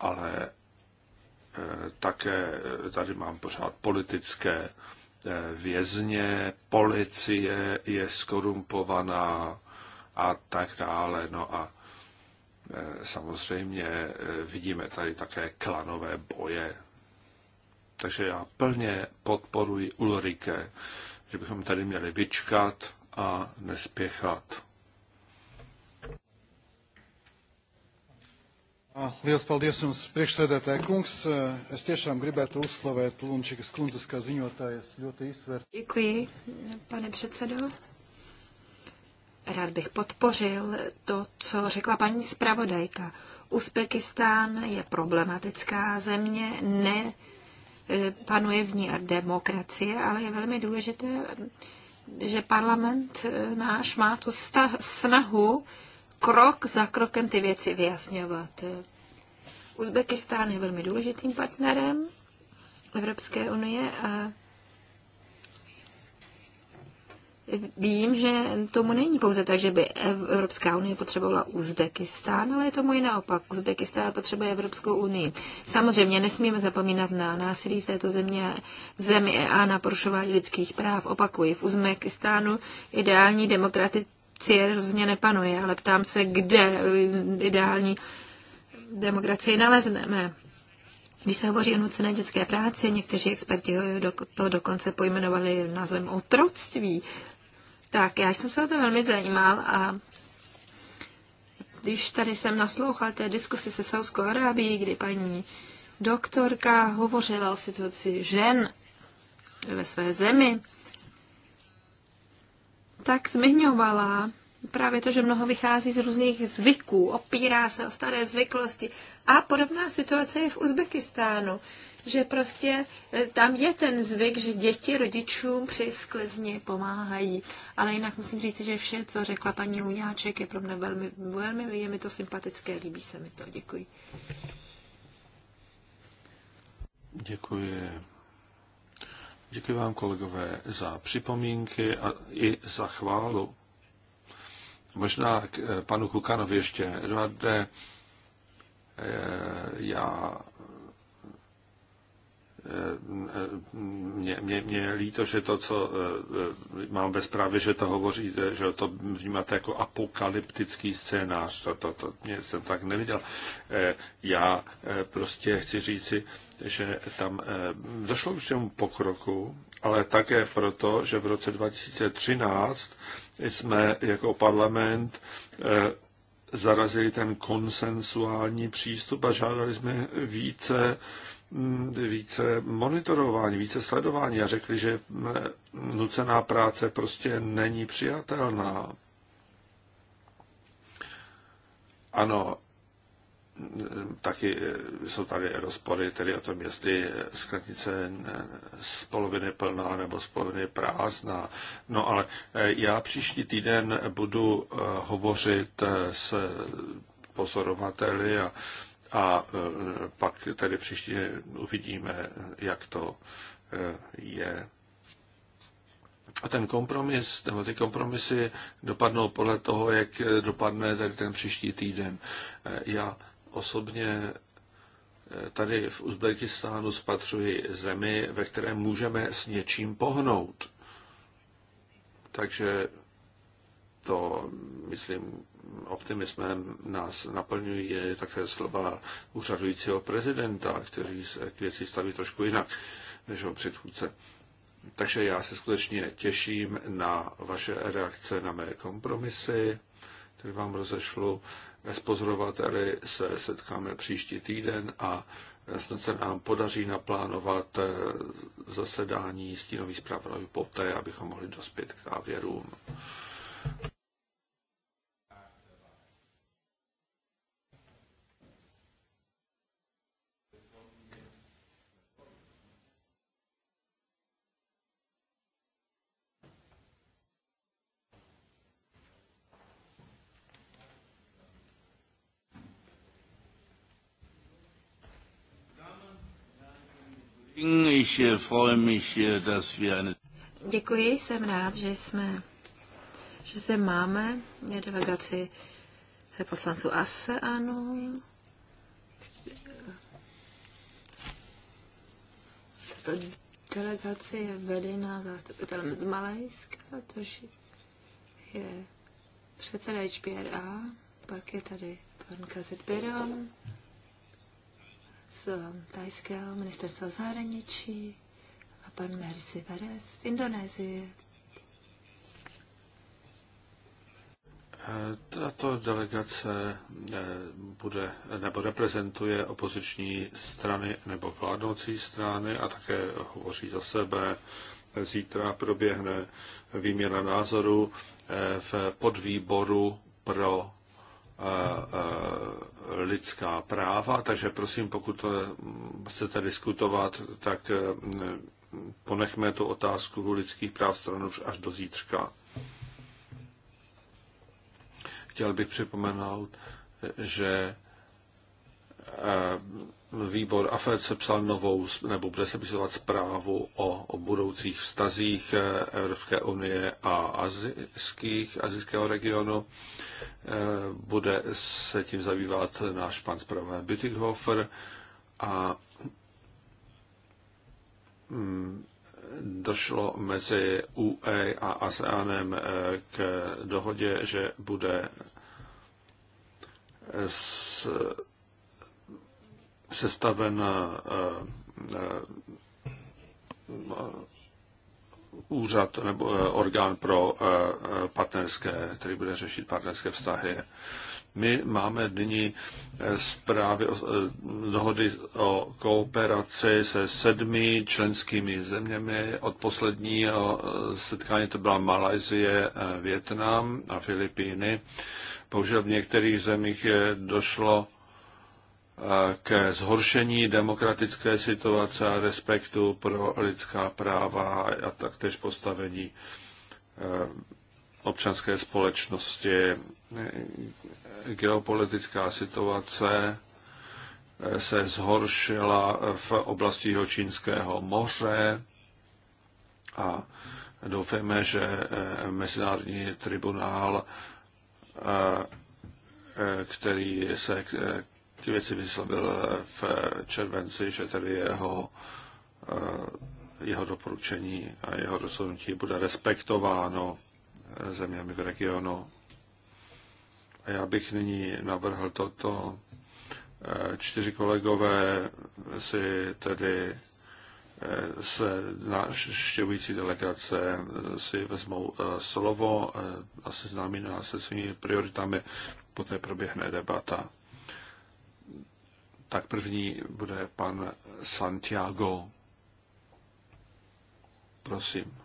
ale e, také tady mám pořád politické e, vězně, policie je skorumpovaná a tak dále. No a e, samozřejmě vidíme tady také klanové boje takže já plně podporuji Ulrike, že bychom tady měli vyčkat a nespěchat. Liels paldies jums, priekšsēdētāji kungs. Es tiešām gribētu uzslavēt Lunčikas kundzes kā ziņotājas ļoti izsvērt. Děkuji, pane předsedo. Rád bych podpořil to, co řekla paní zpravodajka. Uzbekistán je problematická země, ne panuje v ní demokracie, ale je velmi důležité, že parlament eh, náš má tu snahu krok za krokem ty věci vyjasňovat. Uzbekistán je velmi důležitým partnerem Evropské unie a vím, že tomu není pouze tak, že by Evropská unie potřebovala Uzbekistán, ale je tomu i naopak. Uzbekistán potřebuje Evropskou unii. Samozřejmě nesmíme zapomínat na násilí v této země, zemi a na porušování lidských práv. Opakuji, v Uzbekistánu ideální demokracie rozhodně nepanuje, ale ptám se, kde ideální demokracii nalezneme. Když se hovoří o nucené dětské práci, někteří experti to dokonce pojmenovali názvem otroctví. Tak, já jsem se o to velmi zajímal a když tady jsem naslouchal té diskusi se Saudskou Arábií, kdy paní doktorka hovořila o situaci žen ve své zemi, tak zmiňovala právě to, že mnoho vychází z různých zvyků, opírá se o staré zvyklosti. A podobná situace je v Uzbekistánu že prostě eh, tam je ten zvyk, že děti rodičům při sklizni pomáhají. Ale jinak musím říct, že vše, co řekla paní Luňáček, je pro mě velmi, velmi je mi to sympatické, líbí se mi to. Děkuji. Děkuji. Děkuji vám, kolegové, za připomínky a i za chválu. Možná k eh, panu Kukanovi ještě, Eduarde, eh, já mě, mě, mě líto, že to, co eh, mám ve zprávě, že to hovoří, že to vnímáte jako apokalyptický scénář, to, to, to mě jsem tak neviděl. Eh, já eh, prostě chci říci, že tam došlo k tomu pokroku, ale také proto, že v roce 2013 jsme jako parlament zarazili ten konsensuální přístup a žádali jsme více Mm, více monitorování, více sledování a řekli, že mm, nucená práce prostě není přijatelná. Ano, mm, taky eh, jsou tady rozpory tedy o tom, jestli eh, sklenice z poloviny plná nebo z poloviny prázdná. No ale eh, já příští týden budu hovořit s pozorovateli a a e, pak tady příště uvidíme, jak to e, je. A ten kompromis, nebo ty kompromisy dopadnou podle toho, jak dopadne tady ten příští týden. E, já osobně tady v Uzbekistánu spatřuji zemi, ve které můžeme s něčím pohnout. Takže to, myslím, optimismem nás naplňují je také slova úřadujícího prezidenta, který se k věci staví trošku jinak než jeho předchůdce. Takže já se skutečně těším na vaše reakce na mé kompromisy, které vám rozešlu. S pozorovateli se setkáme příští týden a snad se nám podaří naplánovat eh, zasedání stínových zpráv poté, abychom mohli dospět k závěrům. Äh, äh, Děkuji, jsem rád, že jsme, že zde máme delegaci poslanců ASEANu. Tato delegace je vedená zástupitelem z Malajska, což je předseda HPRA, pak je tady pan Kazet Biron, z eh, tajského ministerstva zahraničí a pan Mersi Veres z Indonésie. Eh, tato delegace eh, bude nebo reprezentuje opoziční strany nebo vládnoucí strany a také hovoří za sebe. Zítra proběhne výměna názoru v podvýboru pro lidská práva, takže prosím, pokud chcete diskutovat, tak e, ponechme tu otázku lidských práv stranu až do zítřka. Chtěl bych připomenout, že e, výbor AFED sepsal novou, nebo bude sepisovat zprávu o, o budoucích vztazích eh, Evropské unie a azijských, azijského regionu. Eh, bude se tím zabývat náš pan zpravodaj Bütikhofer a mm, došlo mezi UE a ASEANem eh, k dohodě, že bude s sestaven eh, eh, eh, úřad nebo orgán pro partnerské, který bude řešit partnerské vztahy. My máme nyní zprávy o, dohody o kooperaci se sedmi členskými zeměmi. Od posledního setkání to byla Malajzie, Větnam a Filipíny. Bohužel v některých zemích je došlo ke zhoršení demokratické situace a respektu pro lidská práva a taktéž postavení e, občanské společnosti. Geopolitická situace e, se zhoršila v oblasti Jihočínského moře a doufáme, že e, Mezinárodní tribunál, který se ty věci vyslovil v červenci, že tedy jeho, eh, jeho doporučení a jeho rozhodnutí bude respektováno zeměmi v regionu. A já bych nyní navrhl toto. Eh, čtyři kolegové si tedy eh, se naštěvující delegace si vezmou slovo a seznámí nás se svými prioritami, poté proběhne debata. Tak první bude pan Santiago. Prosím.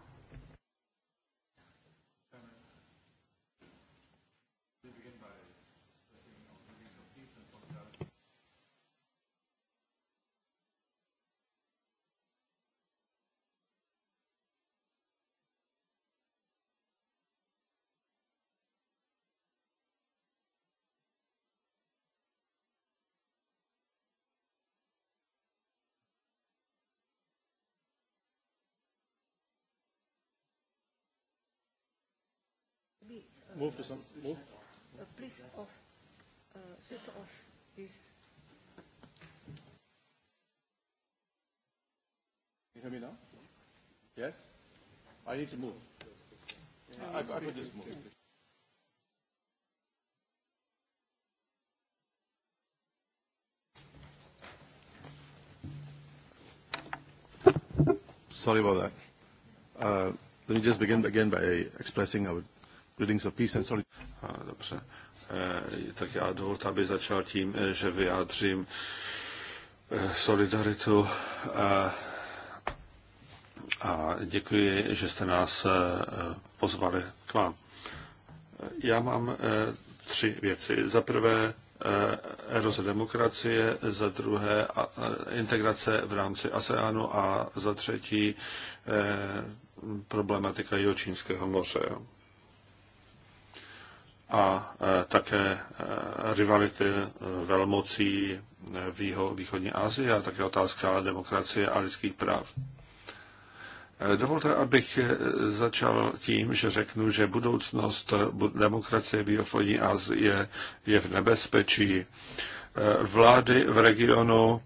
Move to some. Move. Uh, please off. Uh, switch off this. You hear me now? Yes. I need to move. Yeah. I, I could just move. Sorry about that. Uh, let me just begin again by expressing our Buildings of Peace and Solidarity. Dobře. E, tak já dovolte, aby začal tím, e, že vyjádřím e, solidaritu a děkuji, že jste nás pozvali k vám. Já mám tři věci. Za prvé eroze demokracie, za druhé integrace v rámci ASEANu a za třetí problematika Jihočínského moře a e, také e, rivality e, velmocí v jeho východní Asii a také otázka demokracie a lidských práv. Dovolte, abych začal tím, že řeknu, že budoucnost demokracie v východní Asii je v nebezpečí. Vlády v regionu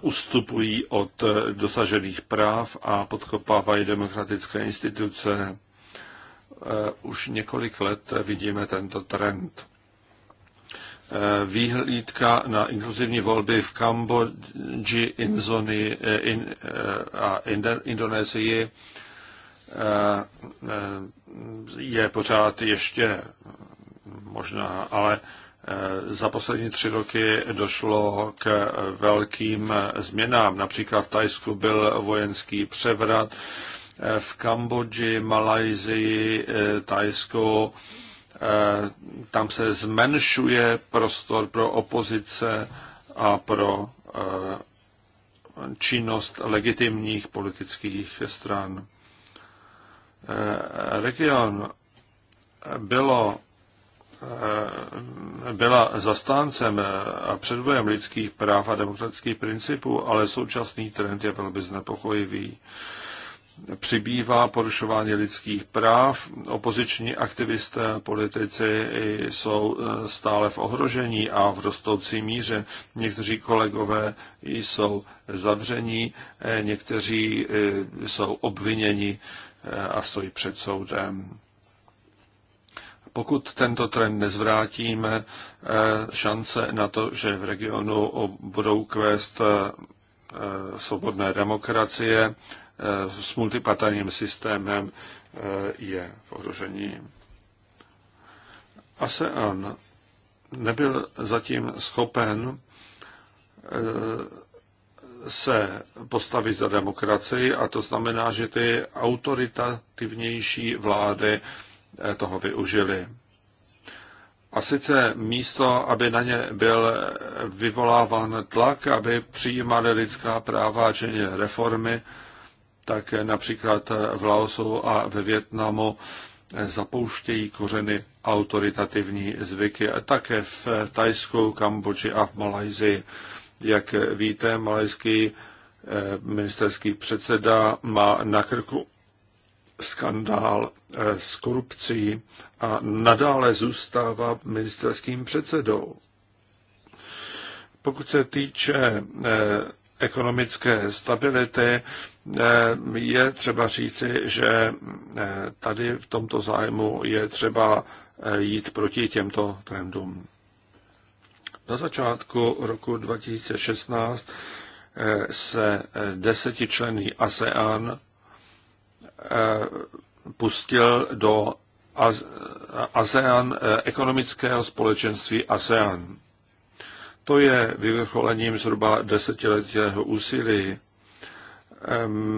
ustupují od dosažených práv a podkopávají demokratické instituce Eh, už několik let vidíme tento trend. Eh, výhlídka na inkluzivní volby v Kambodži, Inzony eh, in, a Indonésii je pořád ještě možná, ale za poslední tři roky došlo k velkým změnám. Například v Tajsku byl vojenský převrat, v Kambodži, Malajzii, eh, Tajsku. Eh, tam se zmenšuje prostor pro opozice a pro eh, činnost legitimních politických stran. Region bylo, byla zastáncem a předvojem lidských práv a demokratických principů, ale současný trend je velmi znepokojivý přibývá porušování lidských práv, opoziční aktivisté a politici jsou e, stále v ohrožení a v rostoucí míře. Někteří kolegové jsou zavření, e, někteří e, jsou obviněni a stojí před soudem. Pokud tento trend nezvrátíme, šance na to, že v regionu budou kvést svobodné demokracie, Eh, s multipatajním systémem eh, je v ohrožení. ASEAN nebyl zatím schopen eh, se postavit za demokracii a to znamená, že ty autoritativnější vlády toho využily. A sice místo, aby na ně byl vyvoláván tlak, aby přijímali lidská práva a činili reformy, tak například v Laosu a ve Větnamu zapouštějí kořeny autoritativní zvyky. také v Tajsku, Kambodži a v Malajzii. Jak víte, malajský eh, ministerský předseda má na krku skandál eh, s korupcí a nadále zůstává ministerským předsedou. Pokud se týče eh, ekonomické stability, eh, je třeba říci, že eh, tady v tomto zájmu je třeba eh, jít proti těmto trendům. Na začátku roku 2016 se desetičlenný ASEAN pustil do ASEAN ekonomického společenství ASEAN. To je vyvrcholením zhruba desetiletého úsilí.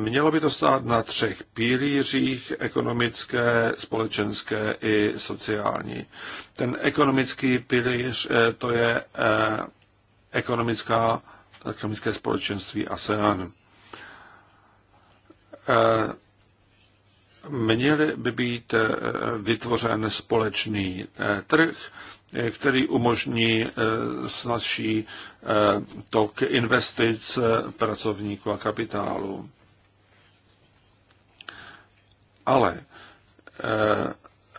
Mělo by to stát na třech pilířích, ekonomické, společenské i sociální. Ten ekonomický pilíř eh, to je eh, ekonomická, ekonomické společenství ASEAN. Eh, Měl by být vytvořen společný trh, který umožní eh, snadší eh, tok investic eh, pracovníků a kapitálu. Ale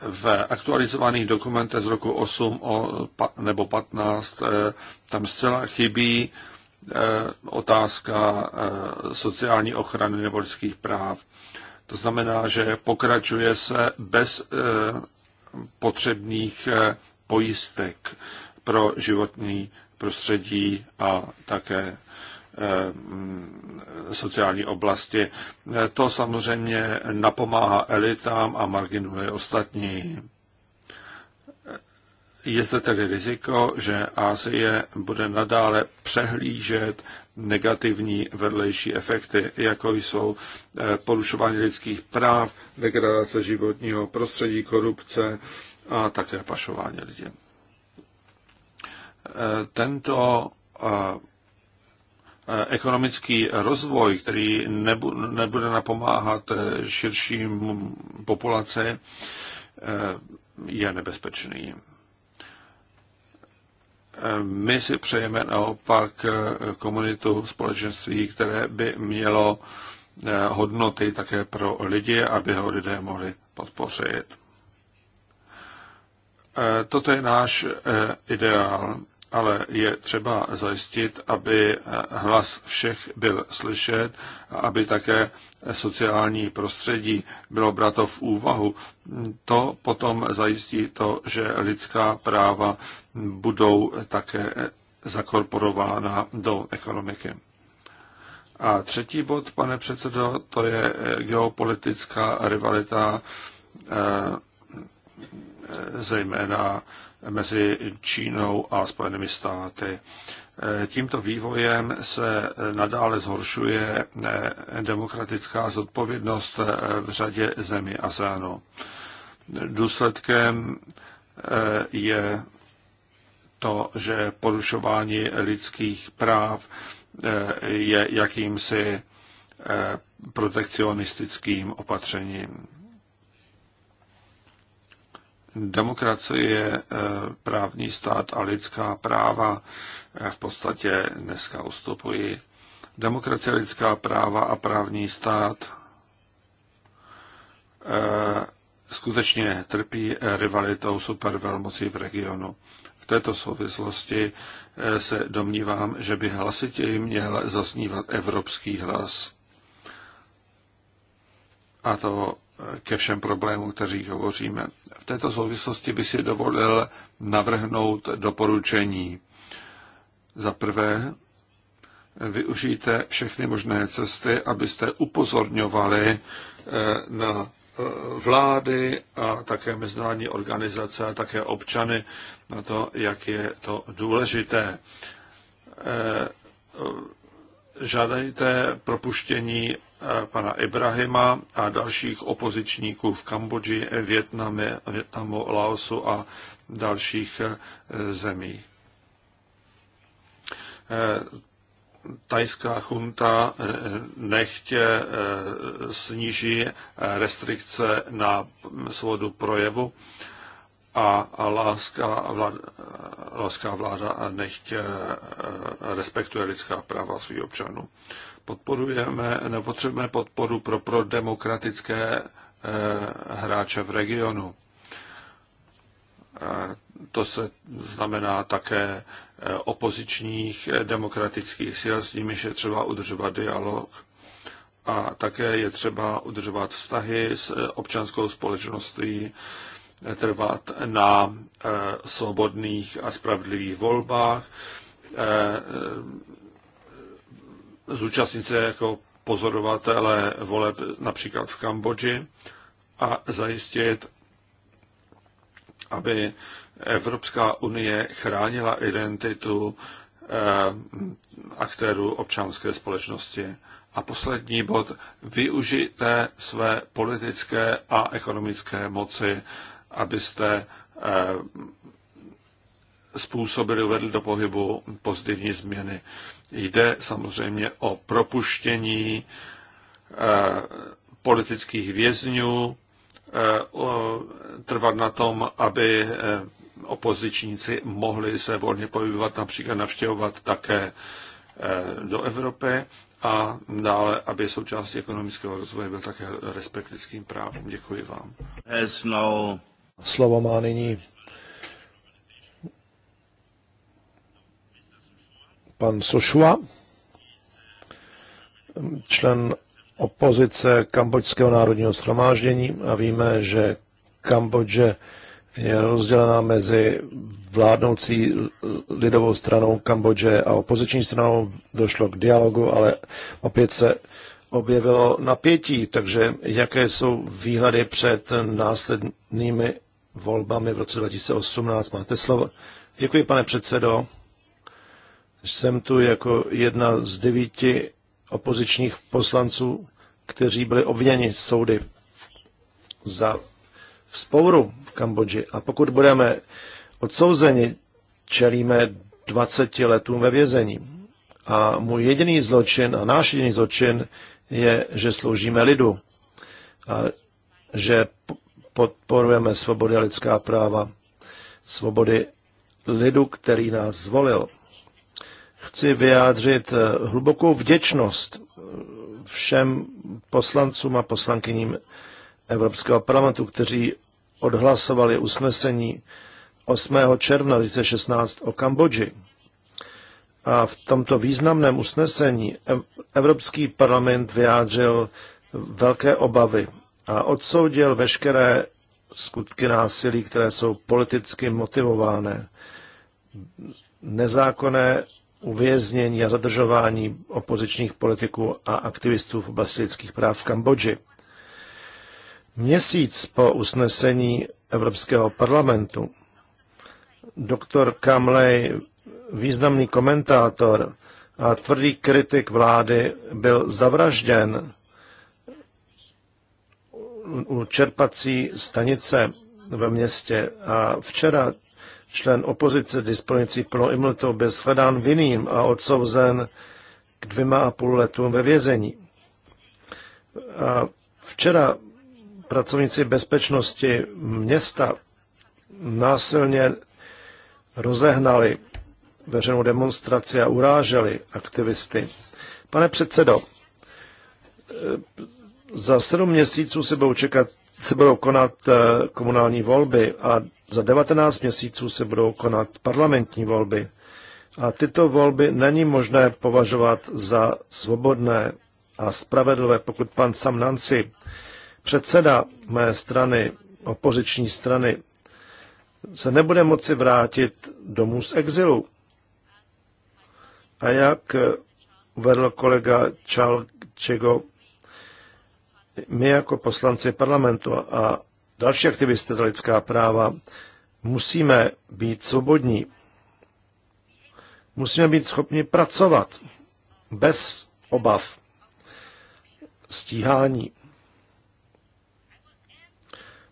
v aktualizovaných dokumentech z roku 8 o, nebo 15 tam zcela chybí otázka sociální ochrany nebo lidských práv. To znamená, že pokračuje se bez potřebných pojistek pro životní prostředí a také eh, mm, sociální oblasti. Eh, to samozřejmě napomáhá elitám a marginuje ostatní. Eh, je zde tedy riziko, že Asie bude nadále přehlížet negativní vedlejší efekty, jako jsou porušování lidských práv, degradace životního prostředí, korupce, a také pašování lidí. E, tento e, e, ekonomický rozvoj, který nebude napomáhat širším populaci, je nebezpečný. My si přejeme naopak komunitu společenství, které by mělo hodnoty také pro lidi, aby ho lidé mohli podpořit. Eh, toto je náš eh, ideál, ale je třeba zajistit, aby eh, hlas všech byl slyšet a aby také sociální prostředí bylo brato v úvahu. To potom zajistí to, že lidská práva budou také zakorporována do ekonomiky. A třetí bod, pane předsedo, to je geopolitická rivalita zejména mezi Čínou a Spojenými státy. Tímto vývojem se nadále zhoršuje demokratická zodpovědnost v řadě zemí ASEANu. Důsledkem eh, je to, že porušování lidských práv eh, je jakýmsi eh, protekcionistickým opatřením demokracie, eh, právní stát a lidská práva eh, v podstatě dneska ustupují. Demokracie, lidská práva a právní stát eh, skutečně trpí rivalitou supervelmocí v regionu. V této souvislosti se domnívám, že by hlasitěji měl zasnívat evropský hlas. A to ke všem problémům, kteří hovoříme. V této souvislosti by si dovolil navrhnout doporučení. Za prvé, využijte všechny možné cesty, abyste upozorňovali eh, na eh, vlády a také mezinárodní organizace a také občany na to, jak je to důležité. Eh, Žádajte propuštění pana Ibrahima a dalších opozičníků v Kambodži, Větname, Větnamu, Laosu a dalších eh, zemí. Eh, tajská chunta eh, nechtě sníží restrikce na svobodu projevu a laoská vláda, laoská vláda nechtě respektuje lidská práva svých občanů. Podporujeme, nepotřebujeme podporu pro prodemokratické eh, hráče v regionu. To se znamená také eh, opozičních eh, demokratických sil, s nimi je třeba udržovat dialog. A také je třeba udržovat vztahy s občanskou společností, trvat na svobodných a spravedlivých volbách, zúčastnit se jako pozorovatele voleb například v Kambodži a zajistit, aby Evropská unie chránila identitu eh, aktérů občanské společnosti. A poslední bod, využijte své politické a ekonomické moci, abyste eh, způsobili, uvedli do pohybu pozitivní změny. Jde samozřejmě o propuštění eh, politických vězňů, eh, trvat na tom, aby eh, opozičníci mohli se volně pohybovat, například navštěvovat také do Evropy a dále, aby součástí ekonomického rozvoje byl také respekt lidským právům. Děkuji vám. No- Slovo má nyní pan Sošua, člen opozice Kambodžského národního schromáždění a víme, že Kambodže je rozdělená mezi vládnoucí lidovou stranou Kambodže a opoziční stranou. Došlo k dialogu, ale opět se objevilo napětí, takže jaké jsou výhledy před následnými volbami v roce 2018? Máte slovo. Děkuji, pane předsedo. Jsem tu jako jedna z devíti opozičních poslanců, kteří byli obviněni soudy za vzpouru v Kambodži. A pokud budeme odsouzeni, čelíme 20 letům ve vězení. A můj jediný zločin a náš jediný zločin je, že sloužíme lidu a že podporujeme svobody a lidská práva, svobody lidu, který nás zvolil chci vyjádřit eh, hlubokou vděčnost eh, všem poslancům a poslankyním Evropského parlamentu, kteří odhlasovali usnesení 8. června 2016 o Kambodži. A v tomto významném usnesení Evropský parlament vyjádřil velké obavy a odsoudil veškeré skutky násilí, které jsou politicky motivované, nezákonné uvěznění a zadržování opozičních politiků a aktivistů v oblasti lidských práv v Kambodži. Měsíc po usnesení Evropského parlamentu doktor Kamlej, významný komentátor a tvrdý kritik vlády, byl zavražděn u čerpací stanice ve městě a včera člen opozice disponující pro imunitou byl shledán vinným a odsouzen k dvěma a půl letům ve vězení. A včera pracovníci bezpečnosti města násilně rozehnali veřejnou demonstraci a uráželi aktivisty. Pane předsedo, za sedm měsíců se budou, čekat, se budou konat eh, komunální volby a za 19 měsíců se budou konat parlamentní volby a tyto volby není možné považovat za svobodné a spravedlivé, pokud pan Sam Nancy, předseda mé strany, opoziční strany, se nebude moci vrátit domů z exilu. A jak uvedl kolega Čal Čego, my jako poslanci parlamentu a další aktivisté za lidská práva, musíme být svobodní. Musíme být schopni pracovat bez obav, stíhání.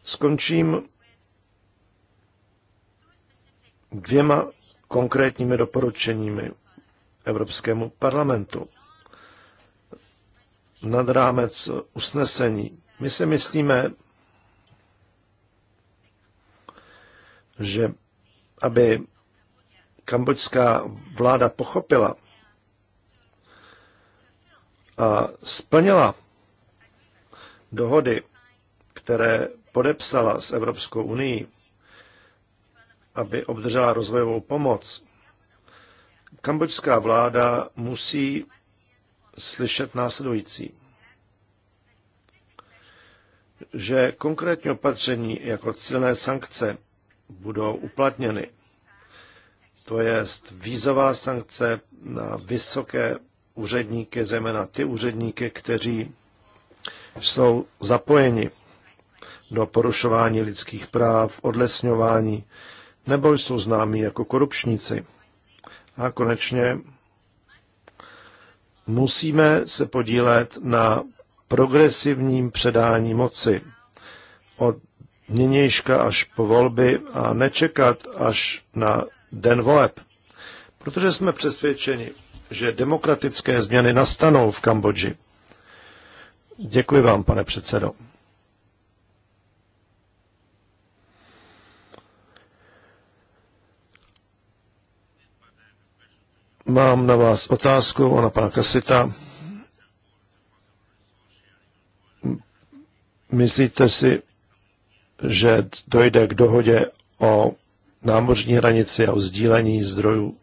Skončím dvěma konkrétními doporučeními Evropskému parlamentu nad rámec usnesení. My si myslíme, že aby kambočská vláda pochopila a splnila dohody, které podepsala s Evropskou unii, aby obdržela rozvojovou pomoc, kambočská vláda musí slyšet následující. Že konkrétní opatření jako silné sankce budou uplatněny. To je vízová sankce na vysoké úředníky, zejména ty úředníky, kteří jsou zapojeni do porušování lidských práv, odlesňování, nebo jsou známí jako korupčníci. A konečně musíme se podílet na progresivním předání moci od nynějška až po volby a nečekat až na den voleb. Protože jsme přesvědčeni, že demokratické změny nastanou v Kambodži. Děkuji vám, pane předsedo. Mám na vás otázku, ona pana Kasita. Myslíte si, že dojde k dohodě o námořní hranici a o sdílení zdrojů.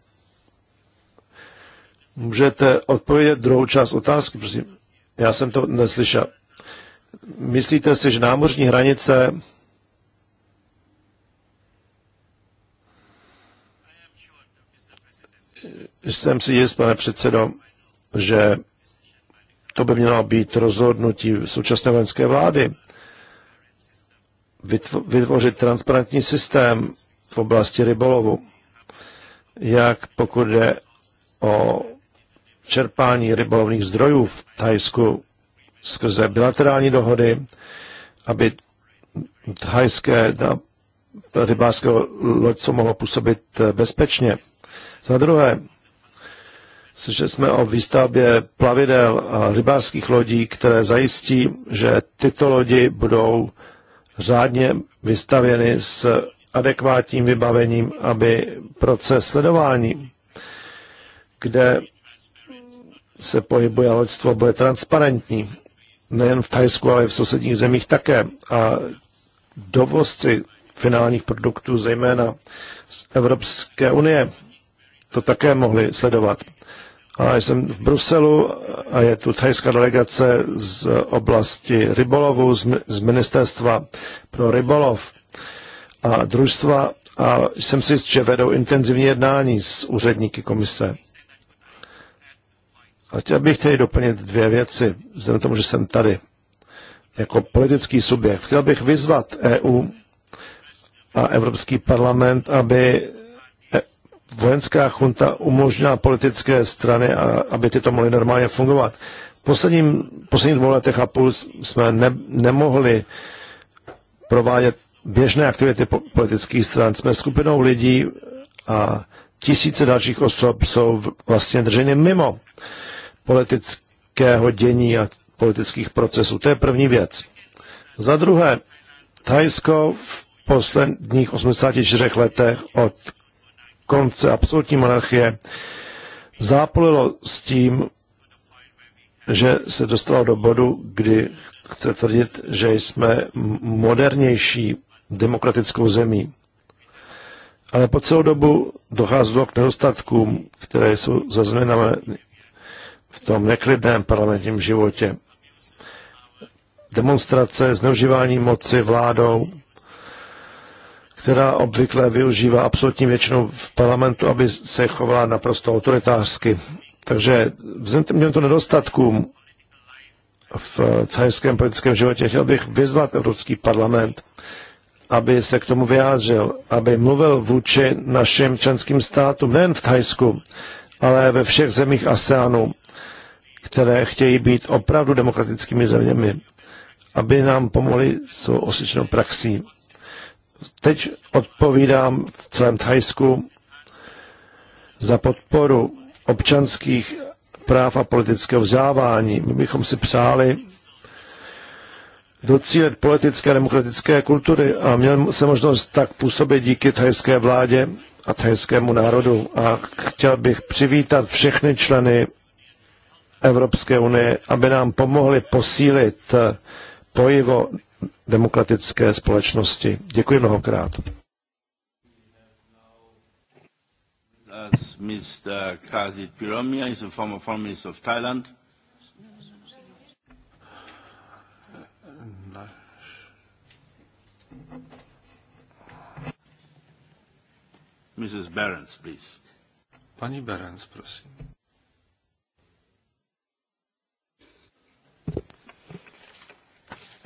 Můžete odpovědět druhou část otázky, prosím? Já jsem to neslyšel. Myslíte si, že námořní hranice Jsem si jist, pane předsedo, že to by mělo být rozhodnutí současné vojenské vlády vytvořit transparentní systém v oblasti rybolovu, jak pokud jde o čerpání rybolovných zdrojů v Thajsku skrze bilaterální dohody, aby thajské rybářské loďstvo mohlo působit eh, bezpečně. Za druhé, slyšeli jsme o výstavbě plavidel a rybářských lodí, které zajistí, že tyto lodi budou řádně vystavěny s adekvátním vybavením, aby proces sledování, kde se pohybuje loďstvo, bude transparentní. Nejen v Thajsku, ale i v sousedních zemích také. A dovozci finálních produktů, zejména z Evropské unie, to také mohli sledovat. A jsem v Bruselu a je tu thajská delegace z oblasti rybolovu, z Ministerstva pro rybolov a družstva a jsem si jist, že vedou intenzivní jednání s úředníky komise. A chtěl bych tedy doplnit dvě věci, vzhledem tomu, že jsem tady jako politický subjekt. Chtěl bych vyzvat EU a Evropský parlament, aby vojenská chunta umožnila politické strany, a, aby tyto mohly normálně fungovat. V posledním, posledních dvou letech a půl jsme ne, nemohli provádět běžné aktivity politických stran. Jsme skupinou lidí a tisíce dalších osob jsou vlastně drženy mimo politického dění a politických procesů. To je první věc. Za druhé, Thajsko v posledních 84 letech od konce absolutní monarchie zápolilo s tím, že se dostalo do bodu, kdy chce tvrdit, že jsme modernější demokratickou zemí. Ale po celou dobu docházelo k nedostatkům, které jsou zaznamenané v tom neklidném parlamentním životě. Demonstrace, zneužívání moci vládou, která obvykle využívá absolutní většinu v parlamentu, aby se chovala naprosto autoritářsky. Takže vzhledem těmto nedostatkům v thajském politickém životě chtěl bych vyzvat Evropský parlament, aby se k tomu vyjádřil, aby mluvil vůči našim členským státům, nejen v Thajsku, ale ve všech zemích ASEANu, které chtějí být opravdu demokratickými zeměmi, aby nám pomohli s osvědčenou praxí teď odpovídám v celém Thajsku za podporu občanských práv a politického vzávání. My bychom si přáli docílit politické a demokratické kultury a měl se možnost tak působit díky thajské vládě a thajskému národu. A chtěl bych přivítat všechny členy Evropské unie, aby nám pomohli posílit pojivo demokratické společnosti. Děkuji mnohokrát. is a former minister of Thailand. Mrs. Berens, please. Pani Berens, prosím.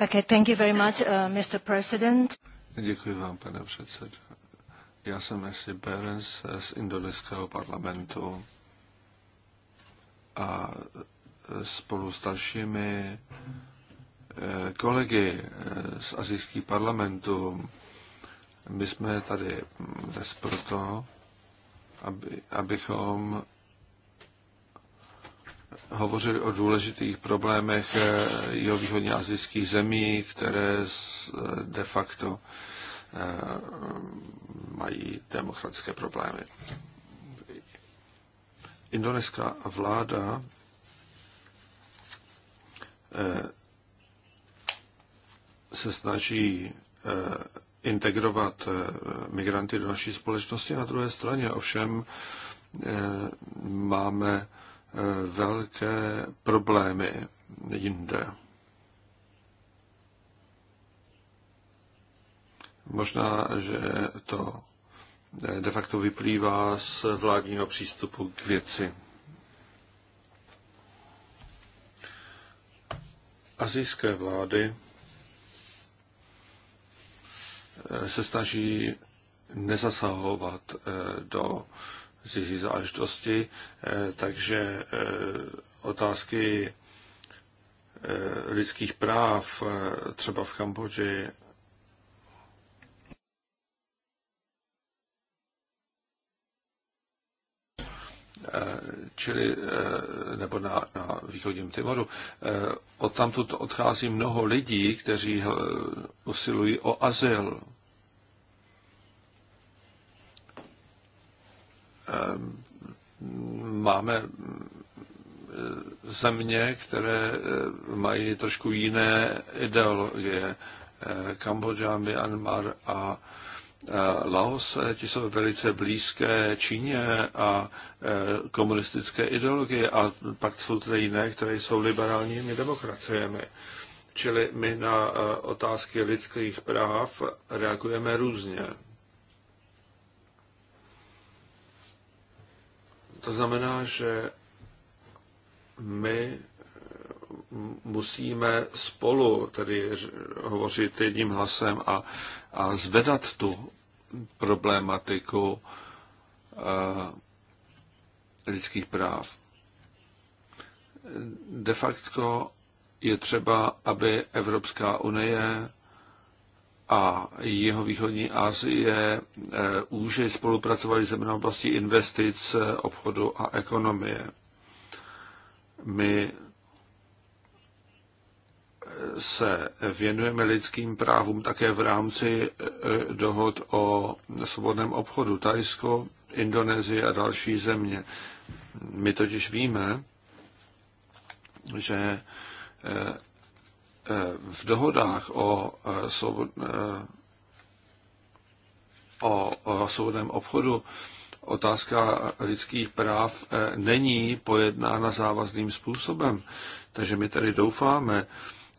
Okay, thank you very much, uh, Mr. President. Děkuji vám, pane předsedo. Já jsem Ashley Berens z indonéského parlamentu a spolu s dalšími eh, kolegy eh, z azijských parlamentů, my jsme tady dnes proto, aby, abychom hovořili o důležitých problémech eh, jihovýchodně azijských zemí, které eh, de facto eh, mají demokratické problémy. Indonéská vláda se snaží integrovat migranty do naší společnosti. Na druhé straně ovšem máme velké problémy jinde. Možná, že to de facto vyplývá z vládního přístupu k věci. Azijské vlády se snaží nezasahovat eh, do cizí záležitosti, eh, takže eh, otázky eh, lidských práv třeba v Kambodži čili, nebo na, na východním Timoru. Odtamtud odchází mnoho lidí, kteří usilují o azyl. Ehm, máme e, země, které e, mají trošku jiné ideologie. E, Kambodža, Myanmar a Laos, ti jsou velice blízké Číně a komunistické ideologie a pak jsou tady jiné, které jsou liberálními demokraciemi. Čili my na otázky lidských práv reagujeme různě. To znamená, že my eh, musíme spolu tedy hovořit jedním hlasem a, a zvedat tu problematiku eh, lidských práv. De facto je třeba, aby Evropská unie a jeho východní Asie úže eh, spolupracovali se mnou oblasti investic, eh, obchodu a ekonomie. My eh, se věnujeme lidským právům také v rámci dohod o svobodném obchodu Tajsko, Indonésie a další země. My totiž víme, že Eh, v dohodách o, eh, eh, o, o svobodném obchodu otázka lidských práv není pojednána závazným způsobem. Takže my tady doufáme,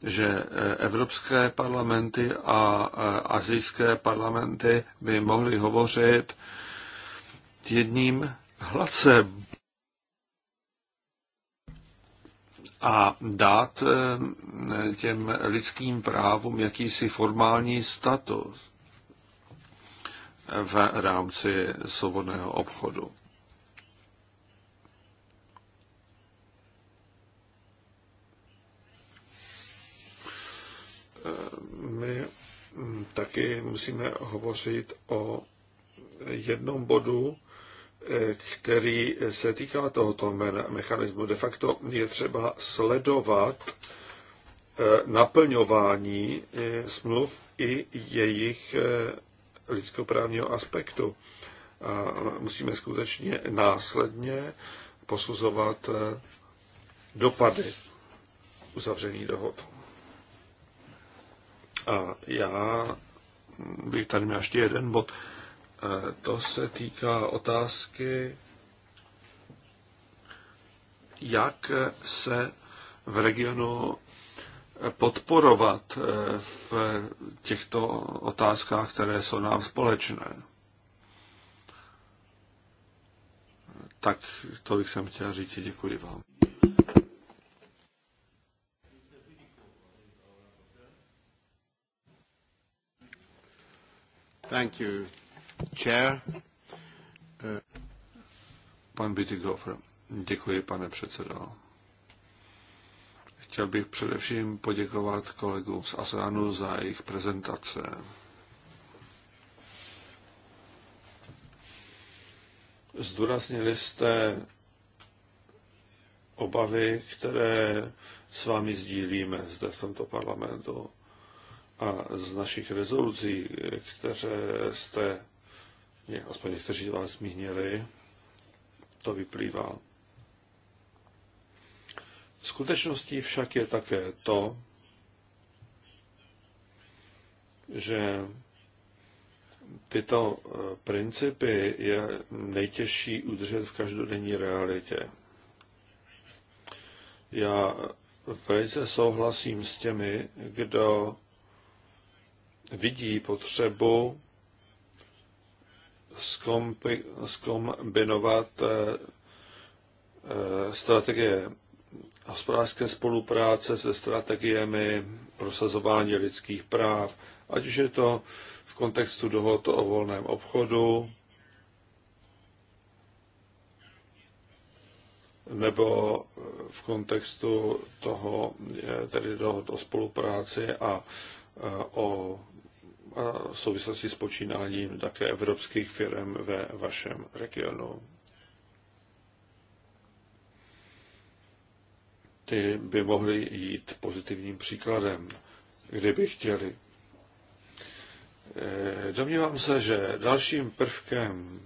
že evropské parlamenty a azijské parlamenty by mohly hovořit jedním hlasem a dát eh, těm lidským právům jakýsi formální status v rámci svobodného obchodu. Eh, my hm, taky musíme hovořit o jednom bodu, který se týká tohoto mechanismu. De facto je třeba sledovat eh, naplňování eh, smluv i jejich eh, lidskoprávního aspektu. A musíme skutečně následně posuzovat dopady uzavřených dohod. A já bych tady měl ještě jeden bod. To se týká otázky, jak se v regionu podporovat eh, v těchto otázkách, které jsou nám společné. Tak to bych jsem chtěl říct. Děkuji vám. Thank you. Eh, pan Bittigofer. Děkuji, pane předsedo. Chtěl bych především poděkovat kolegům z ASEANu za jejich prezentace. Zdůraznili jste obavy, které s vámi sdílíme zde v tomto parlamentu a z našich rezolucí, které jste jak aspoň někteří vás zmínili, to vyplývá. V skutečností však je také to, že tyto eh, principy je nejtěžší udržet v každodenní realitě. Já velice souhlasím s těmi, kdo vidí potřebu zkombinovat eh, eh, strategie hospodářské spolupráce se strategiemi prosazování lidských práv, ať už je to v kontextu dohod o volném obchodu, nebo v kontextu toho, eh, tedy dohod o spolupráci a o v souvislosti s počínáním také evropských firm ve vašem regionu. Ty by mohly jít pozitivním příkladem, kdyby chtěli. Eh, domnívám se, že dalším prvkem,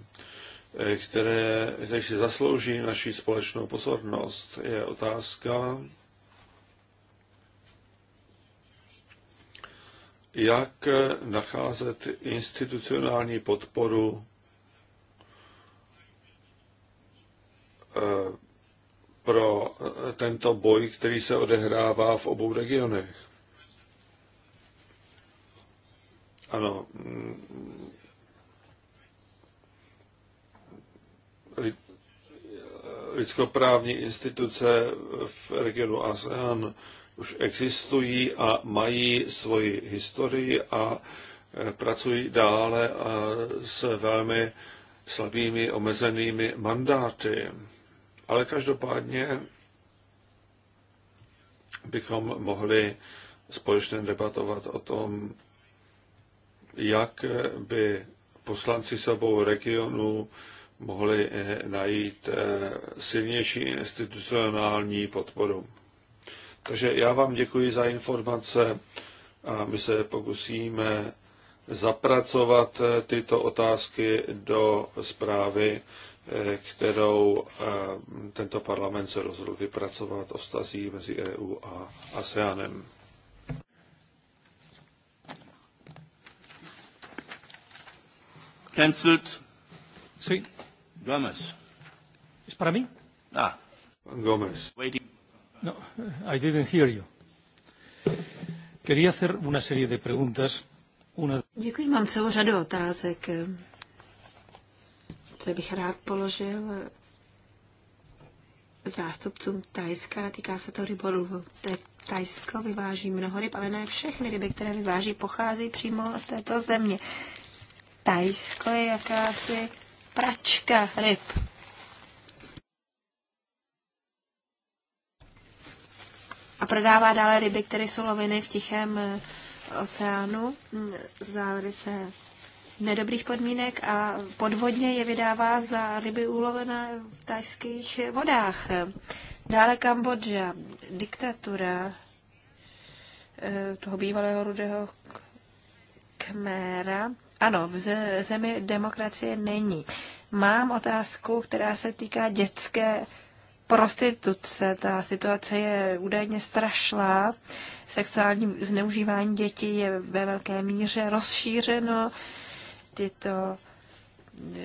eh, které, který si zaslouží naší společnou pozornost, je otázka, jak nacházet institucionální podporu eh, pro eh, tento boj, který se odehrává v obou regionech. Ano, mm, eh, lidskoprávní instituce v regionu ASEAN už existují a mají svoji historii a e, pracují dále a s velmi slabými, omezenými mandáty. Ale každopádně bychom mohli společně debatovat o tom, jak by poslanci s regionu mohli e, najít e, silnější institucionální podporu. Takže já vám děkuji za informace a my se pokusíme zapracovat tyto otázky do zprávy, kterou eh, tento parlament se rozhodl vypracovat o stazí mezi EU a ASEANem. Cancelled. Sí. Gómez. ¿Es para mí? Ah. Gómez. Waiting. No, I didn't hear you. Quería hacer una serie de preguntas. Una... Děkuji, mám celou řadu otázek, eh, které bych rád položil eh, zástupcům Tajska. Týká se to rybolů. Tajsko vyváží mnoho ryb, ale ne všechny ryby, které vyváží, pochází přímo z této země. Tajsko je jakási pračka ryb. a prodává dále ryby, které jsou loviny v Tichém eh, oceánu mm, za velice nedobrých podmínek a podvodně je vydává za ryby ulovené v tajských vodách. Dále Kambodža, diktatura eh, toho bývalého rudého kméra. Ano, v zemi demokracie není. Mám otázku, která se týká dětské prostituce. Ta situace je údajně strašná. Sexuální zneužívání dětí je ve velké míře rozšířeno. Tyto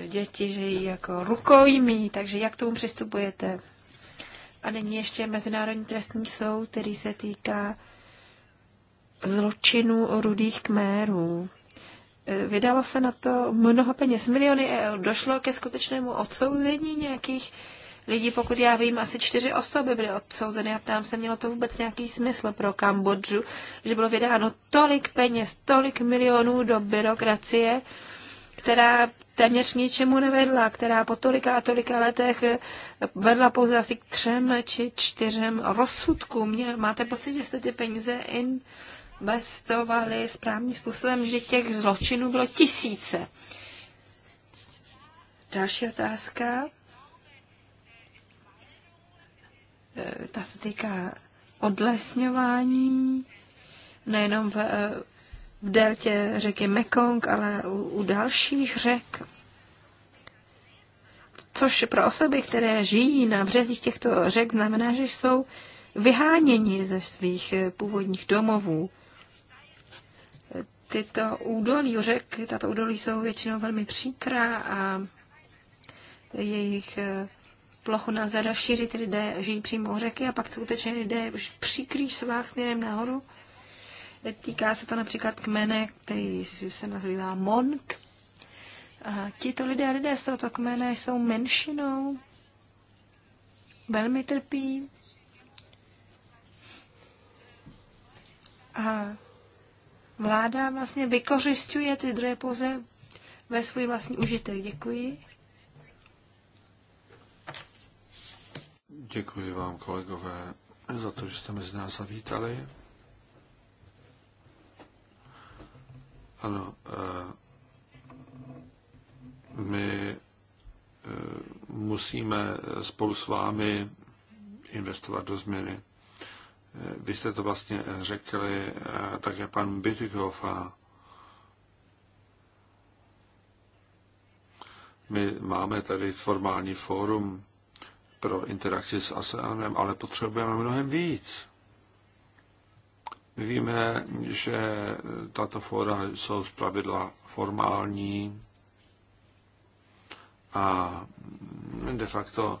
děti žijí jako rukojmí, takže jak tomu přistupujete? A není ještě Mezinárodní trestní soud, který se týká zločinů rudých kmérů. E, vydalo se na to mnoho peněz, miliony eur. Došlo ke skutečnému odsouzení nějakých Lidi, pokud já vím, asi čtyři osoby byly odsouzeny a ptám se, mělo to vůbec nějaký smysl pro Kambodžu, že bylo vydáno tolik peněz, tolik milionů do byrokracie, která téměř ničemu nevedla, která po tolika a tolika letech vedla pouze asi k třem či čtyřem rozsudkům. Máte pocit, že jste ty peníze investovali správným způsobem, že těch zločinů bylo tisíce? Další otázka. Eh, ta se týká odlesňování, nejenom v, eh, v deltě řeky Mekong, ale u, u dalších řek. Což pro osoby, které žijí na březích těchto řek, znamená, že jsou vyháněni ze svých eh, původních domovů. Tyto údolí řek, tato údolí jsou většinou velmi příkrá a jejich plochu nelze rozšířit, lidé žijí přímo u řeky a pak skutečně lidé už přikrý svách směrem nahoru. Týká se to například kmene, který se nazývá Monk. A tito lidé, lidé z tohoto kmene jsou menšinou, velmi trpí. A vláda vlastně vykořišťuje ty druhé pouze ve svůj vlastní užitek. Děkuji. Děkuji vám, kolegové, za to, že jste mezi nás zavítali. Ano, eh, my eh, musíme spolu s vámi investovat do změny. Eh, vy jste to vlastně řekli také pan Bytykov a my máme tady formální fórum pro interakci s ASEANem, ale potřebujeme mnohem víc. My víme, že tato fora jsou zpravidla formální a de facto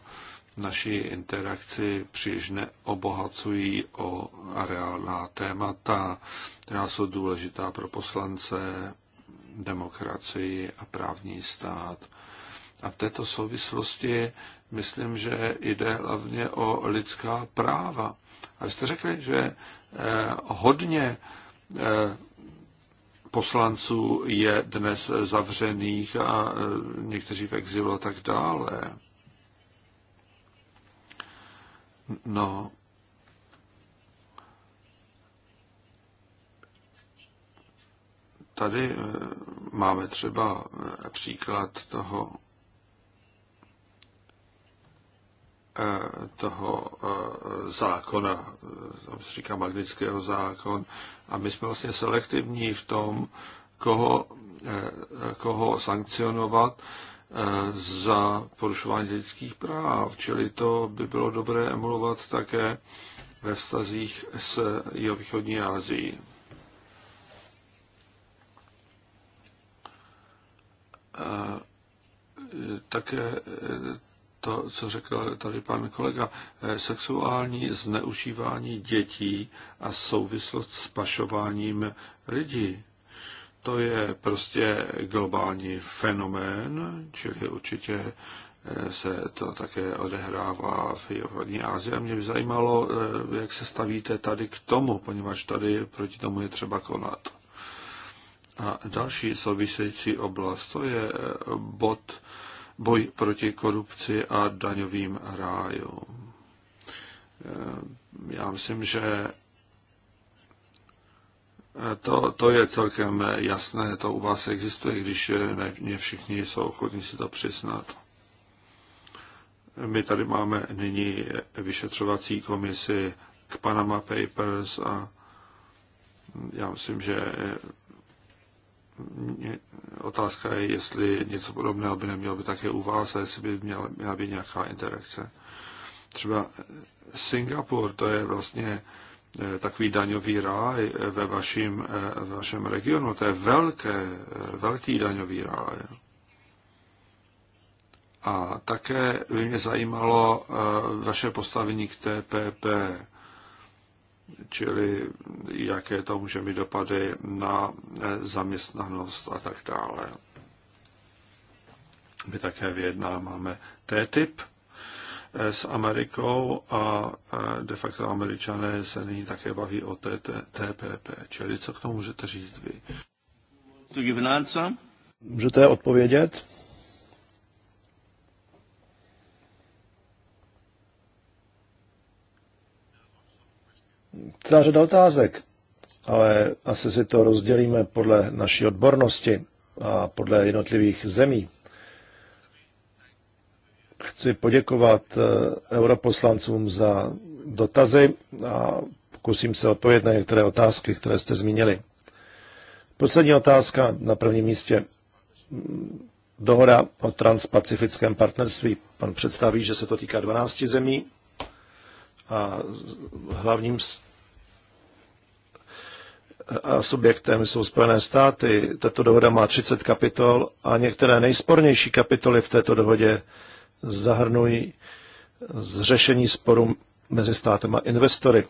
naši interakci příliš neobohacují o reálná témata, která jsou důležitá pro poslance, demokracii a právní stát. A v této souvislosti myslím, že jde hlavně o lidská práva. A vy jste řekli, že eh, hodně eh, poslanců je dnes zavřených a eh, někteří v exilu a tak dále. No, tady máme třeba příklad toho Eh, toho eh, zákona, tam se říká magnického zákon, a my jsme vlastně selektivní v tom, koho, eh, koho sankcionovat za porušování lidských práv. Čili to by bylo dobré emulovat také ve vztazích s východní Asií. Také to, co řekl tady pan kolega, eh, sexuální zneužívání dětí a souvislost s pašováním lidí. To je prostě globální fenomén, čili určitě eh, se to také odehrává v Jihovodní Asii. A mě by zajímalo, eh, jak se stavíte tady k tomu, poněvadž tady proti tomu je třeba konat. A další související oblast, to je bod boj proti korupci a daňovým rájům. Eh, já myslím, že eh, to, to je celkem jasné, to u vás existuje, když eh, ne, ne všichni jsou ochotní si to přiznat. My tady máme nyní vyšetřovací komisi k Panama Papers a já myslím, že otázka je, jestli něco podobného by nemělo by také u vás a jestli by měla, měla být nějaká interakce. Třeba Singapur, to je vlastně eh, takový daňový ráj eh, ve vašem eh, ve vašem regionu. To je velké, velký daňový ráj. A také by mě zajímalo vaše postavení k TPP čili jaké to může mít dopady na eh, zaměstnanost a tak dále. My také vyjednáváme TTIP eh, s Amerikou a eh, de facto američané se nyní také baví o TPP. Čili co k tomu můžete říct vy? Můžete odpovědět? celá řada otázek, ale asi si to rozdělíme podle naší odbornosti a podle jednotlivých zemí. Chci poděkovat eh, europoslancům za dotazy a pokusím se odpovědět na některé otázky, které jste zmínili. Poslední otázka na prvním místě. Dohoda o transpacifickém partnerství. Pan představí, že se to týká 12 zemí a hlavním a subjektem jsou Spojené státy. Tato dohoda má 30 kapitol a některé nejspornější kapitoly v této dohodě zahrnují zřešení sporu mezi státem a investory.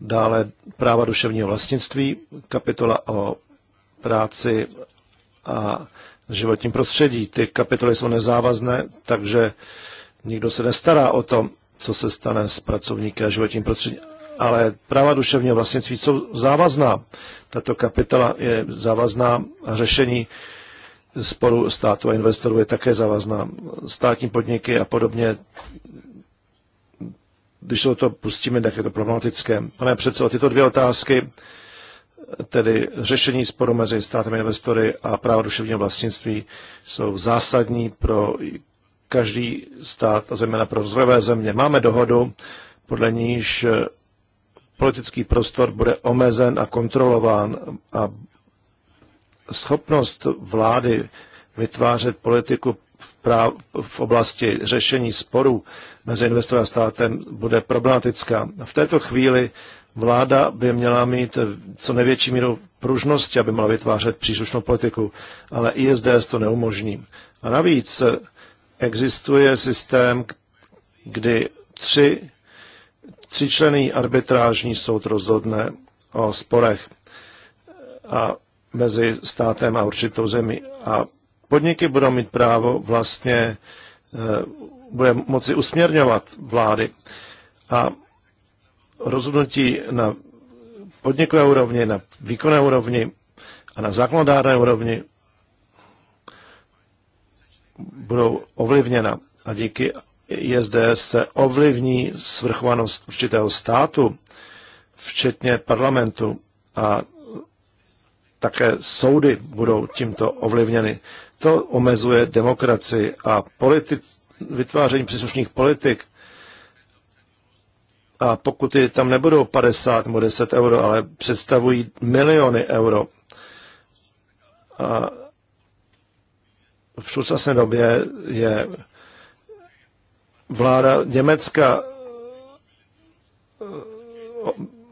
Dále práva duševního vlastnictví, kapitola o práci a životním prostředí. Ty kapitoly jsou nezávazné, takže nikdo se nestará o to, co se stane s pracovníky a životním prostředím. Ale práva duševního vlastnictví jsou závazná. Tato kapitola je závazná a řešení sporu státu a investorů je také závazná. Státní podniky a podobně, když se to pustíme, tak je to problematické. Pane předsedo, tyto dvě otázky, tedy řešení sporu mezi státem a investory a práva duševního vlastnictví, jsou zásadní pro každý stát, a zejména pro rozvojové země. Máme dohodu, podle níž eh, politický prostor bude omezen a kontrolován a schopnost vlády vytvářet politiku práv v oblasti řešení sporů mezi investorem a státem bude problematická. V této chvíli vláda by měla mít eh, co největší míru pružnosti, aby mohla vytvářet příslušnou politiku, ale ISDS to neumožní. A navíc eh, existuje systém, kdy tři, členy arbitrážní soud rozhodne o sporech a mezi státem a určitou zemí. A podniky budou mít právo vlastně, eh, bude moci usměrňovat vlády. A rozhodnutí na podnikové úrovni, na výkonné úrovni a na zákonodárné úrovni budou ovlivněna a díky ISDS se ovlivní svrchovanost určitého státu, včetně parlamentu a také soudy budou tímto ovlivněny. To omezuje demokracii a politi- vytváření příslušných politik. A pokud tam nebudou 50 nebo 10 euro, ale představují miliony euro, a v současné době je vláda Německa eh,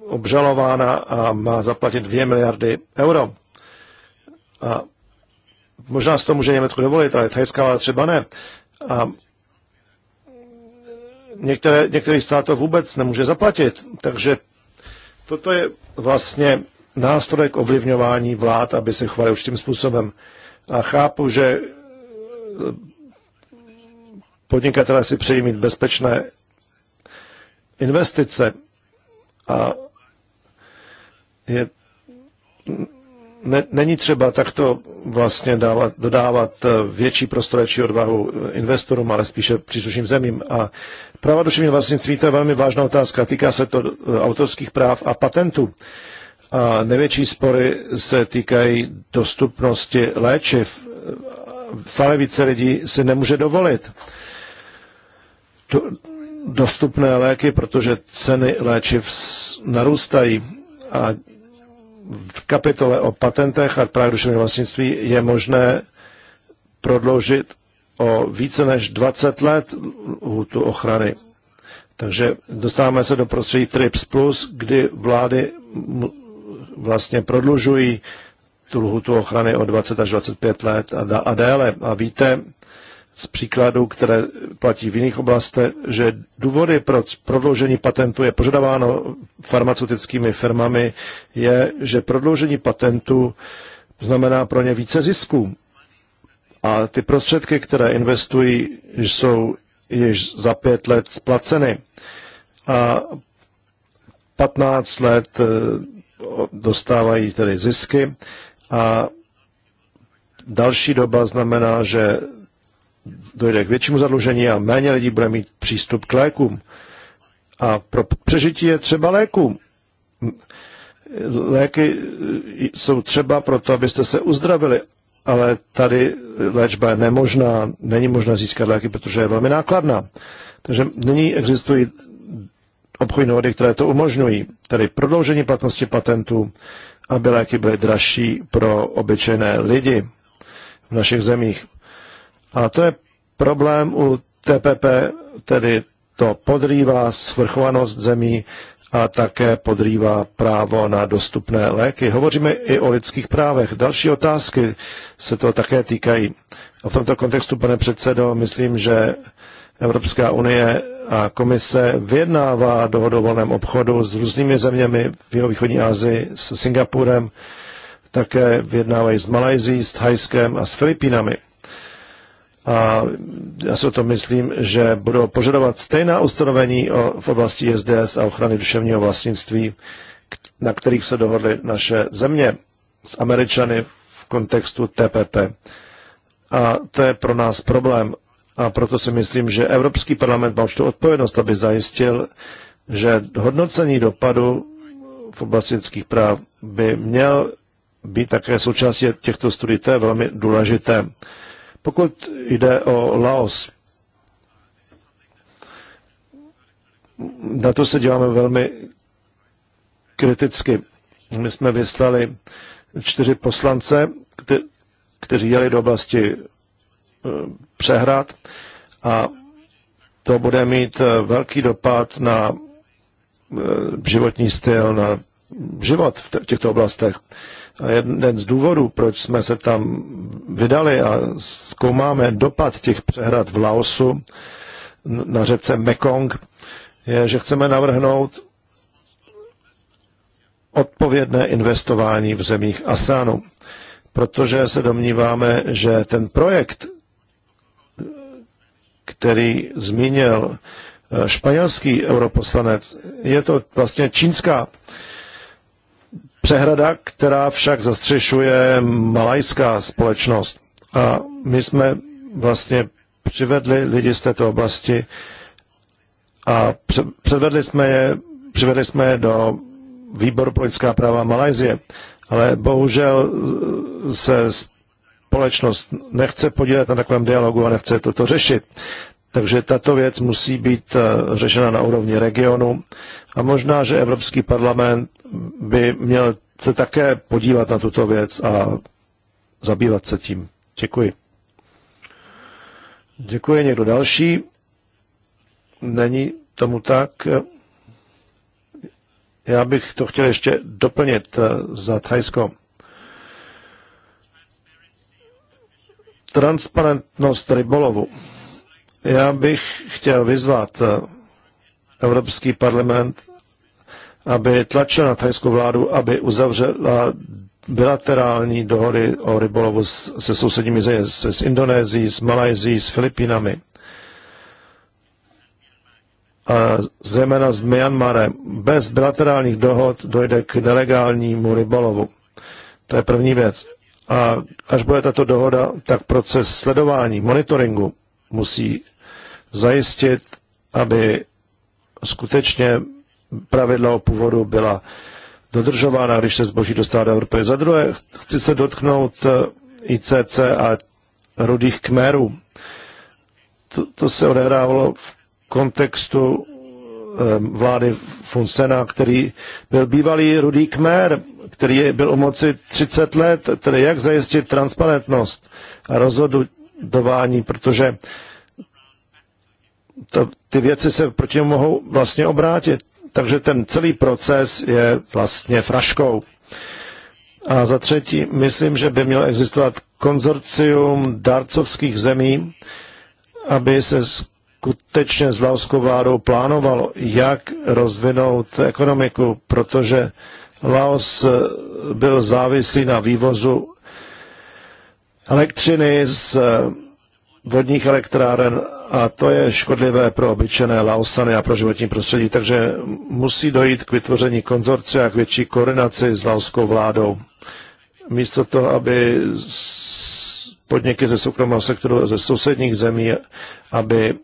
obžalována a má zaplatit 2 miliardy euro. A možná z toho může Německo dovolit, ale thajská vláda třeba ne. A některé, některý stát to vůbec nemůže zaplatit. Takže toto je vlastně nástroj k ovlivňování vlád, aby se chovali určitým způsobem. A chápu, že podnikatelé si přejí mít bezpečné investice a je, ne, není třeba takto vlastně dávat, dodávat eh, větší větší odvahu investorům, ale spíše příslušným zemím. A práva duševního vlastnictví to je velmi vážná otázka. Týká se to eh, autorských práv a patentů. A největší spory se týkají dostupnosti léčiv stále více lidí si nemůže dovolit do, dostupné léky, protože ceny léčiv narůstají a v kapitole o patentech a právě duševního vlastnictví je možné prodloužit o více než 20 let tu ochrany. Takže dostáváme se do prostředí TRIPS+, kdy vlády vlastně prodlužují tu lhutu ochrany o 20 až 25 let a, a déle. A víte z příkladů, které platí v jiných oblastech, že důvody pro prodloužení patentu je požadováno farmaceutickými firmami, je, že prodloužení patentu znamená pro ně více zisků. A ty prostředky, které investují, jsou již za pět let splaceny. A 15 let eh, dostávají tedy zisky a další doba znamená, že dojde k většímu zadlužení a méně lidí bude mít přístup k lékům. A pro přežití je třeba léků. Léky jsou třeba proto, abyste se uzdravili, ale tady léčba je nemožná, není možné získat léky, protože je velmi nákladná. Takže nyní existují obchodní dohody, které to umožňují, tedy prodloužení platnosti patentů, aby léky byly dražší pro obyčejné lidi v našich zemích. A to je problém u TPP, tedy to podrývá svrchovanost zemí a také podrývá právo na dostupné léky. Hovoříme i o lidských právech. Další otázky se to také týkají. A v tomto kontextu, pane předsedo, myslím, že Evropská unie a komise vyjednává dohodu o volném obchodu s různými zeměmi v jeho východní Asii, s Singapurem, také vyjednávají s Malajzí, s Thajskem a s Filipínami. A já si o tom myslím, že budou požadovat stejná ustanovení o, v oblasti SDS a ochrany duševního vlastnictví, na kterých se dohodly naše země s Američany v kontextu TPP. A to je pro nás problém a proto si myslím, že Evropský parlament má tu odpovědnost, aby zajistil, že hodnocení dopadu v oblasti lidských práv by měl být také součástí těchto studií. To je velmi důležité. Pokud jde o Laos, na to se díváme velmi kriticky. My jsme vyslali čtyři poslance, kte- kteří jeli do oblasti eh, přehrad a to bude mít eh, velký dopad na eh, životní styl, na život v těchto oblastech. A jeden z důvodů, proč jsme se tam vydali a zkoumáme dopad těch přehrad v Laosu na řece Mekong, je, že chceme navrhnout odpovědné investování v zemích ASEANu, protože se domníváme, že ten projekt který zmínil eh, španělský europoslanec. Je to vlastně čínská přehrada, která však zastřešuje malajská společnost. A my jsme vlastně přivedli lidi z této oblasti a předvedli jsme je, přivedli jsme je do výboru pro lidská práva Malajzie. Ale bohužel eh, se společnost nechce podílet na takovém dialogu a nechce toto řešit. Takže tato věc musí být eh, řešena na úrovni regionu a možná, že Evropský parlament by měl se také podívat na tuto věc a zabývat se tím. Děkuji. Děkuji. Někdo další? Není tomu tak. Já bych to chtěl ještě doplnit eh, za Thajsko. Transparentnost rybolovu. Já bych chtěl vyzvat eh, Evropský parlament, aby tlačil na thajskou vládu, aby uzavřela bilaterální dohody o rybolovu se sousedními země, se, s Indonésií, s Malajzií, s Filipínami. A zejména s Myanmarem. Bez bilaterálních dohod dojde k nelegálnímu rybolovu. To je první věc. A až bude tato dohoda, tak proces sledování, monitoringu musí zajistit, aby skutečně pravidla o původu byla dodržována, když se zboží dostává do Evropy. Za druhé, chci se dotknout eh, ICC a rudých kmerů. To, to se odehrávalo v kontextu vlády Fonsena, který byl bývalý Rudý Kmer, který byl u moci 30 let, tedy jak zajistit transparentnost a rozhodování, protože to, ty věci se proti němu mohou vlastně obrátit. Takže ten celý proces je vlastně fraškou. A za třetí, myslím, že by mělo existovat konzorcium darcovských zemí, aby se skutečně s laoskou vládou plánovalo, jak rozvinout ekonomiku, protože Laos byl závislý na vývozu elektřiny z vodních elektráren a to je škodlivé pro obyčejné Laosany a pro životní prostředí, takže musí dojít k vytvoření konzorcia a k větší koordinaci s laoskou vládou. Místo toho, aby podniky ze soukromého sektoru ze sousedních zemí, aby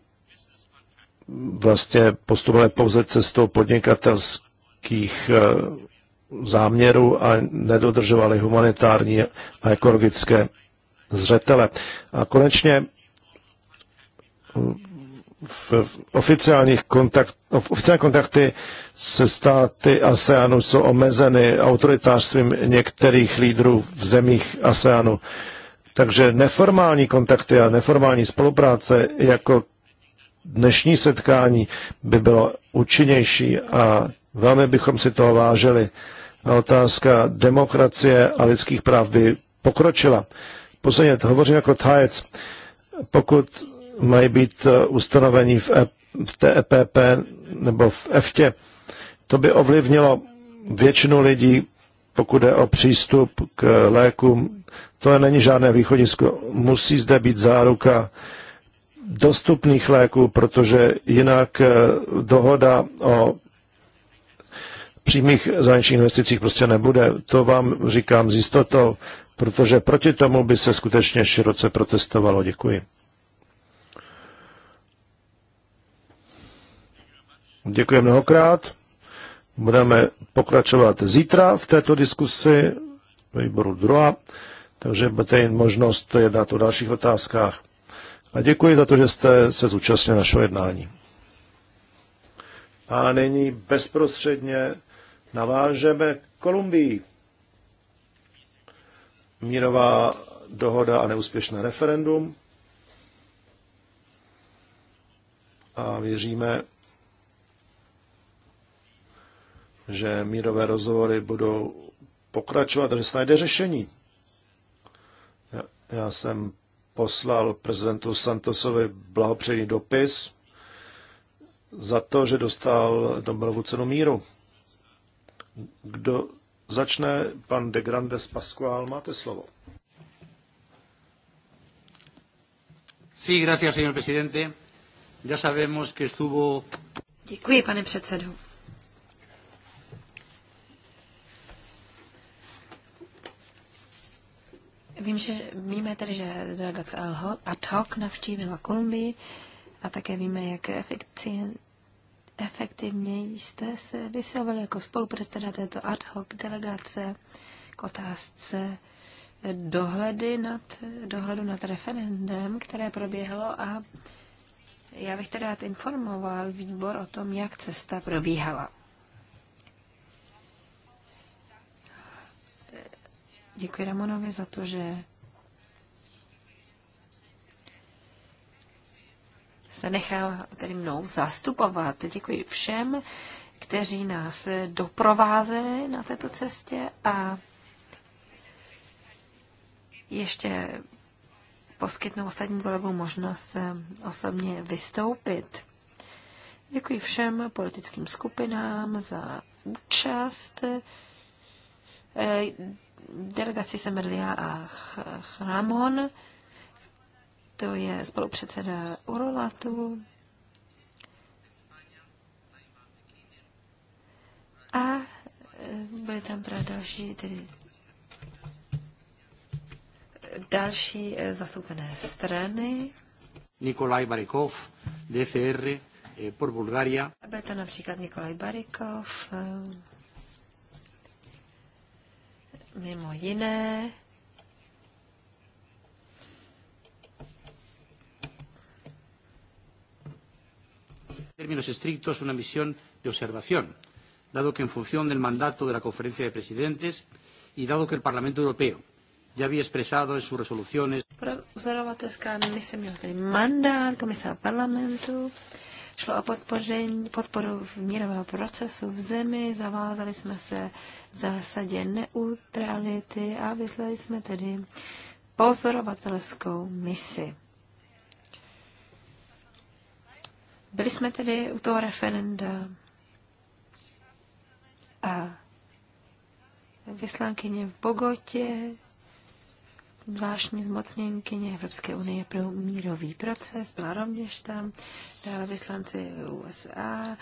vlastně postupujeme pouze cestou podnikatelských eh, záměrů a nedodržovali humanitární a ekologické zřetele. A konečně v oficiálních kontakt, oficiální kontakty se státy ASEANu jsou omezeny autoritářstvím některých lídrů v zemích ASEANu. Takže neformální kontakty a neformální spolupráce jako dnešní setkání by bylo účinnější a velmi bychom si toho vážili. A otázka demokracie a lidských práv by pokročila. Posledně, hovořím jako tajec, pokud mají být eh, ustanovení v, e, v TEPP nebo v EFTě, to by ovlivnilo většinu lidí, pokud je o přístup k lékům. To není žádné východisko. Musí zde být záruka dostupných léků, protože jinak eh, dohoda o přímých zahraničních investicích prostě nebude. To vám říkám z jistotou, protože proti tomu by se skutečně široce protestovalo. Děkuji. Děkuji mnohokrát. Budeme pokračovat zítra v této diskusi ve výboru druhá, takže budete jen možnost jednat o dalších otázkách. A děkuji za to, že jste se zúčastnil našeho jednání. A nyní bezprostředně navážeme Kolumbii. Mírová dohoda a neúspěšné referendum. A věříme, že mírové rozhovory budou pokračovat, že se najde řešení. Já, já jsem poslal prezidentu Santosovi blahopřejný dopis za to, že dostal Nobelovu cenu míru. Kdo začne? Pan de Grandes Pascual, máte slovo. Sí, gracias, señor presidente. Ya sabemos que estuvo... Děkuji, pane předsedo. Vím, že víme tedy, že delegace ad hoc navštívila Kolumbii a také víme, jak efektivně jste se vyslovili jako spolupředseda této ad hoc delegace k otázce dohledy nad, dohledu nad referendem, které proběhlo a já bych teda rád informoval výbor o tom, jak cesta probíhala. Děkuji Ramonovi za to, že se nechal tedy mnou zastupovat. Děkuji všem, kteří nás doprovázeli na této cestě a ještě poskytnu ostatním kolegům možnost osobně vystoupit. Děkuji všem politickým skupinám za účast delegaci jsem vedl já a Chramon to je spolupředseda Urolatu. A eh, byly tam právě další, tedy další eh, zastoupené strany. Nikolaj Barikov, DCR, eh, por Bulgaria. Byl to například Nikolaj Barikov, eh, mimo jiné términos estrictos una misión de observación, dado que en función del mandato de la Conferencia de Presidentes y dado que el Parlamento Europeo ya había expresado en sus resoluciones. Pero, mise měla tedy mandát komisa parlamentu Šlo o podpoření, podporu mírového procesu v zemi, zavázali jsme se v zásadě neutrality a vyslali jsme tedy pozorovatelskou misi. Byli jsme tedy u toho referenda a vyslankyně v Bogotě zvláštní zmocněnkyně Evropské unie pro mírový proces, byla rovněž tam, dále vyslanci USA,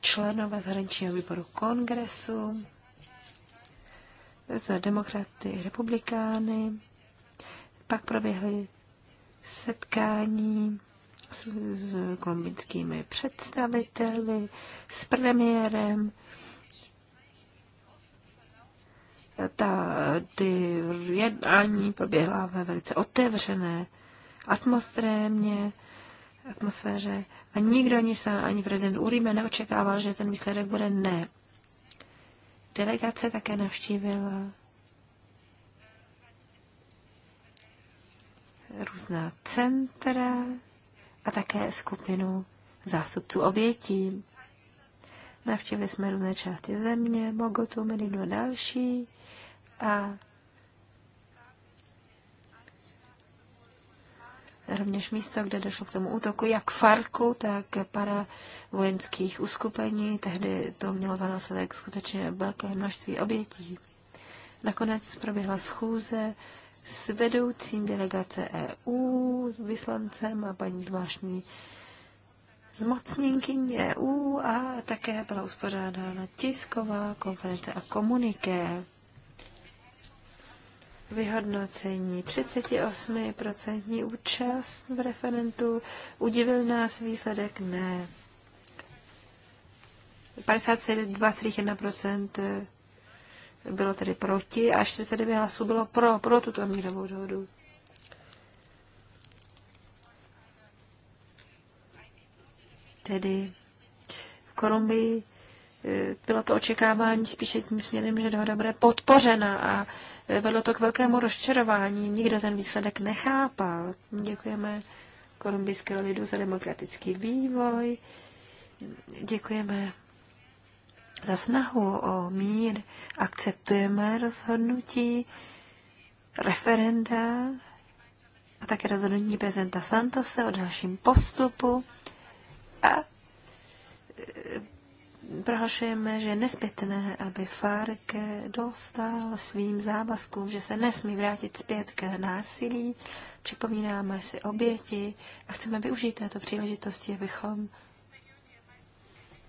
členové zahraničního výboru kongresu, za demokraty republikány, pak proběhly setkání s, s kolumbijskými představiteli, s premiérem, ta ty jednání proběhla ve velice otevřené atmosféře, atmosféře a nikdo ani se, ani prezident Urime neočekával, že ten výsledek bude ne. Delegace také navštívila různá centra a také skupinu zástupců obětí. Navštívili jsme různé části země, Bogotu, Medinu a další a rovněž místo, kde došlo k tomu útoku, jak Farku, tak para vojenských uskupení. Tehdy to mělo za následek skutečně velké množství obětí. Nakonec proběhla schůze s vedoucím delegace EU, s vyslancem a paní zvláštní zmocněnkyní EU a také byla uspořádána tisková konference a komuniké vyhodnocení. 38% účast v referentu. Udivil nás výsledek? Ne. 52,1% eh, bylo tedy proti a 49 hlasů bylo pro, pro tuto mírovou dohodu. Tedy v Kolumbii bylo to očekávání spíše tím směrem, že dohoda bude podpořena a vedlo to k velkému rozčarování. Nikdo ten výsledek nechápal. Děkujeme kolumbijského lidu za demokratický vývoj. Děkujeme za snahu o mír. Akceptujeme rozhodnutí referenda a také rozhodnutí prezidenta Santose o dalším postupu. A prohlašujeme, že je nezbytné, aby FARC dostal svým závazkům, že se nesmí vrátit zpět k násilí. Připomínáme si oběti a chceme využít této příležitosti, abychom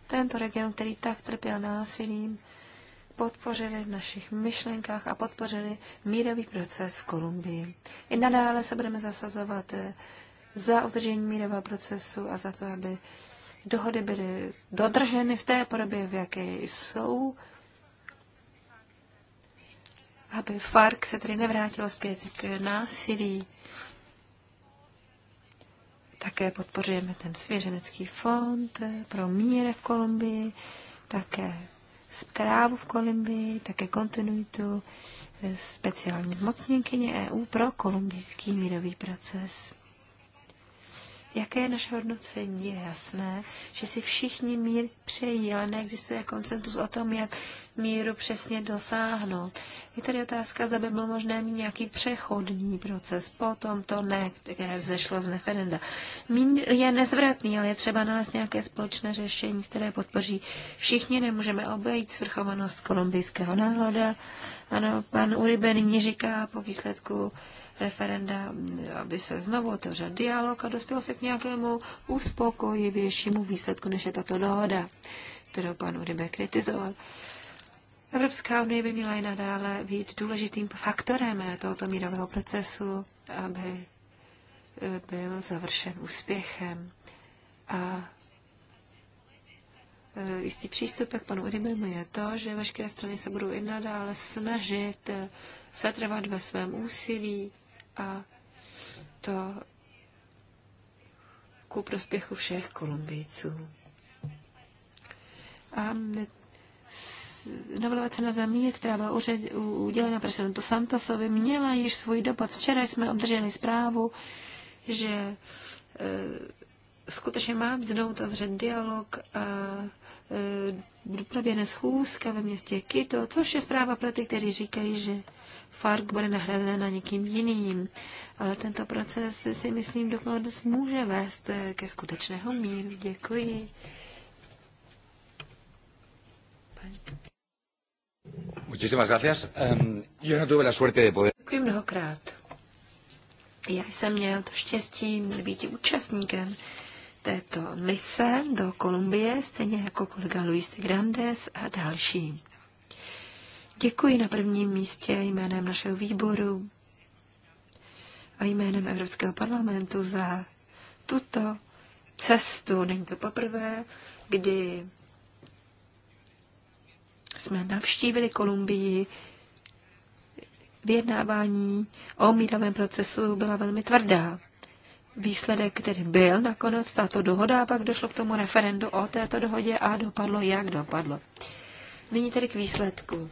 tento region, který tak trpěl násilím, podpořili v našich myšlenkách a podpořili mírový proces v Kolumbii. I nadále se budeme zasazovat za udržení mírového procesu a za to, aby dohody byly dodrženy v té podobě, v jaké jsou, aby FARC se tedy nevrátil zpět k násilí. Také podpořujeme ten svěřenecký fond pro mír v Kolumbii, také zprávu v Kolumbii, také kontinuitu speciální zmocněnkyně EU pro kolumbijský mírový proces. Jaké je naše hodnocení? Je jasné, že si všichni mír přejí, ale neexistuje koncentus o tom, jak míru přesně dosáhnout. Je tady otázka, zda by byl možné mít nějaký přechodní proces, potom to ne, které vzešlo z referenda. Mír je nezvratný, ale je třeba nalézt nějaké společné řešení, které podpoří všichni. Nemůžeme obejít svrchovanost kolumbijského národa. Ano, pan Uribe nyní říká po výsledku referenda, aby se znovu otevřel dialog a dospělo se k nějakému uspokojivějšímu výsledku, než je tato dohoda, kterou pan Uribe kritizoval. Evropská unie by měla i nadále být důležitým faktorem tohoto mírového procesu, aby eh, byl završen úspěchem. A eh, jistý přístup k panu Uribimu je to, že veškeré strany se budou i nadále snažit eh, setrvat ve svém úsilí a to ku prospěchu všech Kolumbijců. A novelová cena za mír, která byla udělena prezidentu Santosovi, měla již svůj dopad. Včera jsme obdrželi zprávu, že e, skutečně má vznout otevřen dialog a e, proběhne schůzka ve městě Kito, což je zpráva pro ty, kteří říkají, že FARC bude nahrazena někým jiným. Ale tento proces si myslím dokonce může vést ke skutečného míru. Děkuji. Muchísimas gracias. Um, yo no tuve la suerte de poder... Děkuji mnohokrát. Já jsem měl to štěstí být účastníkem této mise do Kolumbie, stejně jako kolega Luis de Grandes a další. Děkuji na prvním místě jménem našeho výboru a jménem Evropského parlamentu za tuto cestu. Není to poprvé, kdy jsme navštívili Kolumbii. Vyjednávání o mírovém procesu byla velmi tvrdá. Výsledek který byl nakonec tato dohoda pak došlo k tomu referendu o této dohodě a dopadlo, jak dopadlo. Nyní tedy k výsledku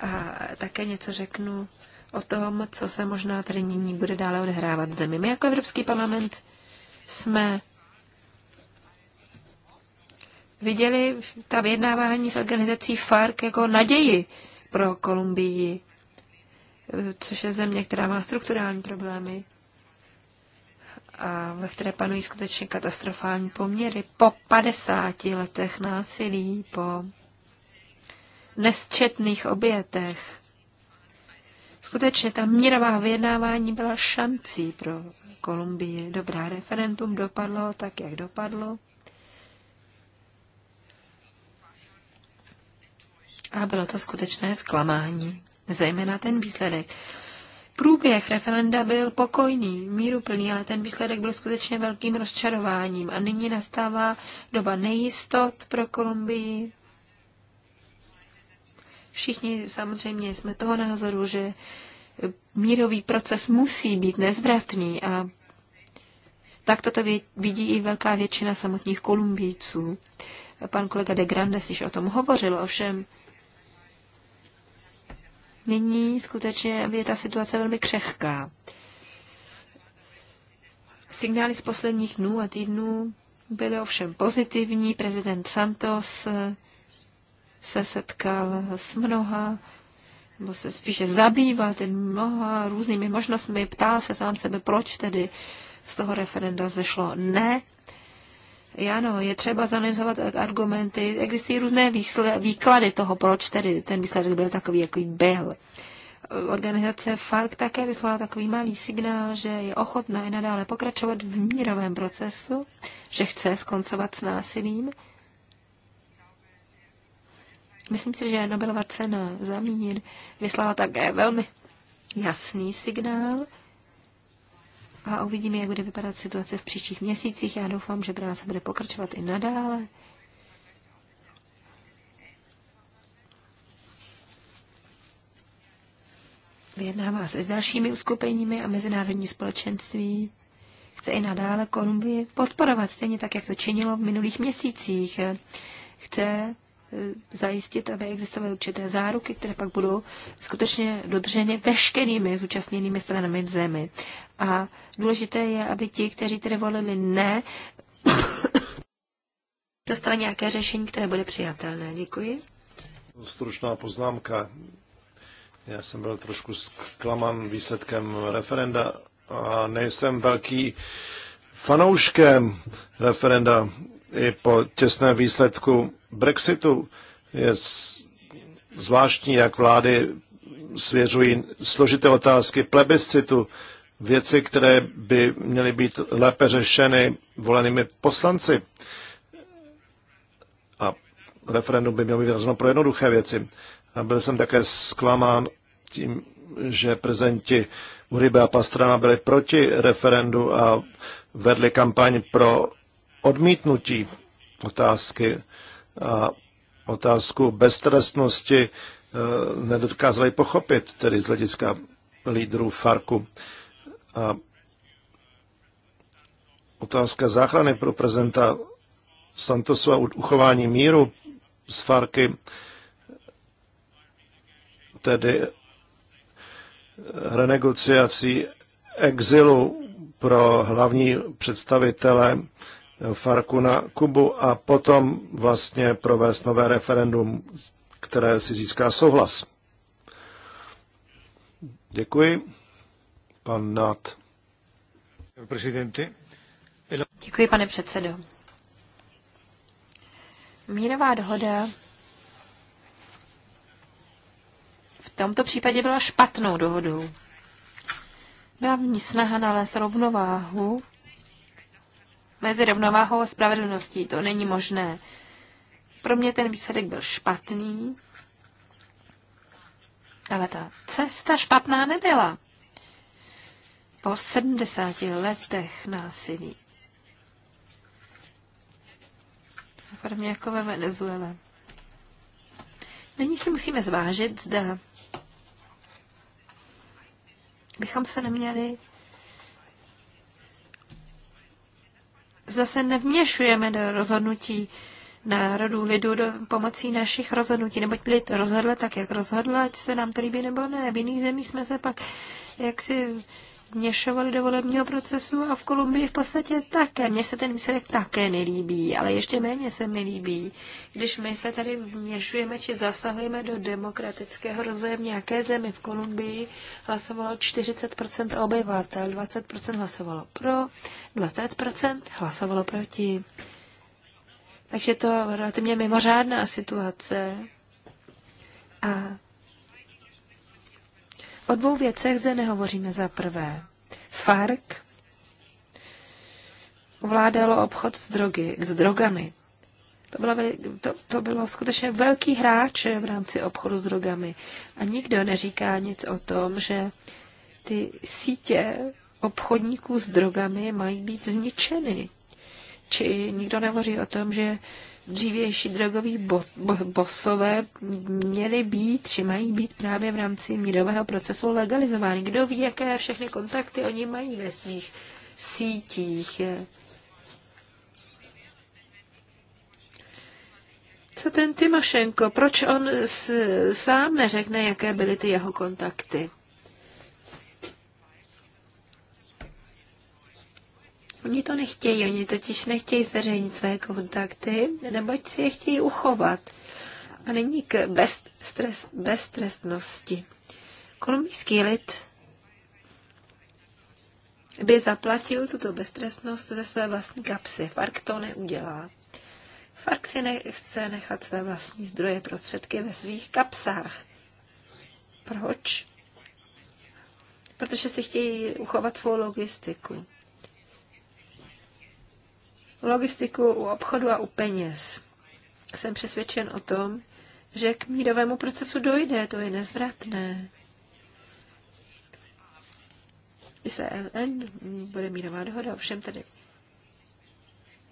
a také něco řeknu o tom, co se možná tady nyní bude dále odehrávat zemi. My jako Evropský parlament jsme viděli ta vyjednávání s organizací FARC jako naději pro Kolumbii, což je země, která má strukturální problémy a ve které panují skutečně katastrofální poměry po 50 letech násilí, po nesčetných obětech. Skutečně ta mírová vyjednávání byla šancí pro Kolumbii. Dobrá, referendum dopadlo tak, jak dopadlo. A bylo to skutečné zklamání, zejména ten výsledek. Průběh referenda byl pokojný, míruplný, ale ten výsledek byl skutečně velkým rozčarováním a nyní nastává doba nejistot pro Kolumbii. Všichni samozřejmě jsme toho názoru, že mírový proces musí být nezvratný a tak toto vidí i velká většina samotných Kolumbijců. Pan kolega de Grandes již o tom hovořil, ovšem nyní skutečně je ta situace velmi křehká. Signály z posledních dnů a týdnů byly ovšem pozitivní. Prezident Santos se setkal s mnoha, nebo se spíše zabýval ten mnoha různými možnostmi, ptal se sám sebe, proč tedy z toho referenda zešlo ne. Ano, je třeba zanalizovat argumenty. Existují různé výsle, výklady toho, proč tedy ten výsledek byl takový, jaký byl. Organizace FARC také vyslala takový malý signál, že je ochotná i nadále pokračovat v mírovém procesu, že chce skoncovat s násilím Myslím si, že Nobelova cena za mír vyslala také velmi jasný signál a uvidíme, jak bude vypadat situace v příštích měsících. Já doufám, že práce bude pokračovat i nadále. Vyjednává se s dalšími uskupeními a mezinárodní společenství chce i nadále Kolumbii podporovat, stejně tak, jak to činilo v minulých měsících. Chce zajistit, aby existovaly určité záruky, které pak budou skutečně dodrženy veškerými zúčastněnými stranami v zemi. A důležité je, aby ti, kteří tedy volili ne, dostali nějaké řešení, které bude přijatelné. Děkuji. Stručná poznámka. Já jsem byl trošku zklaman výsledkem referenda a nejsem velký fanouškem referenda i po těsném výsledku Brexitu je zvláštní, jak vlády svěřují složité otázky plebiscitu, věci, které by měly být lépe řešeny volenými poslanci. A referendum by mělo být vyrazeno pro jednoduché věci. A byl jsem také zklamán tím, že prezidenti Uribe a Pastrana byli proti referendu a vedli kampaň pro odmítnutí otázky a otázku beztrestnosti eh, nedokázali pochopit, tedy z hlediska lídrů Farku. A otázka záchrany pro prezidenta Santosu a uchování míru z Farky, tedy renegociací exilu pro hlavní představitele Farku na Kubu a potom vlastně provést nové referendum, které si získá souhlas. Děkuji. Pan Nat. Děkuji, pane předsedo. Mírová dohoda v tomto případě byla špatnou dohodou. Byla v ní snaha nalézt rovnováhu mezi rovnováhou a spravedlností. To není možné. Pro mě ten výsledek byl špatný, ale ta cesta špatná nebyla. Po 70 letech násilí. Podobně jako ve Venezuele. Nyní si musíme zvážit, zda bychom se neměli zase nevměšujeme do rozhodnutí národů, lidů do, pomocí našich rozhodnutí, neboť to rozhodl tak, jak rozhodla, ať se nám to líbí nebo ne. V jiných zemích jsme se pak jaksi vměšovali do volebního procesu a v Kolumbii v podstatě také. Mně se ten výsledek také nelíbí, ale ještě méně se mi líbí, když my se tady vměšujeme či zasahujeme do demokratického rozvoje v nějaké zemi. V Kolumbii hlasovalo 40% obyvatel, 20% hlasovalo pro, 20% hlasovalo proti. Takže to relativně mimořádná situace. A O dvou věcech zde nehovoříme za prvé. FARC ovládalo obchod s, drogy, s drogami. To bylo, to, to bylo skutečně velký hráč v rámci obchodu s drogami. A nikdo neříká nic o tom, že ty sítě obchodníků s drogami mají být zničeny. Či nikdo nehovoří o tom, že dřívější drogoví bo, bo, bosové měli být, či mají být právě v rámci mírového procesu legalizovány. Kdo ví, jaké všechny kontakty oni mají ve svých sítích. Co ten Timošenko? Proč on s, sám neřekne, jaké byly ty jeho kontakty? Oni to nechtějí, oni totiž nechtějí zveřejnit své kontakty, neboť si je chtějí uchovat. A není k beztrestnosti. beztrestnosti. Kolumbijský lid by zaplatil tuto beztrestnost ze své vlastní kapsy. Fark to neudělá. Fark si nechce nechat své vlastní zdroje prostředky ve svých kapsách. Proč? Protože si chtějí uchovat svou logistiku logistiku, u obchodu a u peněz. Jsem přesvědčen o tom, že k mírovému procesu dojde, to je nezvratné. ISLN bude mírová dohoda, ovšem tady.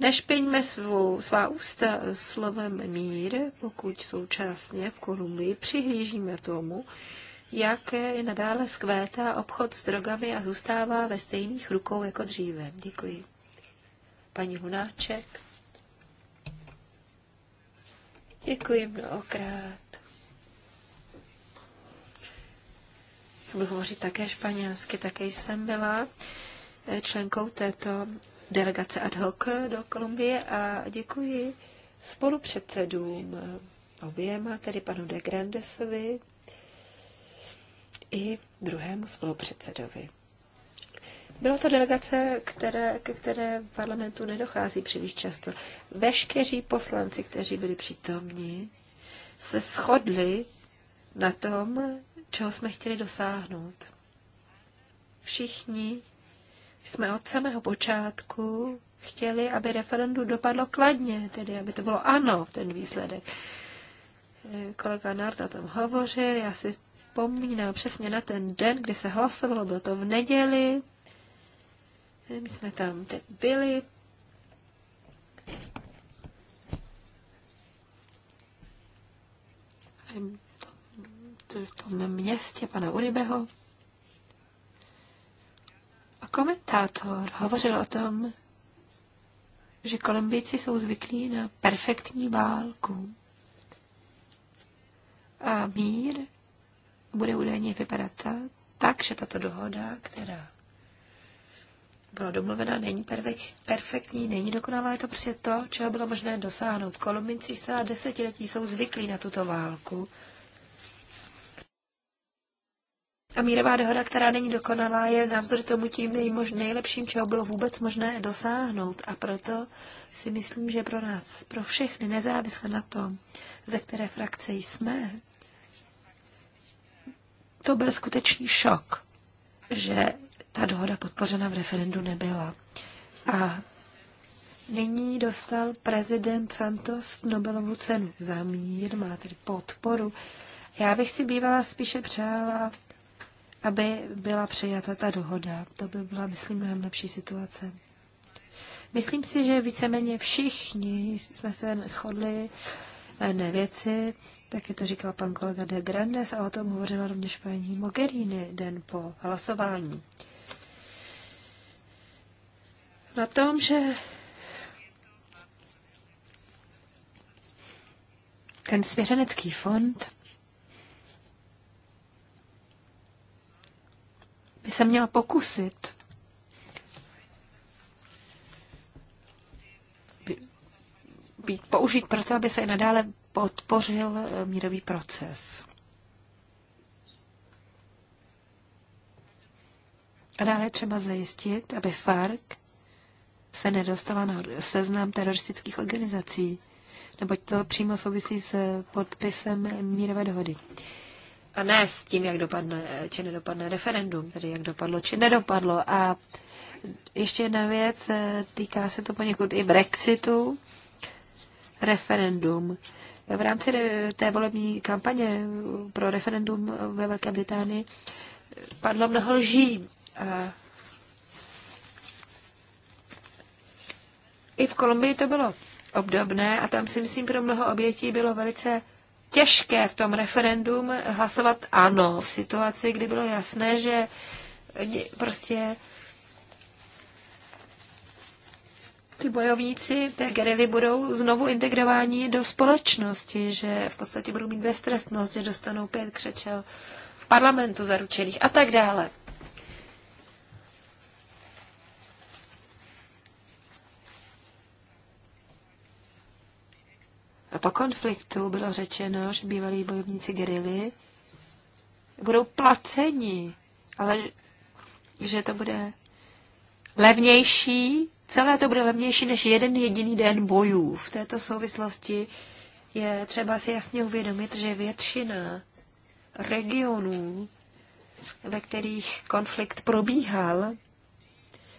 Nešpiňme svou, svá ústa slovem mír, pokud současně v Kolumbii přihlížíme tomu, jak je nadále skvétá obchod s drogami a zůstává ve stejných rukou jako dříve. Děkuji. Paní Hunáček. Děkuji mnohokrát. Budu hovořit také španělsky, také jsem byla eh, členkou této delegace ad hoc eh, do Kolumbie a děkuji spolupředsedům eh, oběma, tedy panu de Grandesovi i druhému spolupředsedovi. Byla to delegace, které, k které v parlamentu nedochází příliš často. Veškeří poslanci, kteří byli přítomni, se shodli na tom, čeho jsme chtěli dosáhnout. Všichni jsme od samého počátku chtěli, aby referendum dopadlo kladně, tedy aby to bylo ano, ten výsledek. Kolega Nard o tom hovořil, já si vzpomínám přesně na ten den, kdy se hlasovalo, bylo to v neděli, my jsme tam teď byli. v tom městě pana Uribeho. A komentátor hovořil o tom, že Kolumbijci jsou zvyklí na perfektní válku. A mír bude údajně vypadat tak, že tato dohoda, která bylo domluveno, není perfektní, není dokonalá, je to prostě to, čeho bylo možné dosáhnout. Kolumbinci celá desetiletí jsou zvyklí na tuto válku. A mírová dohoda, která není dokonalá, je navzdory tomu tím nejmož, nejlepším, čeho bylo vůbec možné dosáhnout. A proto si myslím, že pro nás, pro všechny, nezávisle na tom, ze které frakce jsme, to byl skutečný šok, že ta dohoda podpořena v referendu nebyla. A nyní dostal prezident Santos Nobelovu cenu za mír, má tedy podporu. Já bych si bývala spíše přála, aby byla přijata ta dohoda. To by byla, myslím, mnohem lepší situace. Myslím si, že víceméně všichni jsme se shodli na jedné věci, taky to říkal pan kolega de Grandes a o tom hovořila rovněž paní Mogherini den po hlasování na tom, že ten svěřenecký fond by se měl pokusit být použít proto, aby se i nadále podpořil eh, mírový proces. A dále třeba zajistit, aby FARC se nedostala na seznam teroristických organizací, neboť to přímo souvisí s podpisem mírové dohody. A ne s tím, jak dopadne či nedopadne referendum, tedy jak dopadlo či nedopadlo. A ještě jedna věc, eh, týká se to poněkud i Brexitu, referendum. V rámci té volební kampaně pro referendum ve Velké Británii padlo mnoho lží. A I v Kolumbii to bylo obdobné a tam si myslím pro mnoho obětí bylo velice těžké v tom referendum hlasovat ano v situaci, kdy bylo jasné, že prostě ty bojovníci té gerily budou znovu integrováni do společnosti, že v podstatě budou mít beztrestnost, že dostanou pět křečel v parlamentu zaručených a tak dále. A po konfliktu bylo řečeno, že bývalí bojovníci gerily budou placeni, ale že to bude levnější, celé to bude levnější než jeden jediný den bojů. V této souvislosti je třeba si jasně uvědomit, že většina regionů, ve kterých konflikt probíhal,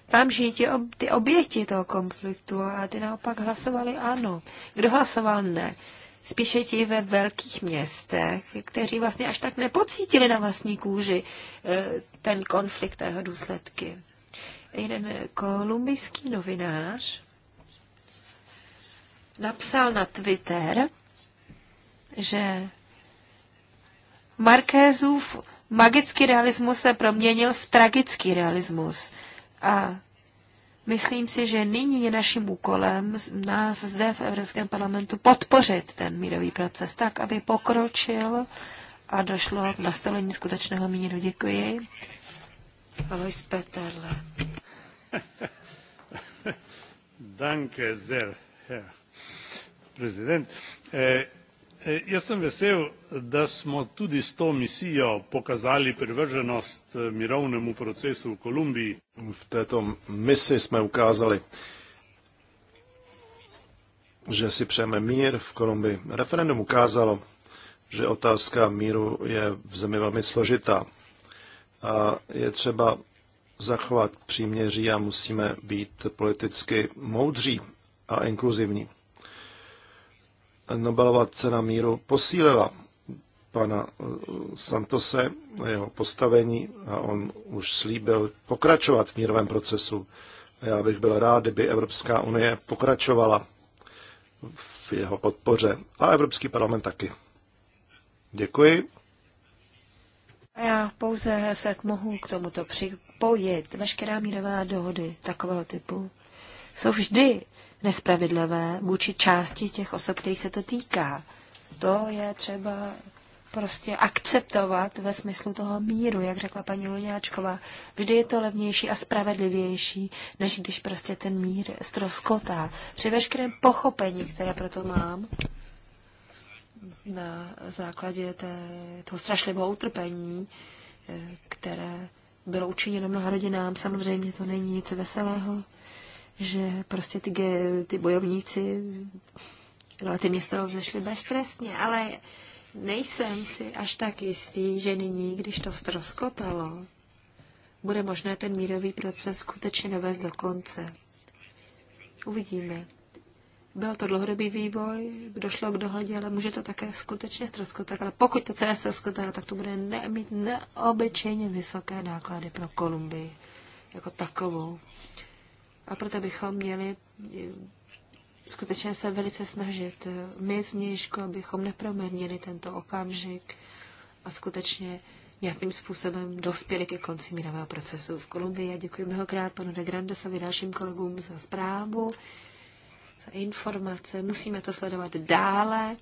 tam žijí ti ob, ty oběti toho konfliktu a ty naopak hlasovali ano. Kdo hlasoval ne? Spíše ti ve velkých městech, kteří vlastně až tak nepocítili na vlastní kůži eh, ten konflikt a jeho důsledky. Jeden kolumbijský novinář napsal na Twitter, že Markézův magický realismus se proměnil v tragický realismus. A myslím si, že nyní je naším úkolem nás zde v Evropském parlamentu podpořit ten mírový proces tak, aby pokročil a došlo k nastolení skutečného míru. Děkuji. Alois Peterle. Danke sehr, Herr Präsident. Eh, E, jaz sem vesel, da smo tudi s to misijo pokazali privrženost e, mirovnemu procesu v Kolumbii. V této misi jsme ukázali, že si přejeme mír v Kolumbii. Referendum ukázalo, že otázka míru je v zemi velmi složitá a je třeba zachovat příměří a musíme být politicky moudří a inkluzivní. Nobelova cena míru posílila pana eh, Santose a jeho postavení a on už slíbil pokračovat v mírovém procesu. A já bych byl rád, kdyby Evropská unie pokračovala v jeho podpoře a Evropský parlament taky. Děkuji. Já pouze se mohu k tomuto připojit. Veškerá mírová dohody takového typu jsou vždy nespravedlivé vůči části těch osob, kterých se to týká. To je třeba prostě akceptovat ve smyslu toho míru, jak řekla paní Luňáčková. Vždy je to levnější a spravedlivější, než když prostě ten mír stroskotá. Při veškerém pochopení, které proto mám, na základě té, toho strašlivého utrpení, eh, které bylo učiněno mnoha rodinám, samozřejmě to není nic veselého, že prostě ty, ty bojovníci relativně z toho vzešli beztrestně, ale nejsem si až tak jistý, že nyní, když to stroskotalo, bude možné ten mírový proces skutečně dovést do konce. Uvidíme. Byl to dlouhodobý vývoj, došlo k dohodě, ale může to také skutečně ztroskotat. Ale pokud to celé ztroskotá, tak to bude ne- mít neobyčejně vysoké náklady pro Kolumbii jako takovou. A proto bychom měli eh, skutečně se velice snažit my z vnějšku, abychom neproměnili tento okamžik a skutečně nějakým způsobem dospěli ke konci mírového procesu v Kolumbii. Já děkuji mnohokrát panu de Grandesovi, dalším kolegům za zprávu, za informace. Musíme to sledovat dále.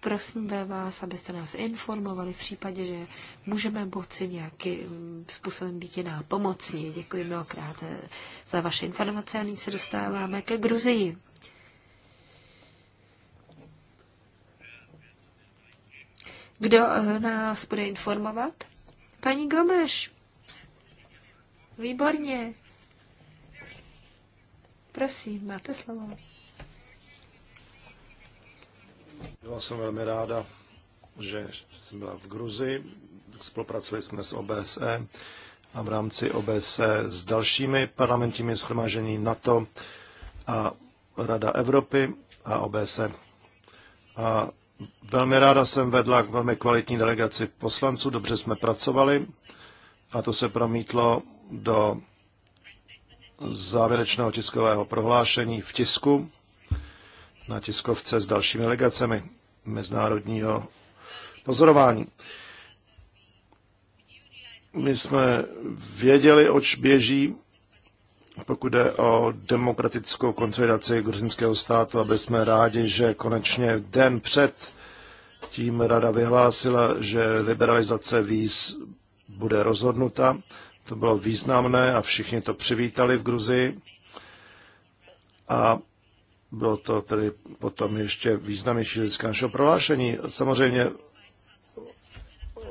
Prosíme vás, abyste nás informovali v případě, že můžeme moci nějakým mm, způsobem být jiná pomocní. Děkuji mnohokrát eh, za vaše informace a nyní se dostáváme ke Gruzii. Kdo eh, nás bude informovat? Paní Gomeš. Výborně. Prosím, máte slovo. Byla jsem velmi ráda, že jsem byla v Gruzi, spolupracovali jsme s OBSE a v rámci OBSE s dalšími parlamentními schromážení NATO a Rada Evropy a OBSE. A velmi ráda jsem vedla k velmi kvalitní delegaci poslanců, dobře jsme pracovali a to se promítlo do závěrečného tiskového prohlášení v tisku na tiskovce s dalšími delegacemi mezinárodního pozorování. My jsme věděli, oč běží, pokud jde o demokratickou konsolidaci gruzinského státu a jsme rádi, že konečně den před tím rada vyhlásila, že liberalizace víz bude rozhodnuta. To bylo významné a všichni to přivítali v Gruzii. A bylo to tedy potom ještě významnější hlediska našeho prohlášení. Samozřejmě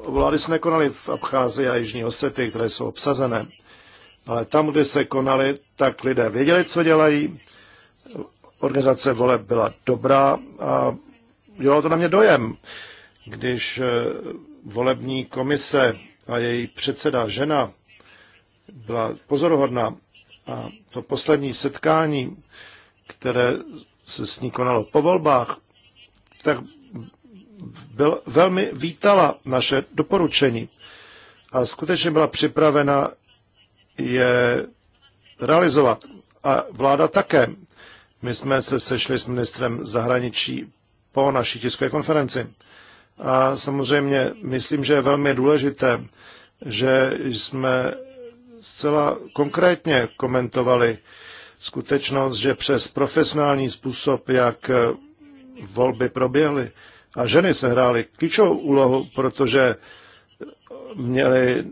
vlády se nekonaly v Abcházii a Jižní Osety, které jsou obsazené. Ale tam, kde se konaly, tak lidé věděli, co dělají. Organizace voleb byla dobrá a dělalo to na mě dojem, když eh, volební komise a její předseda žena byla pozoruhodná a to poslední setkání které se s ní konalo po volbách, tak byl, velmi vítala naše doporučení a skutečně byla připravena je realizovat. A vláda také. My jsme se sešli s ministrem zahraničí po naší tiskové konferenci. A samozřejmě myslím, že je velmi důležité, že jsme zcela konkrétně komentovali skutečnost, že přes profesionální způsob, jak eh, volby proběhly, a ženy se hrály klíčovou úlohu, protože měly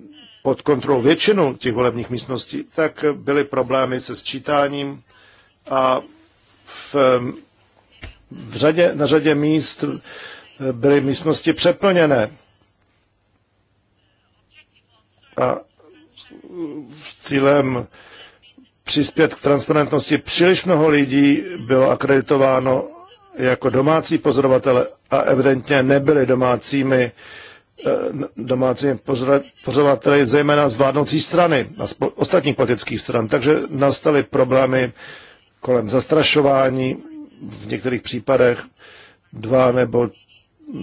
pod kontrolou většinu těch volebních místností, tak byly problémy se sčítáním a v, v řadě, na řadě míst eh, byly místnosti přeplněné. A cílem přispět k transparentnosti. Příliš mnoho lidí bylo akreditováno jako domácí pozorovatele a evidentně nebyli domácími eh, domácími pozorovateli, zejména z vládnoucí strany a z ostatních politických stran. Takže nastaly problémy kolem zastrašování v některých případech dva nebo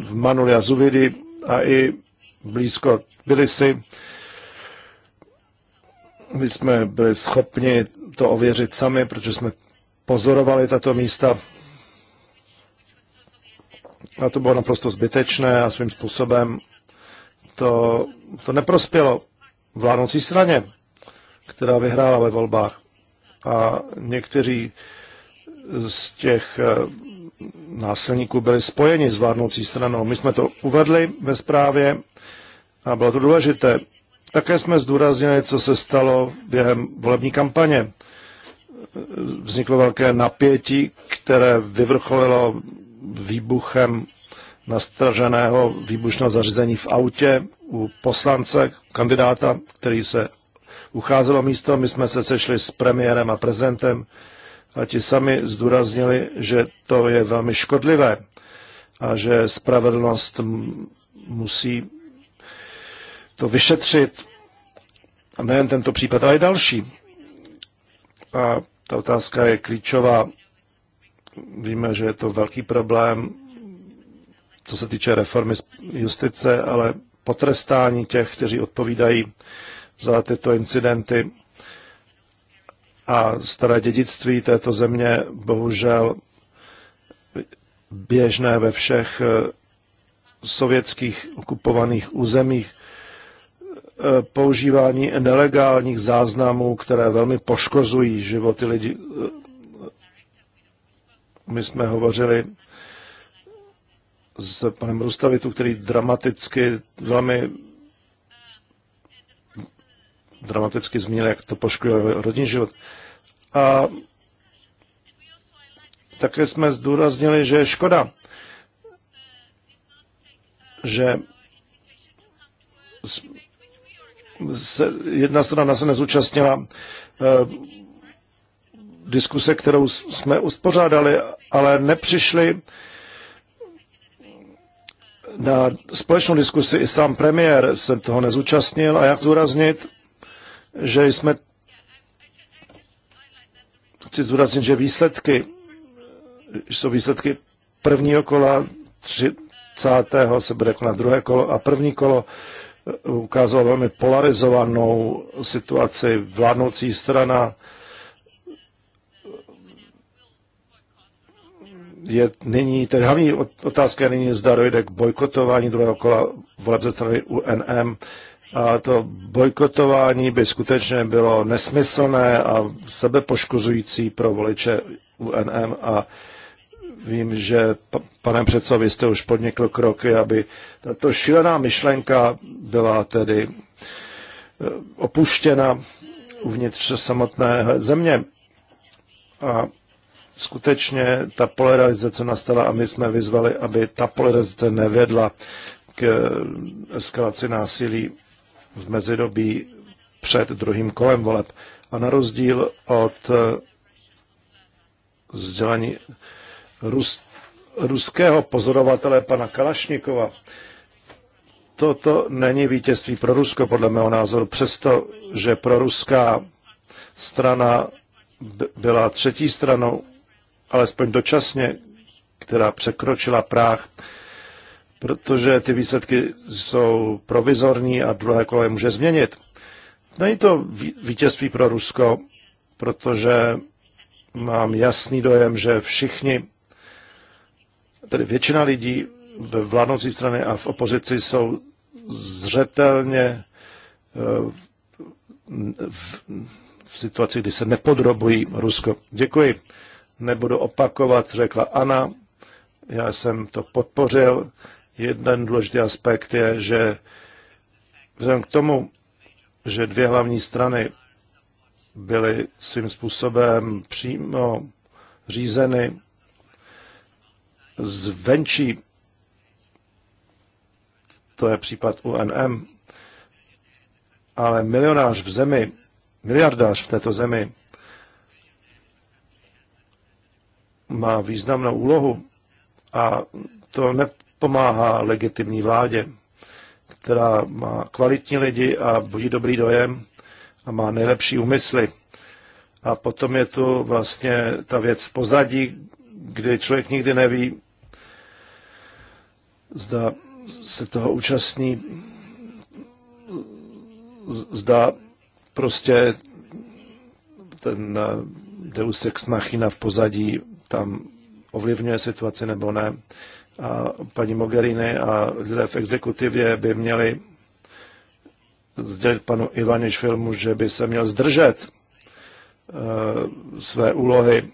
v Manuli a Zuvidy a i blízko Tbilisi. My jsme byli schopni to ověřit sami, protože jsme pozorovali tato místa. A to bylo naprosto zbytečné a svým způsobem to, to neprospělo vládnoucí straně, která vyhrála ve volbách. A někteří z těch eh, násilníků byli spojeni s vládnoucí stranou. My jsme to uvedli ve zprávě a bylo to důležité. Také jsme zdůraznili, co se stalo během volební kampaně vzniklo velké napětí, které vyvrcholilo výbuchem nastraženého výbušného zařízení v autě u poslance, kandidáta, který se ucházelo místo. My jsme se sešli s premiérem a prezidentem a ti sami zdůraznili, že to je velmi škodlivé a že spravedlnost musí to vyšetřit. A nejen tento případ, ale i další. A ta otázka je klíčová. Víme, že je to velký problém, co se týče reformy justice, ale potrestání těch, kteří odpovídají za tyto incidenty a staré dědictví této země, bohužel běžné ve všech eh, sovětských okupovaných územích, Eh, používání nelegálních záznamů, které velmi poškozují životy lidí. Eh, my jsme hovořili s panem Rustavitu, který dramaticky, velmi dramaticky zmínil, jak to poškoduje rodinný život. A také jsme zdůraznili, že je škoda, že se, jedna strana se nezúčastnila eh, diskuse, kterou jsme uspořádali, ale nepřišli na společnou diskusi i sám premiér se toho nezúčastnil a já chci zúraznit, že jsme chci zúraznit, že výsledky jsou výsledky prvního kola, 30. se bude konat druhé kolo a první kolo ukázala velmi polarizovanou situaci. Vládnoucí strana je nyní, ten hlavní otázka je nyní, zda dojde k bojkotování druhého kola voleb ze strany UNM. A to bojkotování by skutečně bylo nesmyslné a sebepoškozující pro voliče UNM a Vím, že pane předsedo, vy jste už podnikl kroky, aby tato šílená myšlenka byla tedy e, opuštěna uvnitř samotné země. A skutečně ta polarizace nastala a my jsme vyzvali, aby ta polarizace nevedla k e, eskalaci násilí v mezidobí před druhým kolem voleb. A na rozdíl od e, sdělení Rus, ruského pozorovatele pana Kalašnikova. Toto není vítězství pro Rusko, podle mého názoru, přesto, že pro ruská strana byla třetí stranou, alespoň dočasně, která překročila práh, protože ty výsledky jsou provizorní a druhé kolo je může změnit. Není to vítězství pro Rusko, protože mám jasný dojem, že všichni tedy většina lidí ve vládnoucí straně a v opozici jsou zřetelně eh, v, v situaci, kdy se nepodrobují Rusko. Děkuji. Nebudu opakovat, řekla Ana. Já jsem to podpořil. Jeden důležitý aspekt je, že vzhledem k tomu, že dvě hlavní strany byly svým způsobem přímo řízeny zvenčí. To je případ UNM. Ale milionář v zemi, miliardář v této zemi má významnou úlohu a to nepomáhá legitimní vládě, která má kvalitní lidi a budí dobrý dojem a má nejlepší úmysly. A potom je tu vlastně ta věc pozadí, kdy člověk nikdy neví, zda se toho účastní, zda prostě ten eh, Deus Ex Machina v pozadí tam ovlivňuje situaci nebo ne. A paní Mogherini a lidé v exekutivě by měli sdělit panu Ivaniš filmu, že by se měl zdržet e, své úlohy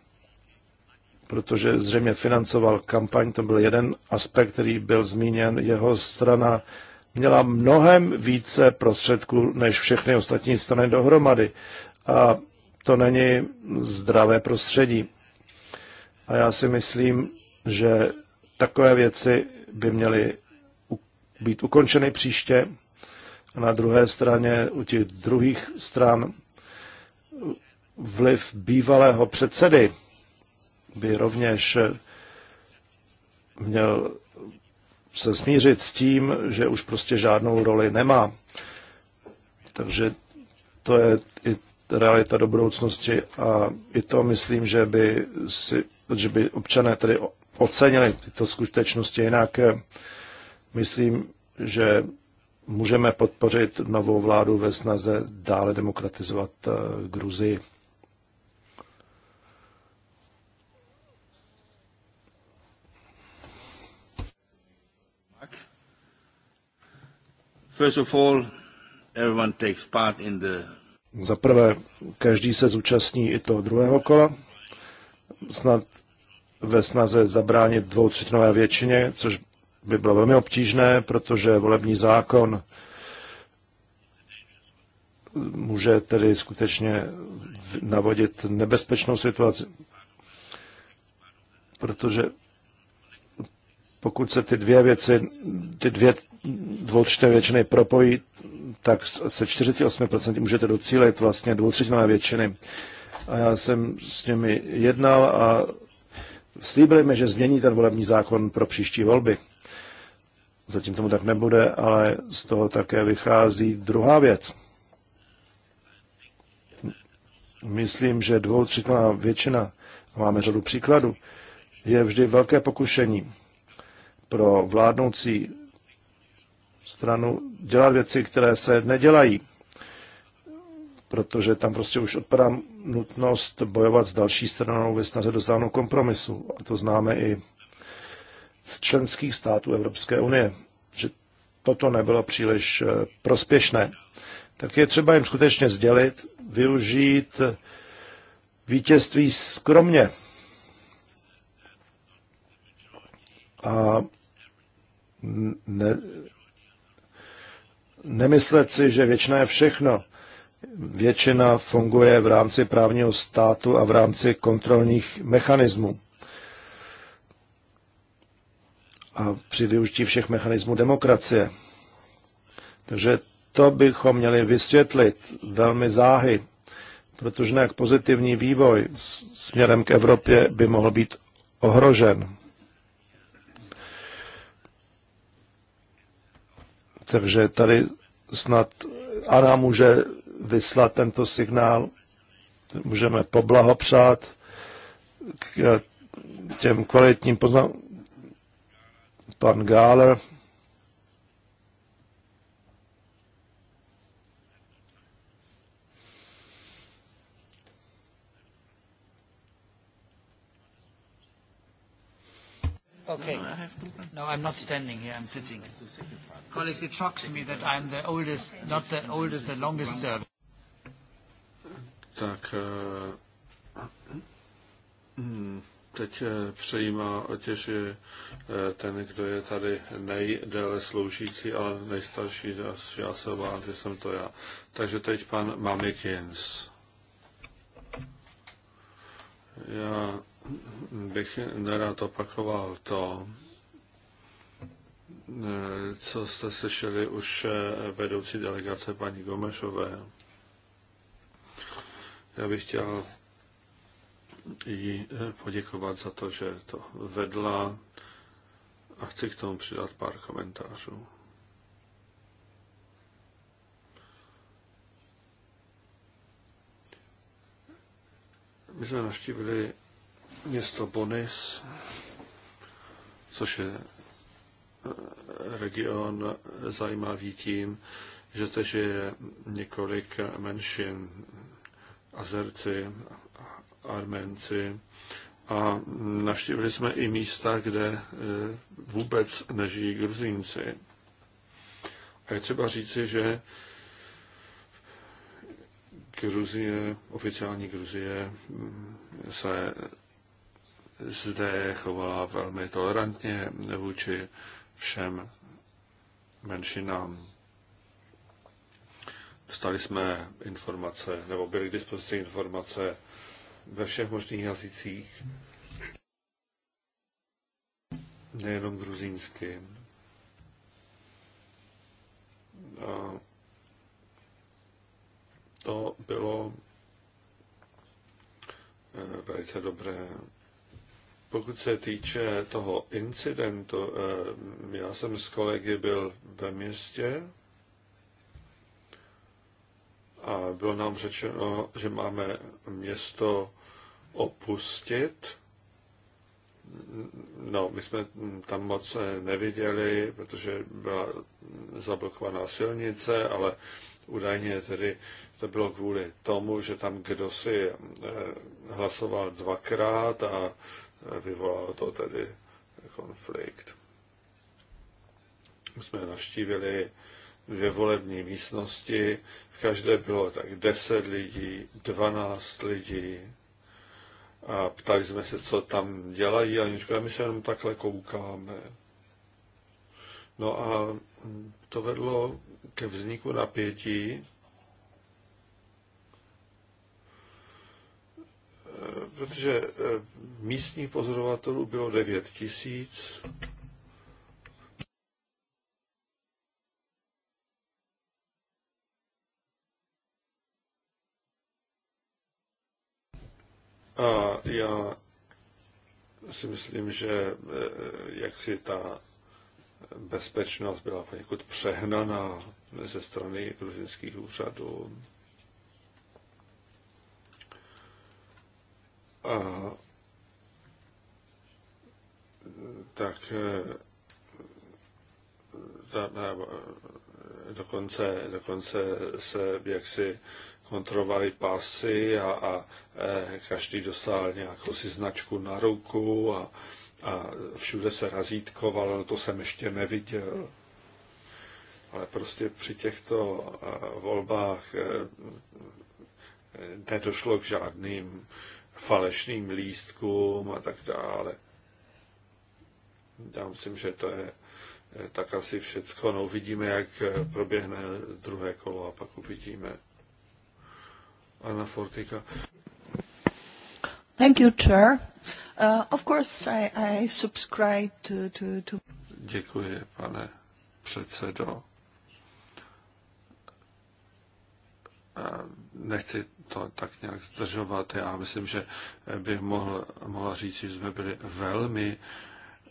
protože zřejmě financoval kampaň, to byl jeden aspekt, který byl zmíněn. Jeho strana měla mnohem více prostředků než všechny ostatní strany dohromady. A to není zdravé prostředí. A já si myslím, že takové věci by měly být ukončeny příště. A na druhé straně u těch druhých stran vliv bývalého předsedy by rovněž měl se smířit s tím, že už prostě žádnou roli nemá. Takže to je i realita do budoucnosti a i to myslím, že by, si, že by občané tedy ocenili tyto skutečnosti. Jinak eh, myslím, že můžeme podpořit novou vládu ve snaze dále demokratizovat eh, Gruzii. Za prvé, každý se zúčastní i toho druhého kola, snad ve snaze zabránit dvoutřetinové většině, což by bylo velmi obtížné, protože volební zákon může tedy skutečně navodit nebezpečnou situaci, protože pokud se ty dvě věci, ty dvě dvoutřetinové většiny propojí, tak se 48% můžete docílit vlastně dvoutřetinové většiny. A já jsem s nimi jednal a slíbili mi, že změní ten volební zákon pro příští volby. Zatím tomu tak nebude, ale z toho také vychází druhá věc. Myslím, že dvoutřetinová většina, a máme řadu příkladů, je vždy velké pokušení pro vládnoucí stranu dělat věci, které se nedělají, protože tam prostě už odpadá nutnost bojovat s další stranou ve snaze dosáhnout kompromisu. A to známe i z členských států Evropské unie, že toto nebylo příliš eh, prospěšné. Tak je třeba jim skutečně sdělit, využít eh, vítězství skromně. A ne, nemyslet si, že většina je všechno. Většina funguje v rámci právního státu a v rámci kontrolních mechanismů. A při využití všech mechanismů demokracie. Takže to bychom měli vysvětlit velmi záhy, protože nějak pozitivní vývoj směrem k Evropě by mohl být ohrožen. Takže tady snad ANA může vyslat tento signál, můžeme poblahopřát k těm kvalitním poznám. Pan Gáler. Okay. No, I'm not standing here, I'm sitting. Colleagues, it shocks me that I'm the oldest, not the oldest, the longest serving. Tak eh, hmm, teď eh, přejímá otěž je eh, ten, kdo je tady nejdéle sloužící, ale nejstarší já se obávám, že jsem to já. Takže teď pan Mamikins. Já bych nerad opakoval to, Eh, co jste slyšeli už eh, vedoucí delegace paní Gomešové. Já bych chtěl jí eh, poděkovat za to, že to vedla a chci k tomu přidat pár komentářů. My jsme navštívili město Bonis, což je region zajímavý tím, že zde žije několik menšin, Azerci, Arménci a navštívili jsme i místa, kde e, vůbec nežijí Gruzínci. A je třeba říci, že Gruzie, oficiální Gruzie se zde chovala velmi tolerantně vůči všem menšinám. Dostali jsme informace, nebo byly k dispozici informace ve všech možných jazycích, nejenom gruzínsky. A to bylo eh, velice dobré. Pokud se týče toho incidentu, eh, já jsem s kolegy byl ve městě a bylo nám řečeno, že máme město opustit. No, my jsme tam moc neviděli, protože byla zablokovaná silnice, ale údajně tedy to bylo kvůli tomu, že tam kdo si eh, hlasoval dvakrát a vyvolalo to tedy konflikt. My jsme navštívili dvě volební místnosti, v každé bylo tak 10 lidí, 12 lidí a ptali jsme se, co tam dělají a oni říkali, my se jenom takhle koukáme. No a to vedlo ke vzniku napětí Eh, protože eh, místních pozorovatelů bylo 9 tisíc. A já si myslím, že eh, jak si ta bezpečnost byla poněkud přehnaná ze strany gruzinských úřadů. tak e, ta, e, dokonce, dokonce se jaksi kontrolovali pásy a, a e, každý dostal nějakou si značku na ruku a, a všude se razítkovalo, no to jsem ještě neviděl. Ale prostě při těchto volbách nedošlo k žádným falešným lístkům a tak dále. Já myslím, že to je tak asi všecko. No, uvidíme, jak proběhne druhé kolo a pak uvidíme. Anna Fortika. Thank you, Chair. Uh, of course, I, I subscribe to, to, to... Děkuji, pane předsedo. Nechci to tak nějak zdržovat. Já myslím, že bych mohl, mohla říct, že jsme byli velmi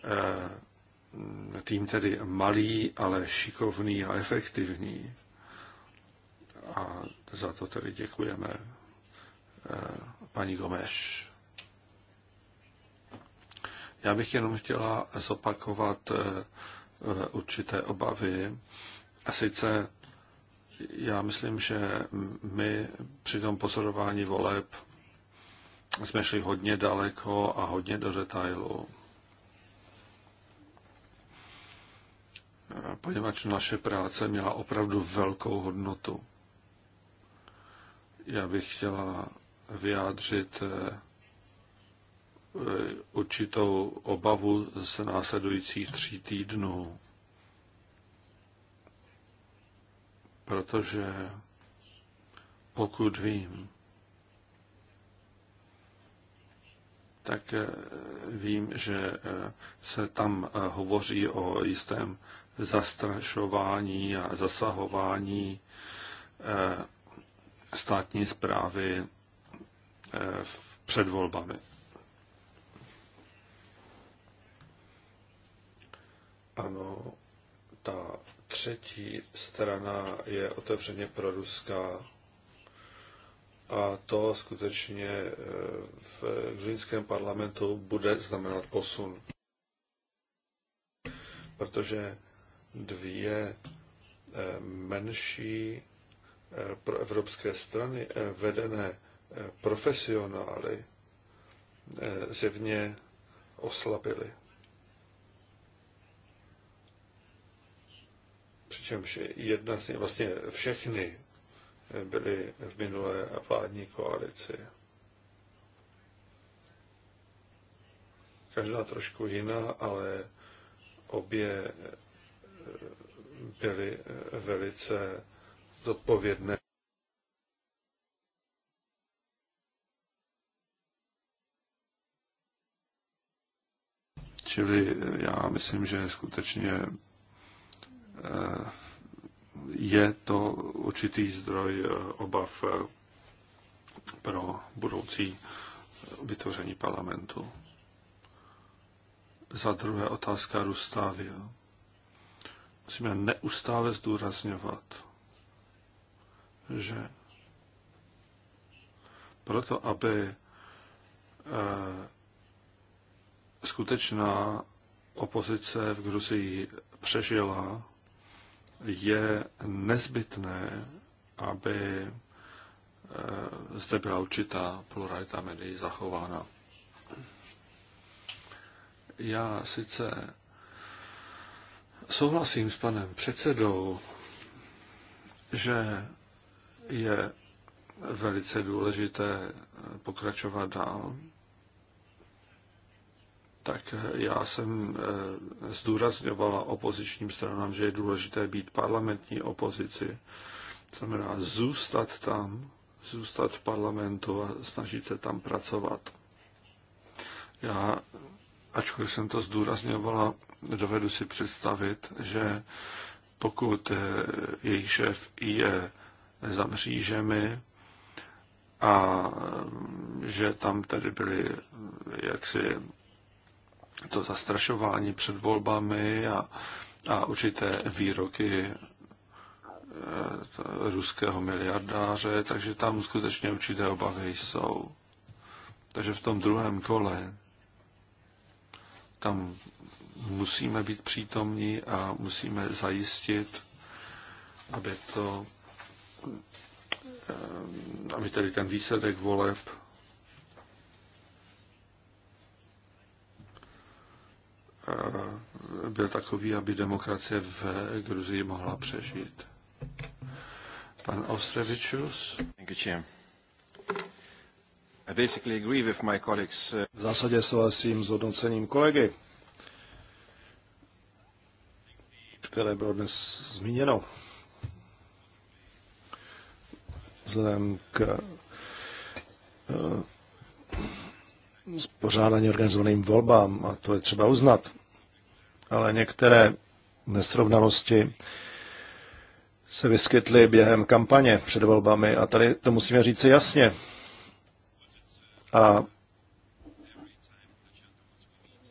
eh, tým tedy malý, ale šikovný a efektivní. A za to tedy děkujeme eh, paní Gomeš. Já bych jenom chtěla zopakovat eh, určité obavy, a sice, já myslím, že my při tom pozorování voleb jsme šli hodně daleko a hodně do detailu. Poněvadž naše práce měla opravdu velkou hodnotu. Já bych chtěla vyjádřit eh, určitou obavu z následujících tří týdnů. protože pokud vím, tak eh, vím, že eh, se tam eh, hovoří o jistém zastrašování a zasahování státní zprávy před volbami. Ano, ta třetí strana je otevřeně proruská a to skutečně eh, v gruzínském parlamentu bude znamenat posun. Protože dvě eh, menší eh, proevropské strany vedené profesionály zjevně oslabily. Přičemž jedna z vlastně všechny byly v minulé vládní koalici. Každá trošku jiná, ale obě eh, byly eh, velice zodpovědné. Čili já myslím, že skutečně je to určitý zdroj eh, obav eh, pro budoucí vytvoření parlamentu. Za druhé otázka Rustavia. Musíme neustále zdůrazňovat, že proto, aby eh, skutečná opozice v Gruzii přežila, je nezbytné, aby eh, zde byla určitá pluralita médií zachována. Já sice souhlasím s panem předsedou, že je velice důležité pokračovat dál, tak eh, já jsem eh, zdůrazňovala opozičním stranám, že je důležité být parlamentní opozici. Znamená zůstat tam, zůstat v parlamentu a snažit se tam pracovat. Já, ačkoliv jsem to zdůrazňovala, dovedu si představit, že pokud eh, jejich šéf je za mřížemi, a mm, že tam tady byly jaksi to zastrašování před volbami a, a určité výroky e, ruského miliardáře, takže tam skutečně určité obavy jsou. Takže v tom druhém kole tam musíme být přítomní a musíme zajistit, aby to e, aby tedy ten výsledek voleb byl takový, aby demokracie v Gruzii mohla přežít. Pan Ostrevičus. Uh, v zásadě souhlasím s hodnocením kolegy, které bylo dnes zmíněno. Vzhledem k eh, spořádaně organizovaným volbám, a to je třeba uznat. Ale některé nesrovnalosti se vyskytly během kampaně před volbami a tady to musíme říct jasně. A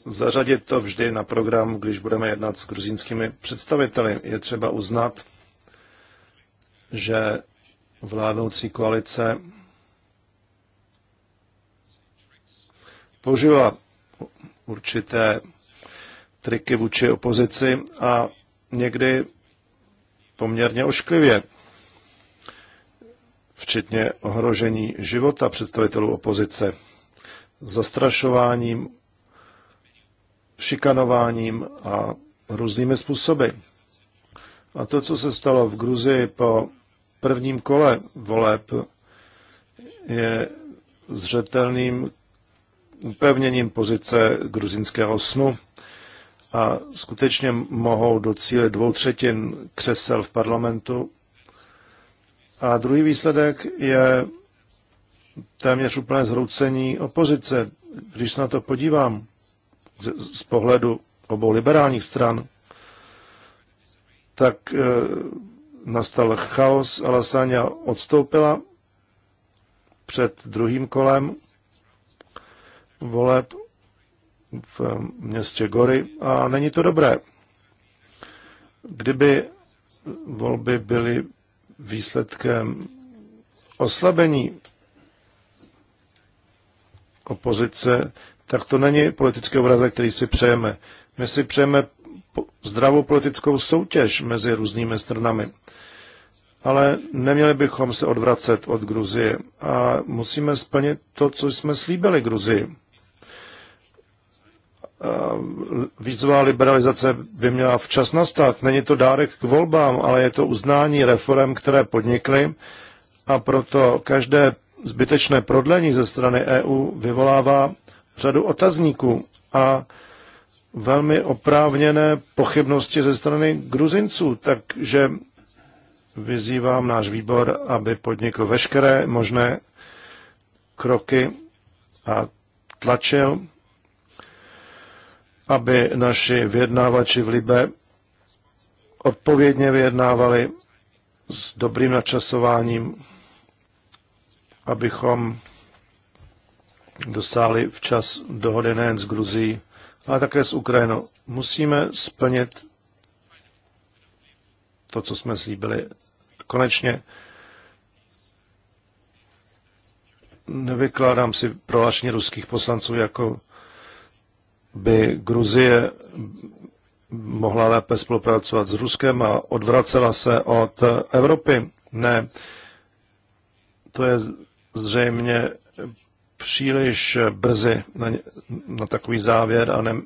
zařadit to vždy na program, když budeme jednat s gruzínskými představiteli. Je třeba uznat, že vládnoucí koalice použila určité triky vůči opozici a někdy poměrně ošklivě, včetně ohrožení života představitelů opozice, zastrašováním, šikanováním a různými způsoby. A to, co se stalo v Gruzii po prvním kole voleb, je zřetelným upevněním pozice gruzinského snu a skutečně mohou docílit dvou třetin křesel v parlamentu. A druhý výsledek je téměř úplné zhroucení opozice. Když se na to podívám z pohledu obou liberálních stran, tak e, nastal chaos. Alasáňa odstoupila před druhým kolem voleb v městě Gory a není to dobré. Kdyby volby byly výsledkem oslabení opozice, tak to není politický obrazek, který si přejeme. My si přejeme zdravou politickou soutěž mezi různými stranami. Ale neměli bychom se odvracet od Gruzie a musíme splnit to, co jsme slíbili Gruzii. Eh, vízová liberalizace by měla včas nastat. Není to dárek k volbám, ale je to uznání reform, které podnikly a proto každé zbytečné prodlení ze strany EU vyvolává řadu otazníků a velmi oprávněné pochybnosti ze strany Gruzinců, takže vyzývám náš výbor, aby podnikl veškeré možné kroky a tlačil aby naši vyjednávači v Libe odpovědně vyjednávali s dobrým načasováním, abychom dosáhli včas dohody nejen s Gruzií, ale také s Ukrajinou. Musíme splnit to, co jsme slíbili. Konečně nevykládám si prohlášení ruských poslanců jako by Gruzie mohla lépe spolupracovat s Ruskem a odvracela se od Evropy. Ne, to je zřejmě příliš brzy na, na takový závěr a ne,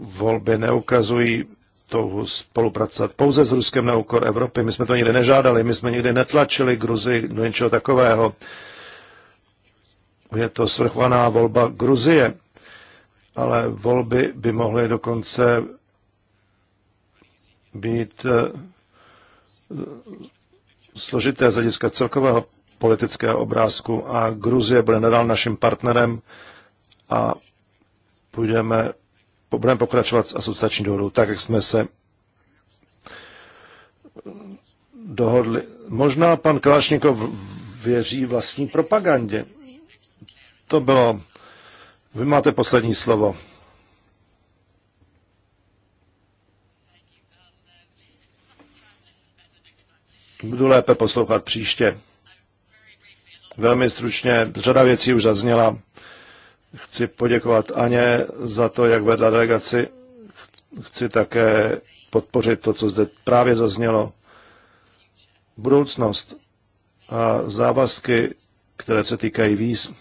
volby neukazují touhu spolupracovat pouze s Ruskem na úkor Evropy. My jsme to nikdy nežádali, my jsme nikdy netlačili Gruzi do něčeho takového. Je to svrchovaná volba Gruzie ale volby by mohly dokonce být eh, složité z hlediska celkového politického obrázku a Gruzie bude nadal naším partnerem a budeme, budeme pokračovat s asociační dohodou, tak jak jsme se dohodli. Možná pan Kalašnikov věří vlastní propagandě. To bylo vy máte poslední slovo. Budu lépe poslouchat příště. Velmi stručně, řada věcí už zazněla. Chci poděkovat Aně za to, jak vedla delegaci. Chci také podpořit to, co zde právě zaznělo. Budoucnost a závazky, které se týkají víz.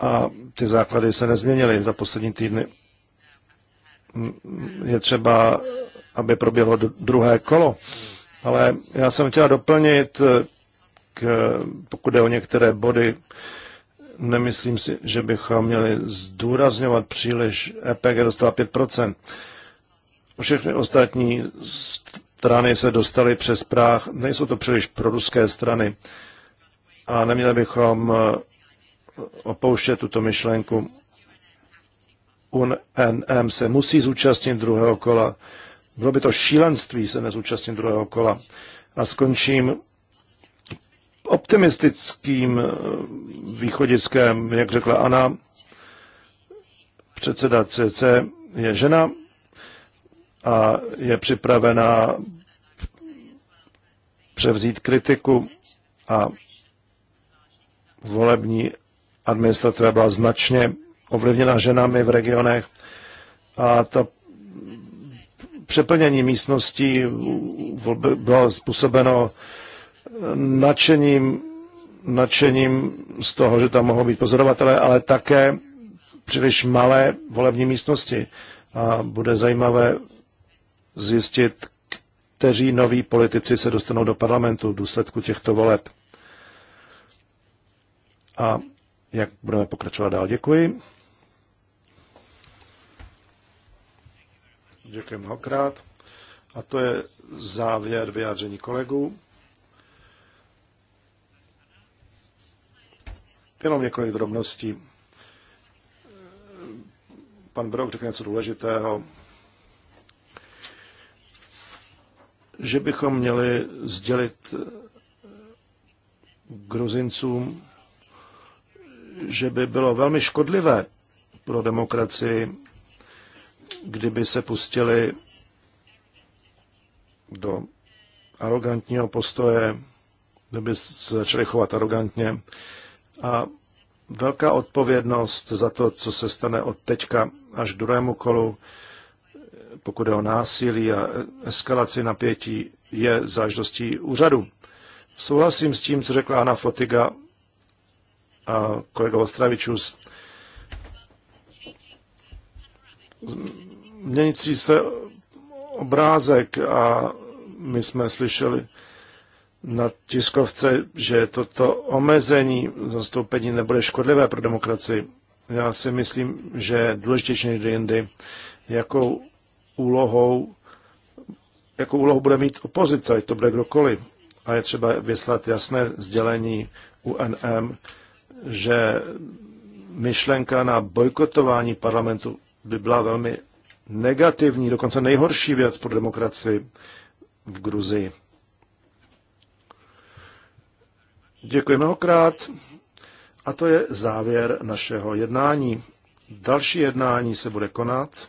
A ty základy se nezměnily za poslední týdny. Je třeba, aby proběhlo druhé kolo. Ale já jsem chtěla doplnit, eh, k, pokud jde o některé body, nemyslím si, že bychom měli zdůrazňovat příliš. EPG dostala 5%. Všechny ostatní strany se dostaly přes práh. Nejsou to příliš proruské strany. A neměli bychom eh, opouštět tuto myšlenku. UNM se musí zúčastnit druhého kola. Bylo by to šílenství se nezúčastnit druhého kola. A skončím optimistickým eh, východiskem, jak řekla Anna, předseda CC je žena a je připravená převzít kritiku a volební administrativa byla značně ovlivněna ženami v regionech a to přeplnění místností bylo způsobeno nadšením, nadšením z toho, že tam mohou být pozorovatelé, ale také příliš malé volební místnosti. A bude zajímavé zjistit, kteří noví politici se dostanou do parlamentu v důsledku těchto voleb. A jak budeme pokračovat dál. Děkuji. Děkuji mnohokrát. A to je závěr vyjádření kolegů. Jenom několik drobností. Pan Brok řekl něco důležitého. Že bychom měli sdělit gruzincům, že by bylo velmi škodlivé pro demokracii, kdyby se pustili do arrogantního postoje, kdyby se začali chovat arrogantně. A velká odpovědnost za to, co se stane od teďka až k druhému kolu, pokud je o násilí a eskalaci napětí, je záždostí úřadu. Souhlasím s tím, co řekla Anna Fotiga a kolega Ostravičus. Měnící se obrázek a my jsme slyšeli na tiskovce, že toto omezení zastoupení nebude škodlivé pro demokracii. Já si myslím, že důležitější než jindy, jakou úlohou, jakou úlohu bude mít opozice, ať to bude kdokoliv. A je třeba vyslat jasné sdělení UNM, že myšlenka na bojkotování parlamentu by byla velmi negativní, dokonce nejhorší věc pro demokracii v Gruzii. Děkuji mnohokrát. A to je závěr našeho jednání. Další jednání se bude konat.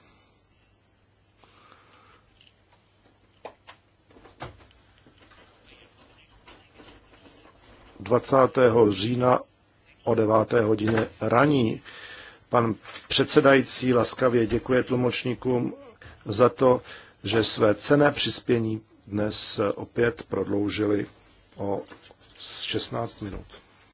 Dvacátého října o 9. hodině raní. Pan předsedající laskavě děkuje tlumočníkům za to, že své cené přispění dnes opět prodloužili o 16 minut.